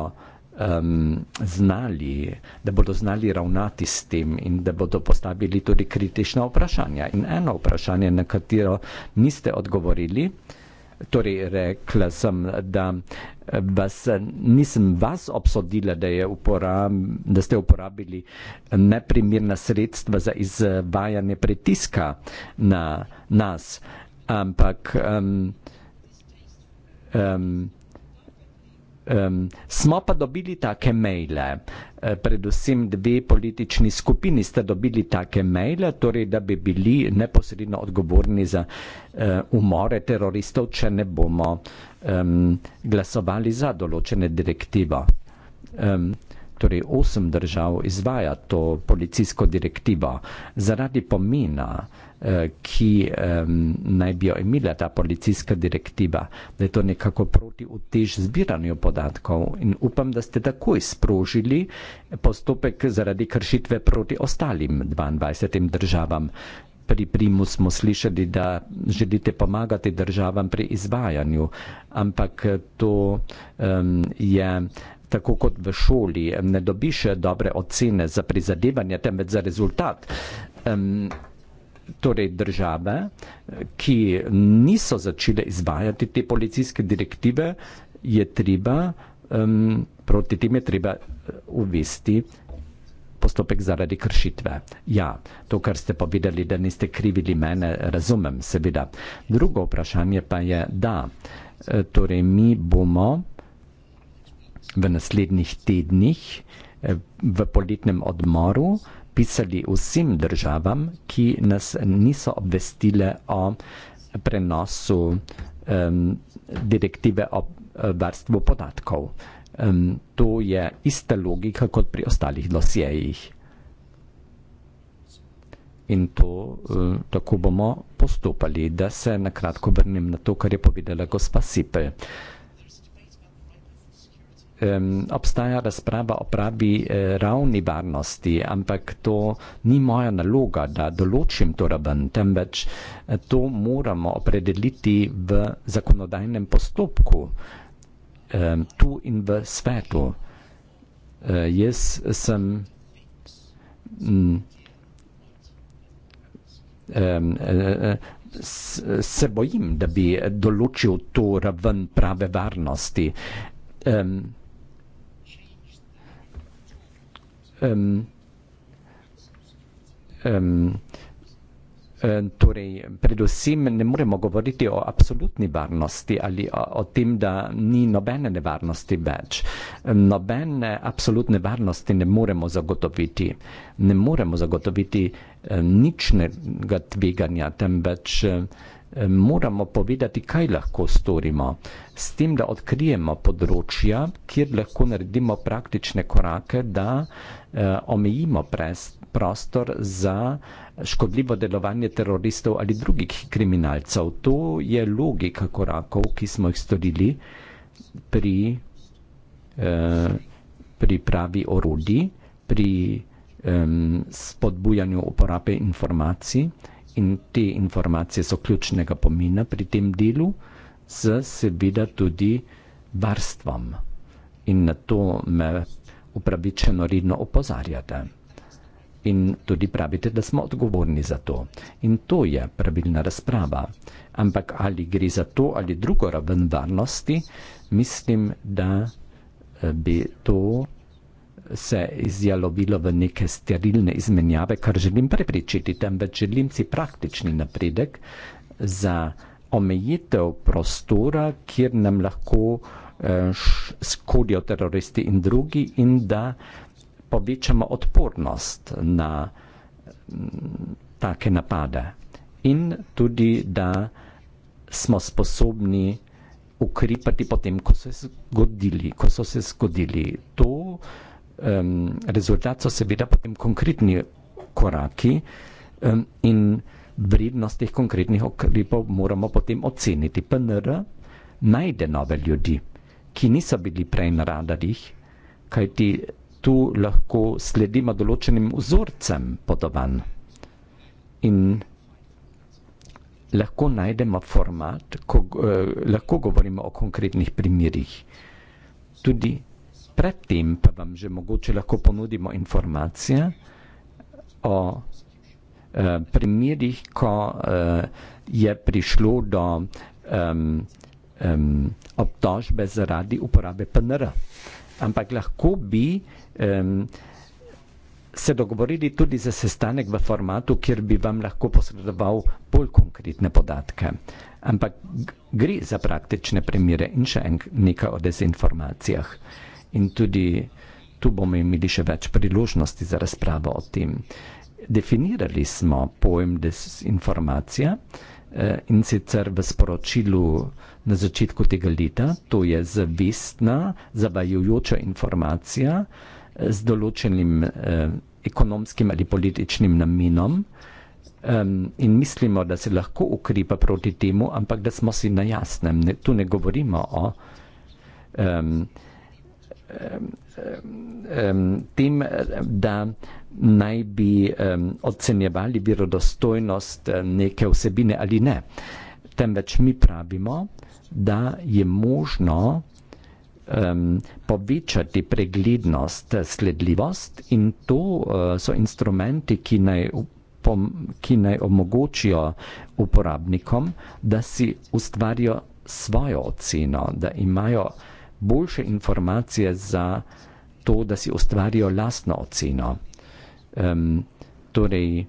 um, znali, da bodo znali ravnati s tem in da bodo postavili tudi kritična vprašanja. In eno vprašanje, na katero niste odgovorili, torej rekla sem, da vas, nisem vas obsodila, da, je uporab, da ste uporabili neprimirna sredstva za izvajanje pritiska na nas, ampak um, um, Um, smo pa dobili take maile, eh, predvsem dve politični skupini sta dobili take maile, torej da bi bili neposredno odgovorni za uh, umore teroristov, če ne bomo um, glasovali za določene direktivo. Um, torej osem držav izvaja to policijsko direktivo zaradi pomena. Eh, ki um, naj bi jo imela ta policijska direktiva, da je to nekako proti utež zbiranju podatkov in upam, da ste takoj sprožili postopek zaradi kršitve proti ostalim 22 državam. Pri primu smo slišali, da želite pomagati državam pri izvajanju, ampak to um, je tako kot v šoli, ne dobiš dobre ocene za prizadevanje, temveč za rezultat. Um, torej države, ki niso začele izvajati te policijske direktive, je treba, um, proti tem je treba eh, uvesti postopek zaradi kršitve. Ja, to, kar ste povedali, da niste krivili mene, razumem seveda. Drugo vprašanje pa je, da, eh, torej mi bomo v naslednjih tednih eh, v poletnem odmoru pisali vsem državam, ki nas niso obvestile o prenosu um, direktive o eh, varstvu podatkov. Um, to je ista logika kot pri ostalih dosjejih. In to uh, tako bomo postopali, da se na kratko vrnem na to, kar je povedala gospa Sipel. Uh, um, obstaja razprava o pravi uh, ravni varnosti, ampak to ni moja naloga, da določim to raven, temveč uh, to moramo opredeliti v zakonodajnem postopku um, tu in v svetu. Uh, jaz sem. Mm, Um, se bojim, da bi določil to raven prave varnosti. Um, um, um, Torej, predvsem ne moremo govoriti o absolutni varnosti ali o, o tem, da ni nobene nevarnosti več. Nobene absolutne varnosti ne moremo zagotoviti. Ne moremo zagotoviti ničnega tveganja, temveč moramo povedati, kaj lahko storimo, s tem, da odkrijemo področja, kjer lahko naredimo praktične korake, da eh, omejimo pres, prostor za škodljivo delovanje teroristov ali drugih kriminalcev. To je logika korakov, ki smo jih storili pri eh, pripravi orodij, pri eh, spodbujanju uporabe informacij in te informacije so ključnega pomena pri tem delu, z seveda tudi varstvom. In na to me upravičeno redno opozarjate. In tudi pravite, da smo odgovorni za to. In to je pravilna razprava. Ampak ali gre za to ali drugo raven varnosti, mislim, da eh, bi to se izjalovilo v neke sterilne izmenjave, kar želim prepričiti, temveč želim si praktični napredek za omejitev prostora, kjer nam lahko eh, skodijo teroristi in drugi in da povečamo odpornost na take napade in tudi, da smo sposobni ukripati potem, ko so se zgodili. Ko so se zgodili. To um, rezultat so seveda potem konkretni koraki um, in vrednost teh konkretnih okrepov moramo potem oceniti. PNR najde nove ljudi, ki niso bili prej na radarjih, kajti tu lahko sledimo določenim vzorcem podovanj in lahko najdemo format, ko, eh, lahko govorimo o konkretnih primerih. Tudi predtem pa vam že mogoče lahko ponudimo informacije o eh, primerih, ko eh, je prišlo do eh, eh, obtožbe zaradi uporabe PNR. Ampak lahko bi eh, se dogovorili tudi za sestanek v formatu, kjer bi vam lahko posredoval bolj konkretne podatke. Ampak gre za praktične primere in še nekaj o dezinformacijah in tudi tu bomo imeli še več priložnosti za razpravo o tem. Definirali smo pojem desinformacija eh, in sicer v sporočilu na začetku tega leta, to je zavestna, zavajujoča informacija eh, z določenim eh, ekonomskim ali političnim namenom um, in mislimo, da se lahko ukrepa proti temu, ampak da smo si na jasnem, ne, tu ne govorimo o. Um, tem, da naj bi ocenjevali verodostojnost eh, neke vsebine ali ne. Temveč mi pravimo, da je možno povečati preglednost, eh, sledljivost in to eh, so instrumenti, ki naj, ki naj omogočijo uporabnikom, da si ustvarijo svojo oceno, da imajo vsebine, boljše informacije za to, da si ustvarijo lastno oceno. Um, torej,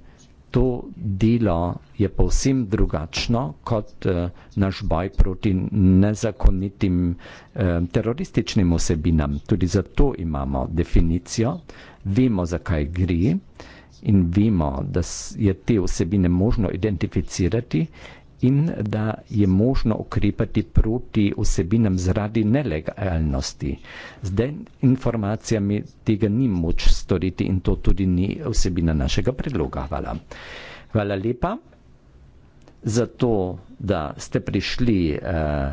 to delo je povsem drugačno kot uh, naš boj proti nezakonitim um, terorističnim osebinam. Tudi zato imamo definicijo, vemo, zakaj gre in vemo, da je te osebine možno identificirati in da je možno ukrepati proti osebinam zaradi nelegalnosti. Z den informacijami tega ni moč storiti in to tudi ni osebina našega predloga. Hvala. Hvala lepa za to, da ste prišli uh,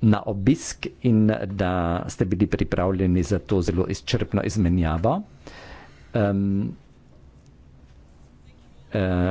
na obisk in da ste bili pripravljeni za to zelo izčrpno izmenjavo. Um, uh,